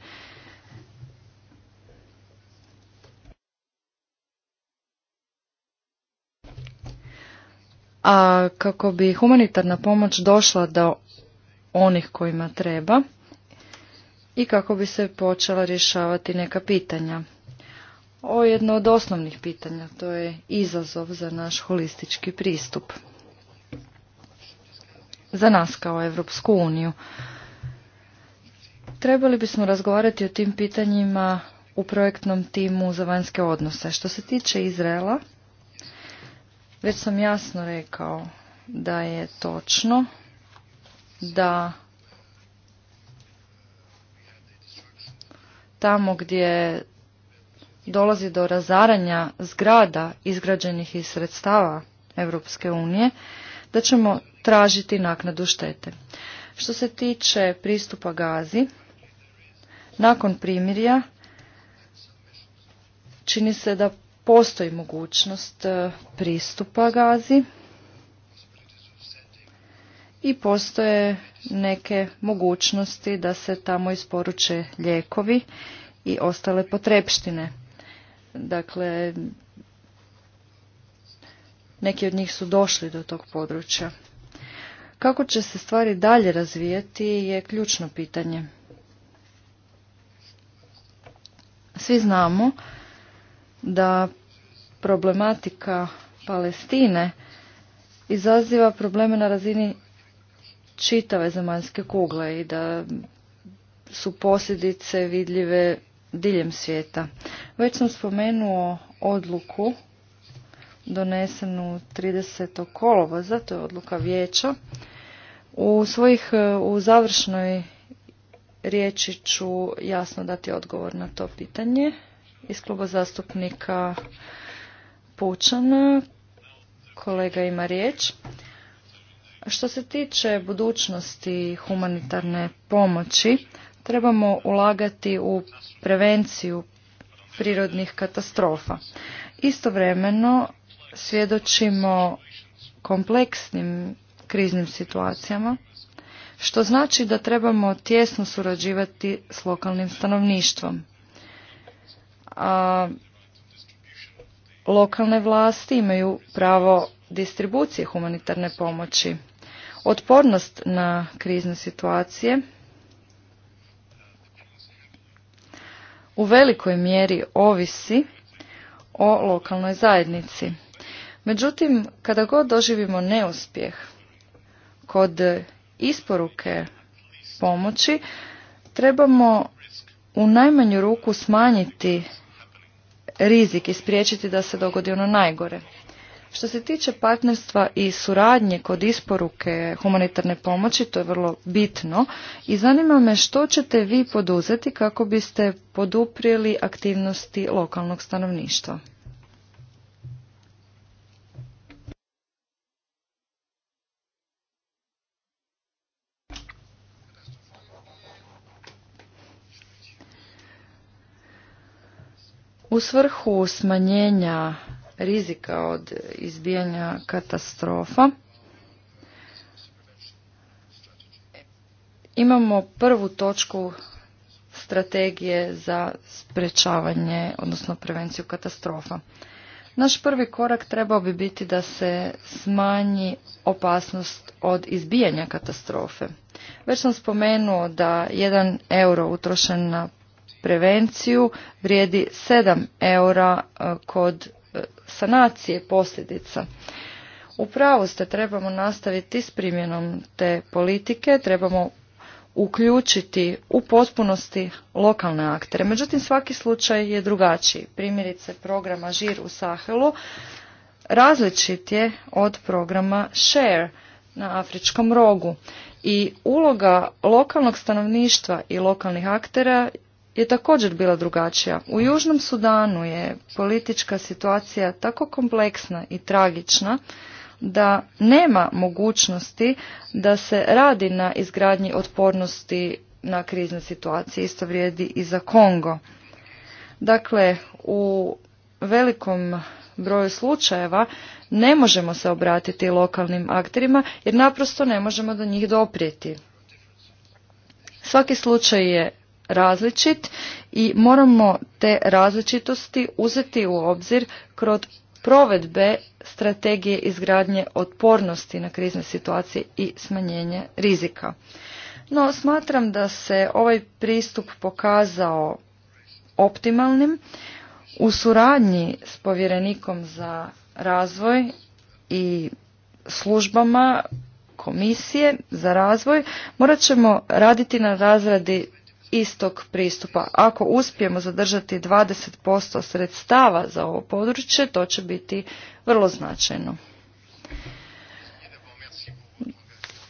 a kako bi humanitarna pomoć došla do onih kojima treba i kako bi se počela rješavati neka pitanja. Ovo je jedno od osnovnih pitanja, to je izazov za naš holistički pristup. Za nas kao Evropsku uniju. Trebali bismo razgovarati o tim pitanjima u projektnom timu za vanjske odnose. Što se tiče Izraela, već sam jasno rekao da je točno da tamo gdje dolazi do razaranja zgrada izgrađenih iz sredstava Europske unije, da ćemo tražiti naknadu štete. Što se tiče pristupa gazi, nakon primirja čini se da postoji mogućnost e, pristupa gazi i postoje neke mogućnosti da se tamo isporuče lijekovi i ostale potrepštine. Dakle, neki od njih su došli do tog područja. Kako će se stvari dalje razvijeti je ključno pitanje. Svi znamo da problematika Palestine izaziva probleme na razini čitave zemaljske kugle i da su posljedice vidljive diljem svijeta. Već sam spomenuo odluku donesenu 30. kolovoza, to je odluka vijeća. U svojih e, u završnoj riječi ću jasno dati odgovor na to pitanje iz kluba zastupnika Pučana. Kolega ima riječ. Što se tiče budućnosti humanitarne pomoći, trebamo ulagati u prevenciju prirodnih katastrofa. Istovremeno svjedočimo kompleksnim kriznim situacijama, što znači da trebamo tjesno surađivati s lokalnim stanovništvom a lokalne vlasti imaju pravo distribucije humanitarne pomoći. Otpornost na krizne situacije u velikoj mjeri ovisi o lokalnoj zajednici. Međutim, kada god doživimo neuspjeh kod isporuke pomoći, trebamo u najmanju ruku smanjiti rizik i spriječiti da se dogodi ono najgore. Što se tiče partnerstva i suradnje kod isporuke humanitarne pomoći, to je vrlo bitno i zanima me što ćete vi poduzeti kako biste poduprijeli aktivnosti lokalnog stanovništva. U svrhu smanjenja rizika od izbijanja katastrofa imamo prvu točku strategije za sprečavanje, odnosno prevenciju katastrofa. Naš prvi korak trebao bi biti da se smanji opasnost od izbijanja katastrofe. Već sam spomenuo da jedan euro utrošen na prevenciju vrijedi 7 eura e, kod e, sanacije posljedica. U pravu ste, trebamo nastaviti s primjenom te politike, trebamo uključiti u potpunosti lokalne aktere. Međutim, svaki slučaj je drugačiji. Primjerice programa Žir u Sahelu različit je od programa Share na Afričkom rogu. I uloga lokalnog stanovništva i lokalnih aktera je također bila drugačija. U Južnom Sudanu je politička situacija tako kompleksna i tragična da nema mogućnosti da se radi na izgradnji otpornosti na krizne situacije. Isto vrijedi i za Kongo. Dakle, u velikom broju slučajeva ne možemo se obratiti lokalnim akterima jer naprosto ne možemo do njih doprijeti. Svaki slučaj je različit i moramo te različitosti uzeti u obzir kroz provedbe strategije izgradnje otpornosti na krizne situacije i smanjenje rizika. No, smatram da se ovaj pristup pokazao optimalnim u suradnji s povjerenikom za razvoj i službama komisije za razvoj morat ćemo raditi na razradi istog pristupa. Ako uspijemo zadržati 20% sredstava za ovo područje, to će biti vrlo značajno.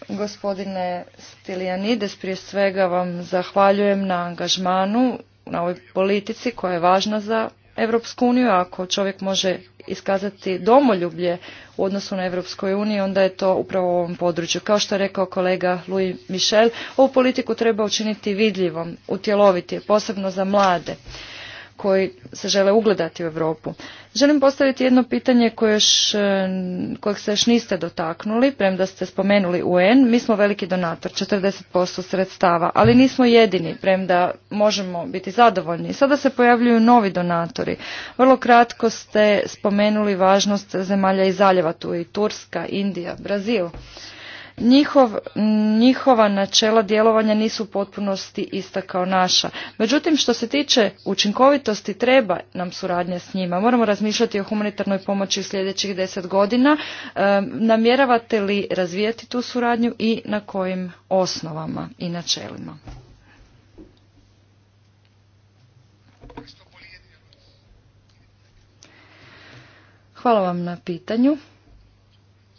Gospodine Stilijanides, prije svega vam zahvaljujem na angažmanu, na ovoj politici koja je važna za Europsku uniju. Ako čovjek može iskazati domoljublje u odnosu na Europskoj uniji, onda je to upravo u ovom području. Kao što je rekao kolega Louis Michel, ovu politiku treba učiniti vidljivom, utjeloviti posebno za mlade koji se žele ugledati u Europu. Želim postaviti jedno pitanje koje e, kojeg se još niste dotaknuli, premda ste spomenuli UN. Mi smo veliki donator, 40% sredstava, ali nismo jedini, premda možemo biti zadovoljni. Sada se pojavljuju novi donatori. Vrlo kratko ste spomenuli važnost zemalja i zaljeva, tu i Turska, Indija, Brazil. Njihov, njihova načela djelovanja nisu u potpunosti ista kao naša. Međutim, što se tiče učinkovitosti, treba nam suradnja s njima. Moramo razmišljati o humanitarnoj pomoći u sljedećih deset godina. namjeravate li razvijati tu suradnju i na kojim osnovama i načelima? Hvala vam na pitanju.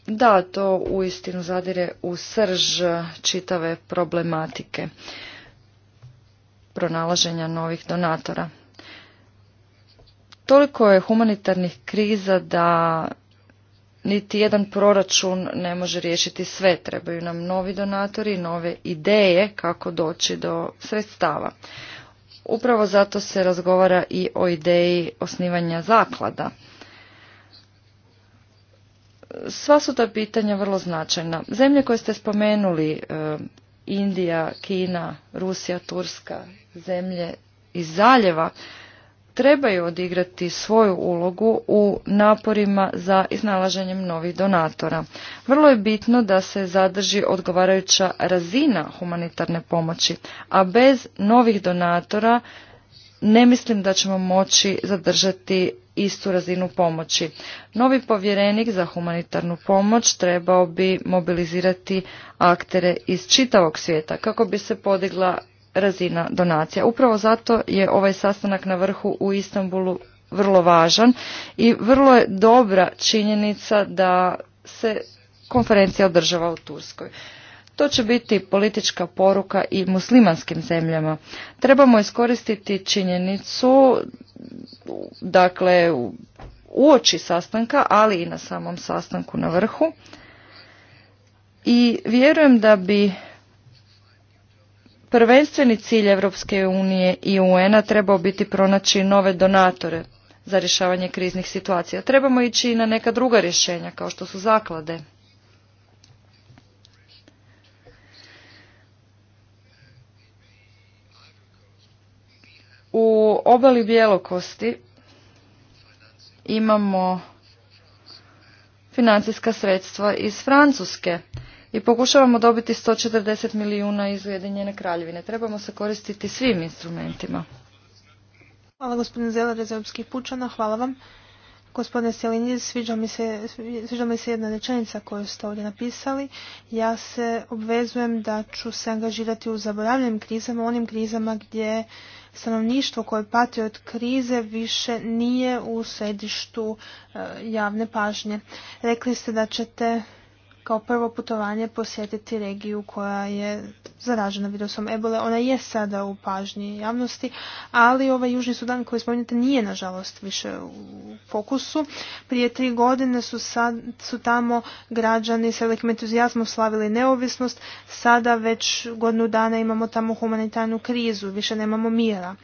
Da, to uistinu zadire u srž čitave problematike pronalaženja novih donatora. Toliko je humanitarnih kriza da niti jedan proračun ne može riješiti sve. Trebaju nam novi donatori, nove ideje kako doći do sredstava. Upravo zato se razgovara i o ideji osnivanja zaklada Sva su ta pitanja vrlo značajna. Zemlje koje ste spomenuli, e, Indija, Kina, Rusija, Turska, zemlje iz zaljeva, trebaju odigrati svoju ulogu u naporima za iznalaženjem novih donatora. Vrlo je bitno da se zadrži odgovarajuća razina humanitarne pomoći, a bez novih donatora ne mislim da ćemo moći zadržati istu razinu pomoći. Novi povjerenik za humanitarnu pomoć trebao bi mobilizirati aktere iz čitavog svijeta kako bi se podigla razina donacija. Upravo zato je ovaj sastanak na vrhu u Istanbulu vrlo važan i vrlo je dobra činjenica da se konferencija održava u Turskoj. To će biti politička poruka i muslimanskim zemljama. Trebamo iskoristiti činjenicu, dakle, uoči sastanka, ali i na samom sastanku na vrhu. I vjerujem da bi prvenstveni cilj Europske unije i UN-a trebao biti pronaći nove donatore za rješavanje kriznih situacija. Trebamo ići i na neka druga rješenja, kao što su zaklade. U obali Bjelokosti imamo financijska sredstva iz Francuske i pokušavamo dobiti 140 milijuna iz Ujedinjene kraljevine. Trebamo se koristiti svim instrumentima. Hvala gospodin Zeler za Europskih pučana, hvala vam. Gospodine Selinidis, sviđa mi, se, sviđa mi se jedna rečenica koju ste ovdje napisali. Ja se obvezujem da ću se angažirati u zaboravljenim krizama, onim krizama gdje stanovništvo koje pati od krize više nije u središtu e, javne pažnje. Rekli ste da ćete kao prvo putovanje posjetiti regiju koja je zaražena virusom ebole. Ona je sada u pažnji javnosti, ali ovaj Južni Sudan koji spominjate nije nažalost više u fokusu. Prije tri godine su, sad, su tamo građani s velikim entuzijazmom slavili neovisnost, sada već godinu dana imamo tamo humanitarnu krizu, više nemamo mira.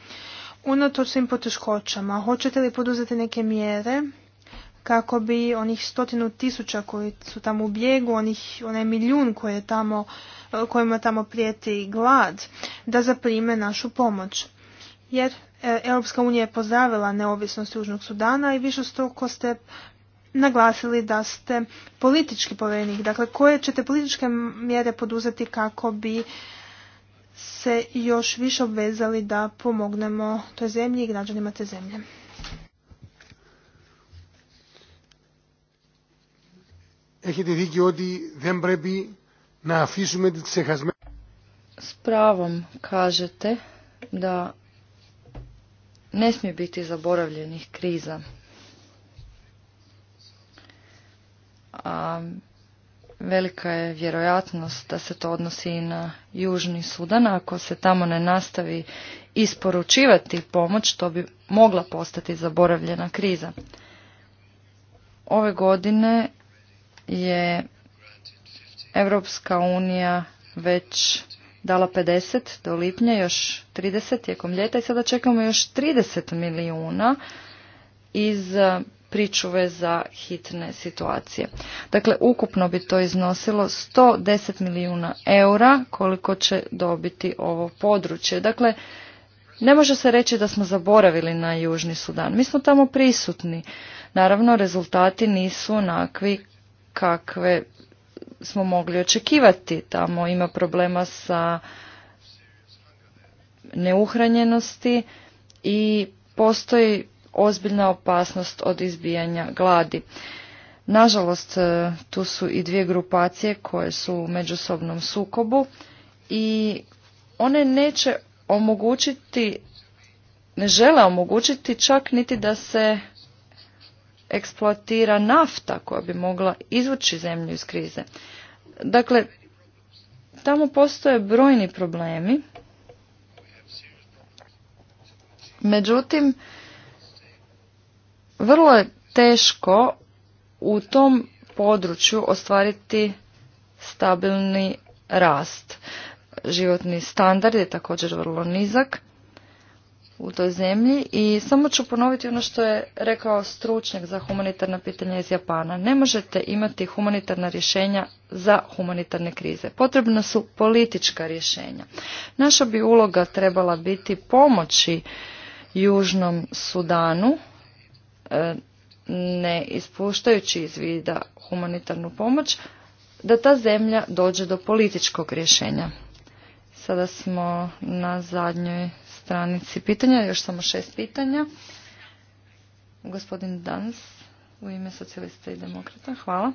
Unatoč svim poteškoćama, hoćete li poduzeti neke mjere kako bi onih stotinu tisuća koji su tamo u bijegu, onih, onaj milijun koji je tamo, eh, kojima tamo prijeti glad, da zaprime našu pomoć. Jer eh, Europska unija je pozdravila neovisnost Južnog Sudana i više stoko ste naglasili da ste politički povjerenik. Dakle, koje ćete političke mjere poduzeti kako bi se još više obvezali da pomognemo toj zemlji i građanima te zemlje? S pravom kažete da ne smije biti zaboravljenih kriza. A velika je vjerojatnost da se to odnosi i na Južni Sudan. Ako se tamo ne nastavi isporučivati pomoć, to bi mogla postati zaboravljena kriza. Ove godine je Europska unija već dala 50 do lipnja, još 30 tijekom ljeta i sada čekamo još 30 milijuna iz e, pričuve za hitne situacije. Dakle, ukupno bi to iznosilo 110 milijuna eura koliko će dobiti ovo područje. Dakle, ne može se reći da smo zaboravili na Južni Sudan. Mi smo tamo prisutni. Naravno, rezultati nisu onakvi kakve smo mogli očekivati. Tamo ima problema sa neuhranjenosti i postoji ozbiljna opasnost od izbijanja gladi. Nažalost, e, tu su i dvije grupacije koje su u međusobnom sukobu i one neće omogućiti, ne žele omogućiti čak niti da se eksploatira nafta koja bi mogla izvući zemlju iz krize. Dakle, tamo postoje brojni problemi. Međutim, vrlo je teško u tom području ostvariti stabilni rast. Životni standard je također vrlo nizak u toj zemlji i samo ću ponoviti ono što je rekao stručnjak za humanitarna pitanja iz Japana. Ne možete imati humanitarna rješenja za humanitarne krize. Potrebna su politička rješenja. Naša bi uloga trebala biti pomoći Južnom Sudanu, e, ne ispuštajući iz vida humanitarnu pomoć, da ta zemlja dođe do političkog rješenja. Sada smo na zadnjoj stranici pitanja. Još samo šest pitanja. Gospodin Dans u ime socijalista i demokrata. Hvala.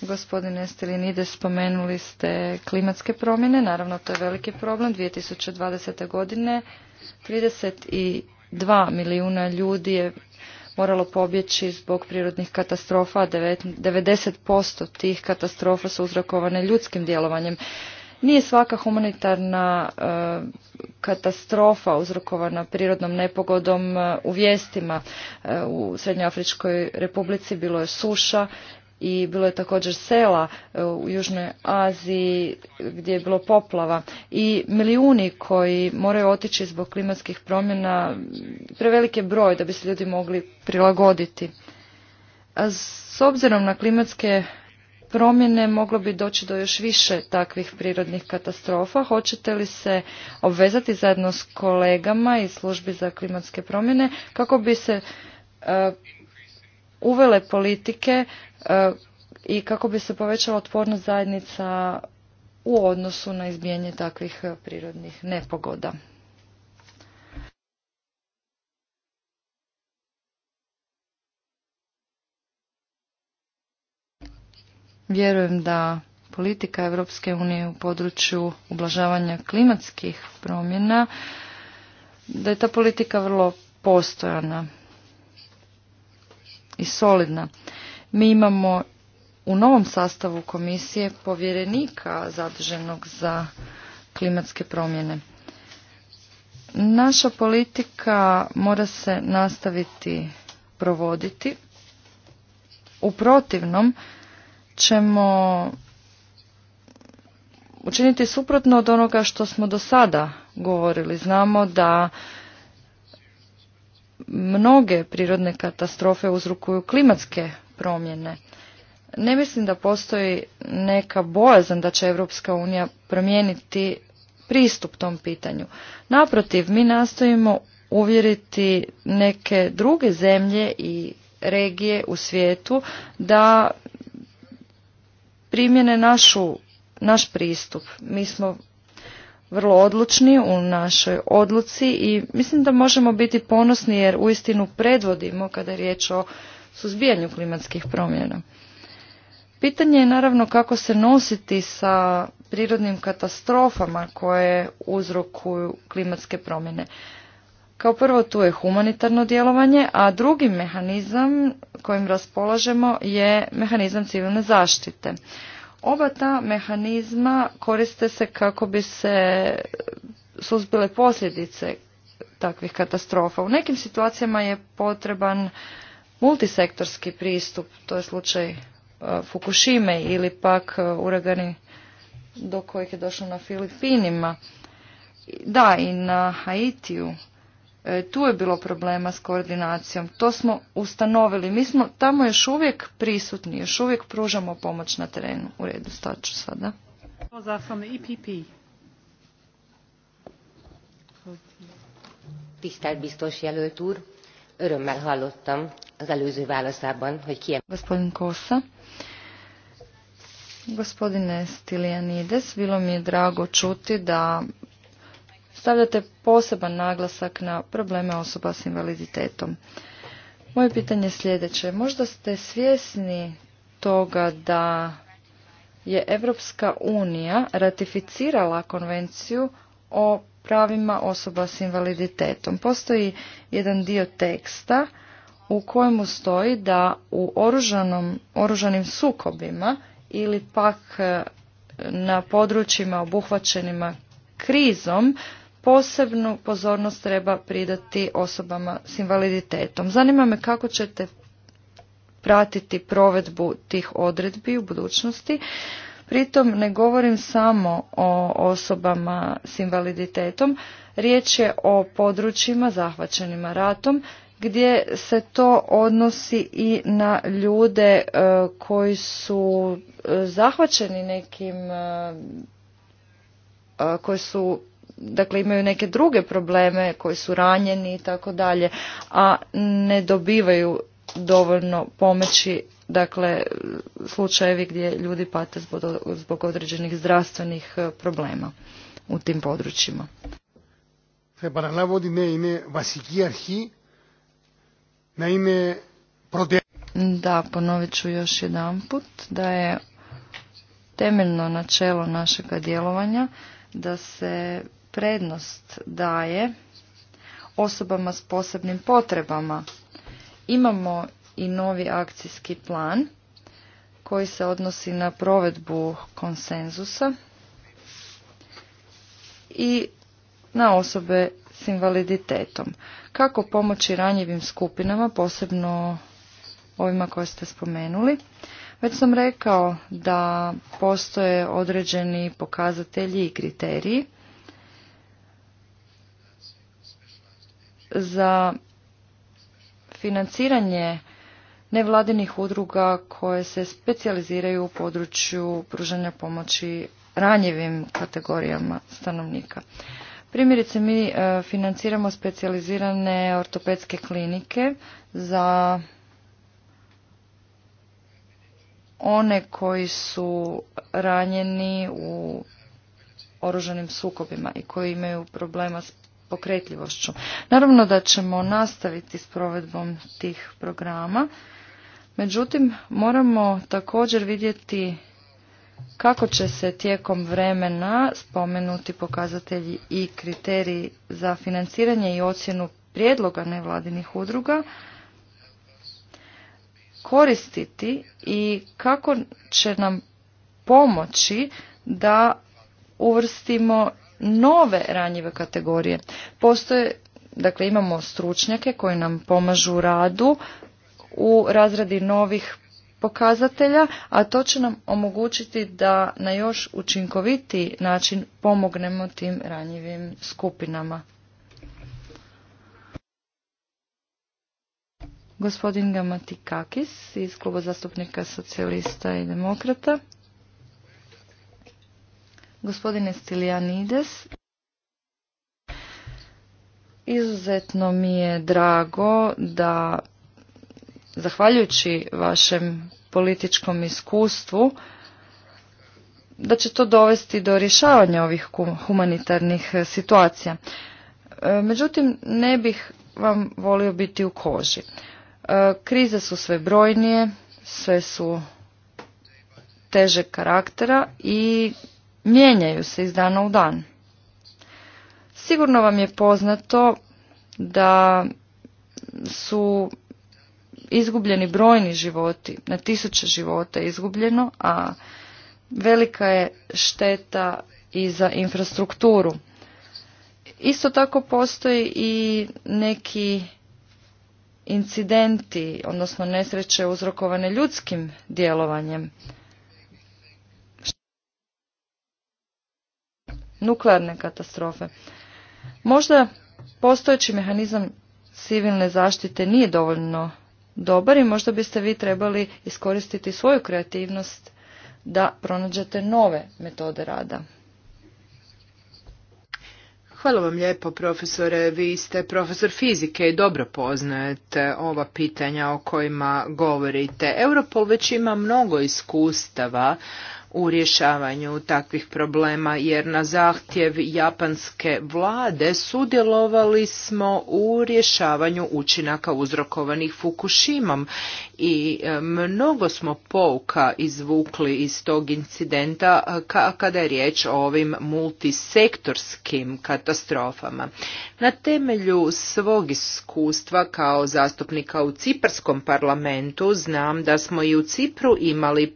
Gospodine Stelinide, spomenuli ste klimatske promjene. Naravno, to je veliki problem. 2020. godine 32 milijuna ljudi je moralo pobjeći zbog prirodnih katastrofa, a 90% tih katastrofa su uzrokovane ljudskim djelovanjem. Nije svaka humanitarna e, katastrofa uzrokovana prirodnom nepogodom e, u vijestima. E, u Srednjoafričkoj republici bilo je suša i bilo je također sela u Južnoj Aziji gdje je bilo poplava i milijuni koji moraju otići zbog klimatskih promjena prevelike broj da bi se ljudi mogli prilagoditi. A s obzirom na klimatske promjene moglo bi doći do još više takvih prirodnih katastrofa. Hoćete li se obvezati zajedno s kolegama iz službi za klimatske promjene kako bi se e, uvele politike e, i kako bi se povećala otpornost zajednica u odnosu na izbijanje takvih prirodnih nepogoda? Vjerujem da politika Europske unije u području ublažavanja klimatskih promjena, da je ta politika vrlo postojana i solidna. Mi imamo u novom sastavu komisije povjerenika zaduženog za klimatske promjene. Naša politika mora se nastaviti provoditi. U protivnom, ćemo učiniti suprotno od onoga što smo do sada govorili. Znamo da mnoge prirodne katastrofe uzrokuju klimatske promjene. Ne mislim da postoji neka bojazan da će Europska unija promijeniti pristup tom pitanju. Naprotiv, mi nastojimo uvjeriti neke druge zemlje i regije u svijetu da primjene našu, naš pristup. Mi smo vrlo odlučni u našoj odluci i mislim da možemo biti ponosni jer uistinu predvodimo kada je riječ o suzbijanju klimatskih promjena. Pitanje je naravno kako se nositi sa prirodnim katastrofama koje uzrokuju klimatske promjene. Kao prvo tu je humanitarno djelovanje, a drugi mehanizam kojim raspolažemo je mehanizam civilne zaštite. Oba ta mehanizma koriste se kako bi se suzbile posljedice takvih katastrofa. U nekim situacijama je potreban multisektorski pristup, to je slučaj e, Fukushime ili pak e, uragani do kojih je došlo na Filipinima. Da, i na Haitiju E, tu je bilo problema s koordinacijom. To smo ustanovili. Mi smo tamo još uvijek prisutni, još uvijek pružamo pomoć na terenu. U redu, staću sada. E Tisztelt biztos jelölt örömmel hallottam az előző Gospodin Kosa. Gospodine Stilianides, bilo mi je drago čuti da stavljate poseban naglasak na probleme osoba s invaliditetom. Moje pitanje je sljedeće. Možda ste svjesni toga da je Europska unija ratificirala konvenciju o pravima osoba s invaliditetom. Postoji jedan dio teksta u kojemu stoji da u oružanim sukobima ili pak eh, na područjima obuhvaćenima krizom posebnu pozornost treba pridati osobama s invaliditetom. Zanima me kako ćete pratiti provedbu tih odredbi u budućnosti. Pritom ne govorim samo o osobama s invaliditetom, riječ je o područjima zahvaćenima ratom gdje se to odnosi i na ljude e, koji su e, zahvaćeni nekim e, koji su dakle imaju neke druge probleme koji su ranjeni i tako dalje, a ne dobivaju dovoljno pomoći dakle slučajevi gdje ljudi pate zbog određenih zdravstvenih e, problema u tim područjima. Θα επαναλάβω ότι Da, ponovit ću još jedan put da je temeljno načelo našega djelovanja da se prednost daje osobama s posebnim potrebama. Imamo i novi akcijski plan koji se odnosi na provedbu konsenzusa i na osobe s invaliditetom. Kako pomoći ranjivim skupinama, posebno ovima koje ste spomenuli? Već sam rekao da postoje određeni pokazatelji i kriteriji za financiranje nevladinih udruga koje se specijaliziraju u području pružanja pomoći ranjivim kategorijama stanovnika. Primjerice mi e, financiramo specijalizirane ortopedske klinike za one koji su ranjeni u oružanim sukobima i koji imaju problema s pokretljivošću. Naravno da ćemo nastaviti s provedbom tih programa, međutim moramo također vidjeti kako će se tijekom vremena spomenuti pokazatelji i kriteriji za financiranje i ocjenu prijedloga nevladinih udruga koristiti i kako će nam pomoći da uvrstimo nove ranjive kategorije. Postoje, dakle imamo stručnjake koji nam pomažu u radu u razradi novih pokazatelja, a to će nam omogućiti da na još učinkovitiji način pomognemo tim ranjivim skupinama. Gospodin Gamatikakis iz Kluba zastupnika socijalista i demokrata. Gospodine Stilianides, izuzetno mi je drago da zahvaljujući vašem političkom iskustvu da će to dovesti do rješavanja ovih humanitarnih situacija. E, međutim, ne bih vam volio biti u koži. E, krize su sve brojnije, sve su težeg karaktera i mijenjaju se iz dana u dan. Sigurno vam je poznato da su izgubljeni brojni životi, na tisuće života je izgubljeno, a velika je šteta i za infrastrukturu. Isto tako postoji i neki incidenti, odnosno nesreće uzrokovane ljudskim djelovanjem. nuklearne katastrofe. Možda postojeći mehanizam civilne zaštite nije dovoljno dobar i možda biste vi trebali iskoristiti svoju kreativnost da pronađete nove metode rada. Hvala vam lijepo profesore, vi ste profesor fizike i dobro poznajete ova pitanja o kojima govorite. Europol već ima mnogo iskustava u rješavanju takvih problema jer na zahtjev japanske vlade sudjelovali smo u rješavanju učinaka uzrokovanih Fukushimom i e, mnogo smo pouka izvukli iz tog incidenta e, kada je riječ o ovim multisektorskim katastrofama. Na temelju svog iskustva kao zastupnika u Ciparskom parlamentu znam da smo i u Cipru imali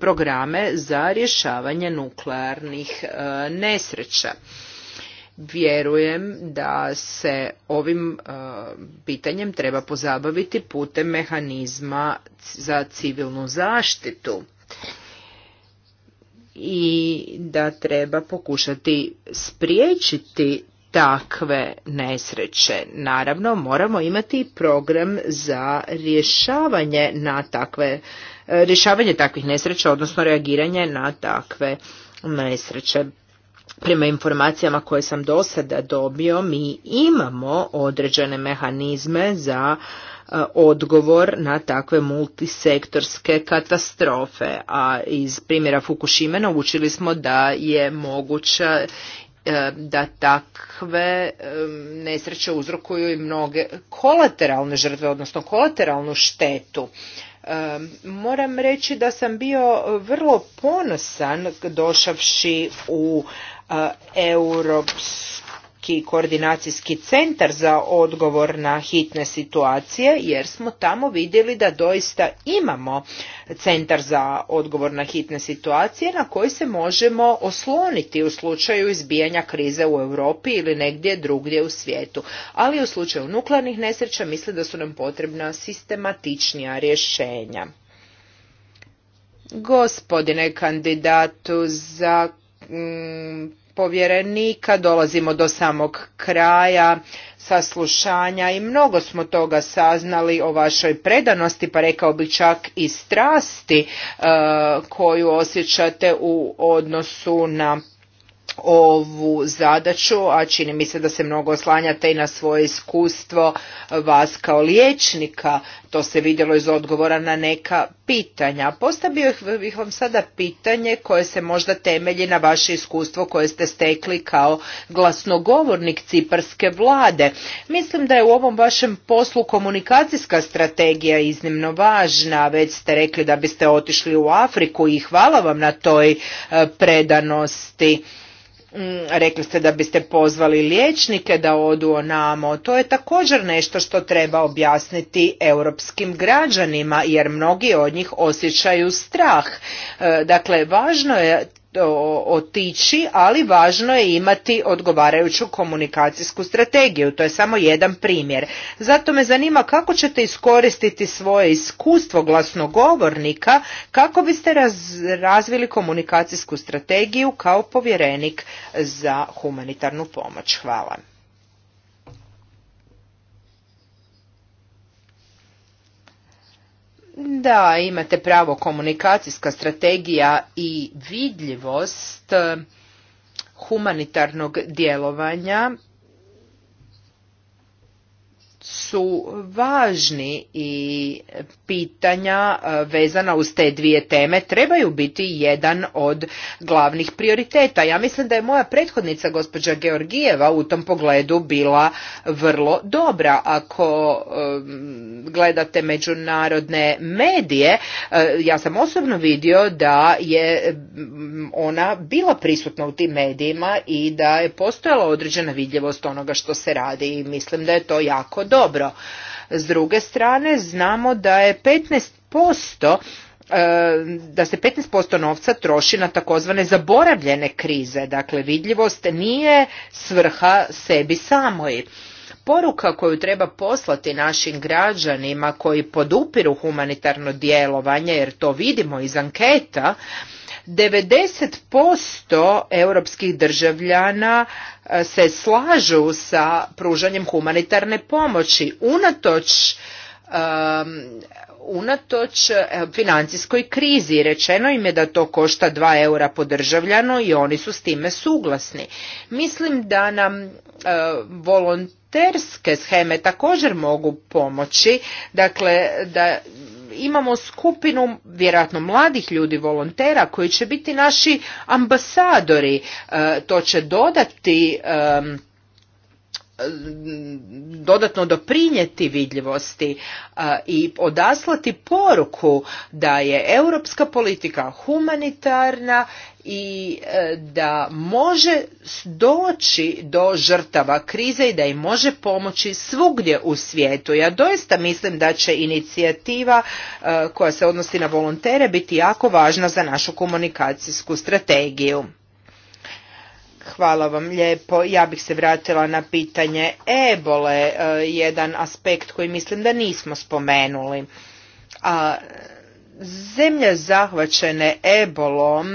programe za rješavanje nuklearnih e, nesreća vjerujem da se ovim e, pitanjem treba pozabaviti putem mehanizma za civilnu zaštitu i da treba pokušati spriječiti takve nesreće. Naravno, moramo imati program za rješavanje na takve rješavanje takvih nesreća, odnosno reagiranje na takve nesreće. Prema informacijama koje sam do sada dobio, mi imamo određene mehanizme za e, odgovor na takve multisektorske katastrofe, a iz primjera Fukushima naučili smo da je moguće e, da takve e, nesreće uzrokuju i mnoge kolateralne žrtve, odnosno kolateralnu štetu. Moram reći da sam bio vrlo ponosan došavši u eh, europsku Europski koordinacijski centar za odgovor na hitne situacije jer smo tamo vidjeli da doista imamo centar za odgovor na hitne situacije na koji se možemo osloniti u slučaju izbijanja krize u Europi ili negdje drugdje u svijetu. Ali u slučaju nuklearnih nesreća misle da su nam potrebna sistematičnija rješenja. Gospodine kandidatu za mm, povjerenika, dolazimo do samog kraja saslušanja i mnogo smo toga saznali o vašoj predanosti, pa rekao bih čak i strasti e, koju osjećate u odnosu na ovu zadaću, a čini mi se da se mnogo oslanjate i na svoje iskustvo vas kao liječnika. To se vidjelo iz odgovora na neka pitanja. Postavio bih vam sada pitanje koje se možda temelji na vaše iskustvo koje ste stekli kao glasnogovornik Ciparske vlade. Mislim da je u ovom vašem poslu komunikacijska strategija iznimno važna. Već ste rekli da biste otišli u Afriku i hvala vam na toj e, predanosti. Mm, rekli ste da biste pozvali liječnike da odu onamo, to je također nešto što treba objasniti europskim građanima jer mnogi od njih osjećaju strah. E, dakle, važno je otići, ali važno je imati odgovarajuću komunikacijsku strategiju. To je samo jedan primjer. Zato me zanima kako ćete iskoristiti svoje iskustvo glasnogovornika kako biste razvili komunikacijsku strategiju kao povjerenik za humanitarnu pomoć. Hvala. Da, imate pravo komunikacijska strategija i vidljivost eh, humanitarnog djelovanja su važni i pitanja e, vezana uz te dvije teme trebaju biti jedan od glavnih prioriteta. Ja mislim da je moja prethodnica gospođa Georgijeva u tom pogledu bila vrlo dobra. Ako gledate međunarodne medije, e, ja sam osobno vidio da je ona bila prisutna u tim medijima i da je postojala određena vidljivost onoga što se radi i mislim da je to jako dobro. S druge strane znamo da je 15% e, da se 15% novca troši na takozvane zaboravljene krize. Dakle, vidljivost nije svrha sebi samoj. Poruka koju treba poslati našim građanima koji podupiru humanitarno djelovanje, jer to vidimo iz anketa, 90% europskih državljana e, se slažu sa pružanjem humanitarne pomoći unatoč unatoč e, financijskoj krizi. Rečeno im je da to košta 2 eura po državljanu i oni su s time suglasni. Mislim da nam e, volonterske sheme također mogu pomoći, dakle da imamo skupinu vjerojatno mladih ljudi volontera koji će biti naši ambasadori e, to će dodati dodatno doprinijeti vidljivosti e, i odaslati poruku da je europska politika humanitarna i e, da može doći do žrtava krize i da im može pomoći svugdje u svijetu. Ja doista mislim da će inicijativa e, koja se odnosi na volontere biti jako važna za našu komunikacijsku strategiju. Hvala vam lijepo. Ja bih se vratila na pitanje ebole, e, jedan aspekt koji mislim da nismo spomenuli. zemlje zahvaćene ebolom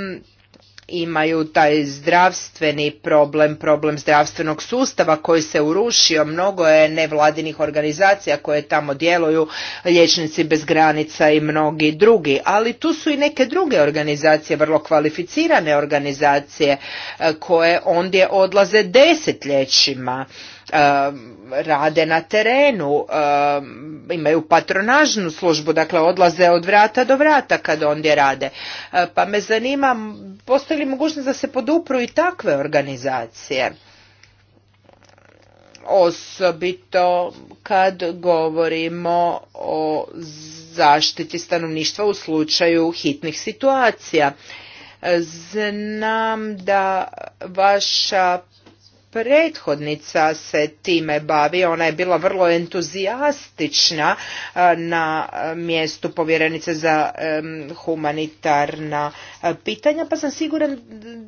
imaju taj zdravstveni problem, problem zdravstvenog sustava koji se urušio. Mnogo je nevladinih organizacija koje tamo djeluju, liječnici bez granica i mnogi drugi. Ali tu su i neke druge organizacije, vrlo kvalificirane organizacije e, koje ondje odlaze desetljećima rade na terenu, imaju patronažnu službu, dakle odlaze od vrata do vrata kad ondje rade. E, pa me zanima, postoji li mogućnost da se podupru i takve organizacije? osobito kad govorimo o zaštiti stanovništva u slučaju hitnih situacija. Znam da vaša prethodnica se time bavi, ona je bila vrlo entuzijastična eh, na eh, mjestu povjerenice za humanitarna eh, pitanja, pa sam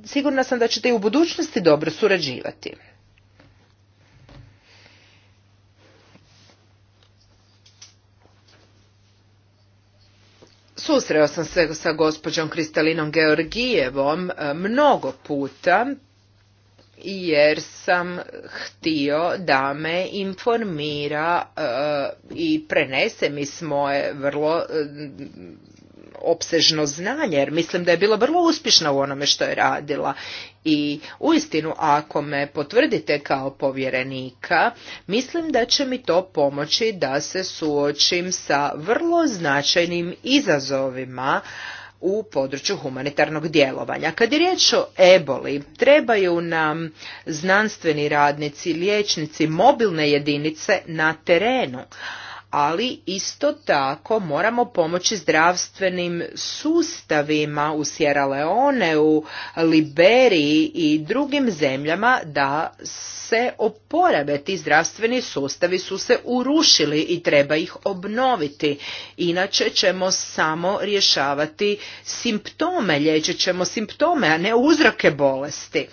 sigurna sam da ćete i u budućnosti dobro surađivati. Susreo sam se sa gospođom Kristalinom Georgijevom mnogo puta jer sam htio da me informira e, i prenese mi moje vrlo e, opsežno znanje jer mislim da je bila vrlo uspješna u onome što je radila i uistinu ako me potvrdite kao povjerenika mislim da će mi to pomoći da se suočim sa vrlo značajnim izazovima u području humanitarnog djelovanja. Kad je riječ o eboli, trebaju nam znanstveni radnici, liječnici, mobilne jedinice na terenu ali isto tako moramo pomoći zdravstvenim sustavima u Sierra Leone, u Liberiji i drugim zemljama da se oporabe. Ti zdravstveni sustavi su se urušili i treba ih obnoviti. Inače ćemo samo rješavati simptome, liječit ćemo simptome, a ne uzroke bolesti.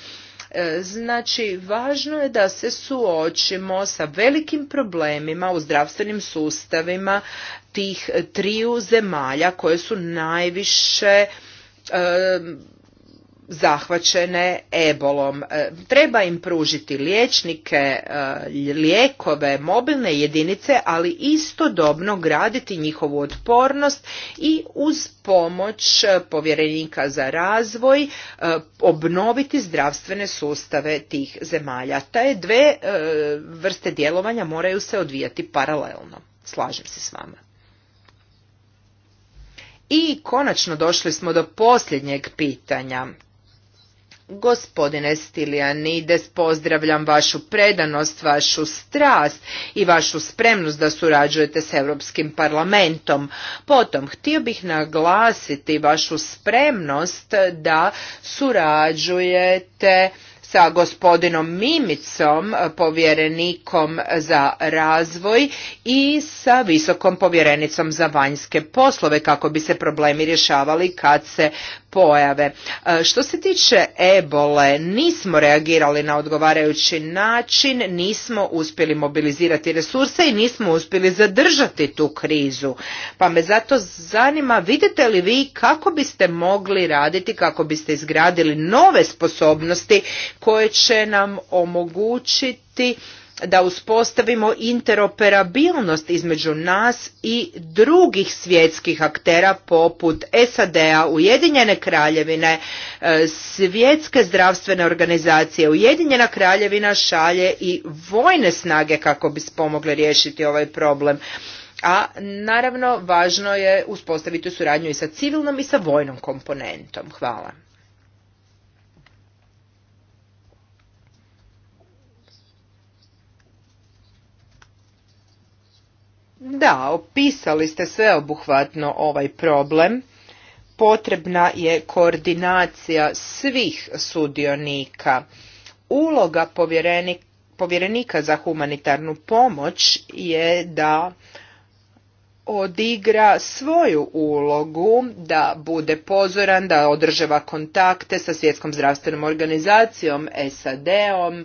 E, znači, važno je da se suočimo sa velikim problemima u zdravstvenim sustavima tih triju zemalja koje su najviše e, zahvaćene ebolom. E, treba im pružiti liječnike, e, lijekove, mobilne jedinice, ali istodobno graditi njihovu otpornost i uz pomoć e, povjerenika za razvoj obnoviti zdravstvene sustave tih zemalja. Te dve vrste djelovanja moraju se odvijati paralelno. Slažem se s vama. I konačno došli smo do posljednjeg pitanja Gospodine Stilianides, pozdravljam vašu predanost, vašu strast i vašu spremnost da surađujete s Europskim parlamentom. Potom, htio bih naglasiti vašu spremnost da surađujete sa gospodinom Mimicom, povjerenikom za razvoj i sa visokom povjerenicom za vanjske poslove kako bi se problemi rješavali kad se pojave. E, što se tiče ebole, nismo reagirali na odgovarajući način, nismo uspjeli mobilizirati resurse i nismo uspjeli zadržati tu krizu. Pa me zato zanima, vidite li vi kako biste mogli raditi, kako biste izgradili nove sposobnosti koje će nam omogućiti da uspostavimo interoperabilnost između nas i drugih svjetskih aktera poput SAD-a, Ujedinjene kraljevine, e, svjetske zdravstvene organizacije. Ujedinjena kraljevina šalje i vojne snage kako bi pomogle riješiti ovaj problem. A naravno važno je uspostaviti suradnju i sa civilnom i sa vojnom komponentom. Hvala. Da, opisali ste sveobuhvatno ovaj problem. Potrebna je koordinacija svih sudionika. Uloga povjerenika za humanitarnu pomoć je da odigra svoju ulogu, da bude pozoran, da održava kontakte sa Svjetskom zdravstvenom organizacijom, SAD-om,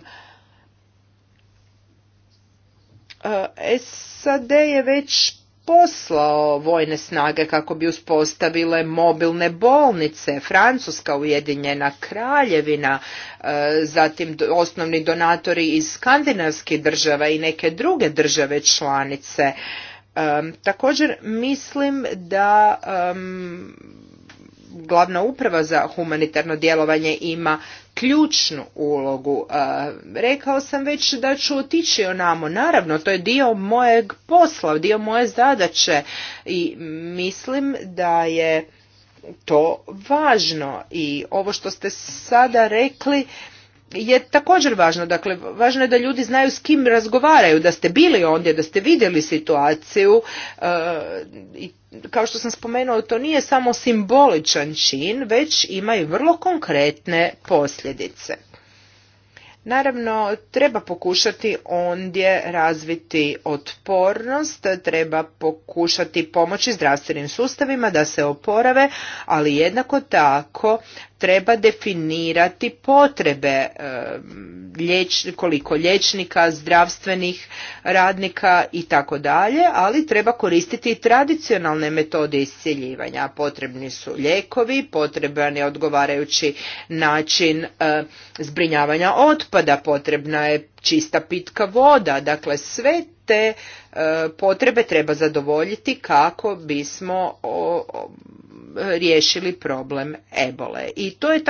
E, SAD je već poslao vojne snage kako bi uspostavile mobilne bolnice, Francuska ujedinjena kraljevina, e, zatim osnovni donatori iz skandinavskih država i neke druge države članice. E, također mislim da glavna uprava za humanitarno djelovanje ima ključnu ulogu. E, rekao sam već da ću otići onamo. Naravno, to je dio mojeg posla, dio moje zadaće i mislim da je to važno i ovo što ste sada rekli je također važno. Dakle, važno je da ljudi znaju s kim razgovaraju, da ste bili ondje, da ste vidjeli situaciju. E, I kao što sam spomenuo, to nije samo simboličan čin, već ima i vrlo konkretne posljedice. Naravno, treba pokušati ondje razviti otpornost, treba pokušati pomoći zdravstvenim sustavima da se oporave, ali jednako tako treba definirati potrebe e, lječ, koliko liječnika, zdravstvenih radnika i tako dalje, ali treba koristiti i tradicionalne metode isciljivanja. Potrebni su lijekovi, potreban je odgovarajući način e, zbrinjavanja otpada, potrebna je čista pitka voda, dakle sve te e, potrebe treba zadovoljiti kako bismo riješili problem ebole. I to je